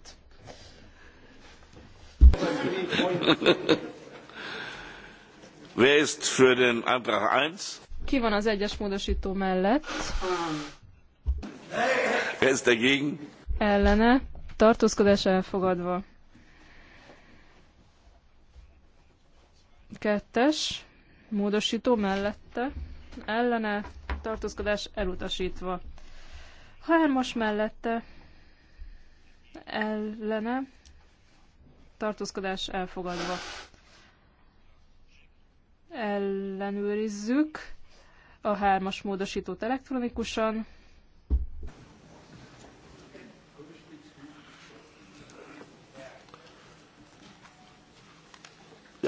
Wer ist für den Ki van az egyes módosító mellett? Wer ist Ellene. Tartózkodás elfogadva. Kettes módosító mellette ellene tartózkodás elutasítva. Hármas mellette ellene tartózkodás elfogadva. Ellenőrizzük a hármas módosítót elektronikusan.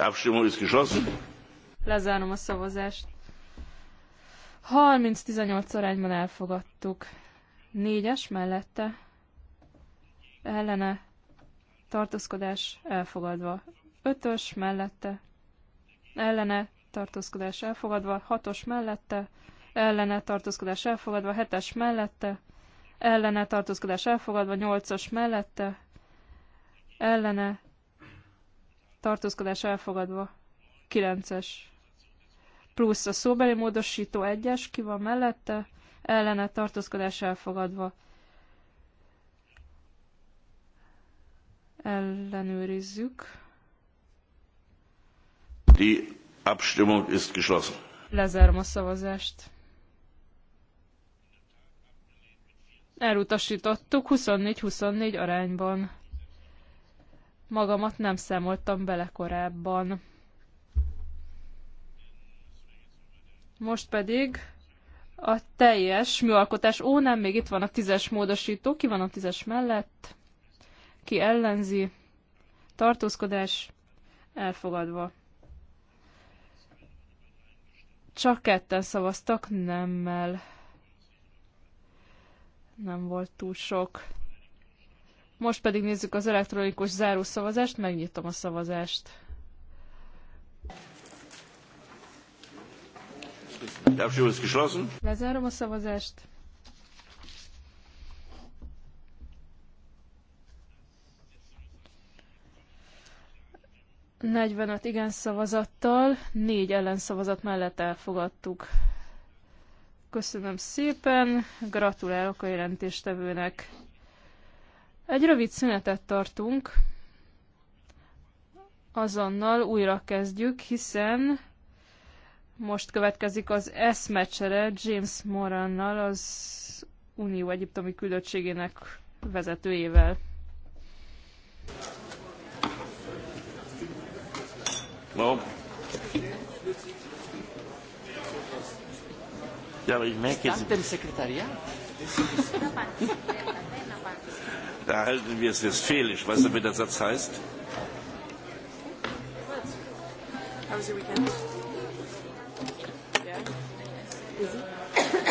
Die Lezárom a szavazást. 30-18 arányban elfogadtuk. Négyes mellette. Ellene. Tartózkodás elfogadva. Ötös mellette. Ellene. Tartózkodás elfogadva. Hatos mellette. Ellene. Tartózkodás elfogadva. Hetes mellette. Ellene. Tartózkodás elfogadva. Nyolcas mellette. Ellene tartózkodás elfogadva 9-es plusz a szóbeli módosító 1-es, ki van mellette, ellene tartózkodás elfogadva. Ellenőrizzük. Die Abstimmung ist geschlossen. Lezárom a szavazást. Elutasítottuk 24-24 arányban. Magamat nem számoltam bele korábban. Most pedig a teljes műalkotás. Ó, nem, még itt van a tízes módosító. Ki van a tízes mellett? Ki ellenzi? Tartózkodás elfogadva. Csak ketten szavaztak nemmel. Nem volt túl sok. Most pedig nézzük az elektronikus zárószavazást, megnyitom a szavazást. Lezárom a szavazást. Negyvenöt igen szavazattal, négy ellenszavazat mellett elfogadtuk. Köszönöm szépen, gratulálok a jelentéstevőnek. Egy rövid szünetet tartunk, azonnal újra kezdjük, hiszen most következik az eszmecsere James Morannal, az Unió Egyiptomi küldöttségének vezetőjével. No. Ja, aber ich merke jetzt... Dank dem erhalten wir es westfälisch. Weißt du, wie der Satz heißt? How was your weekend? Yeah. Busy.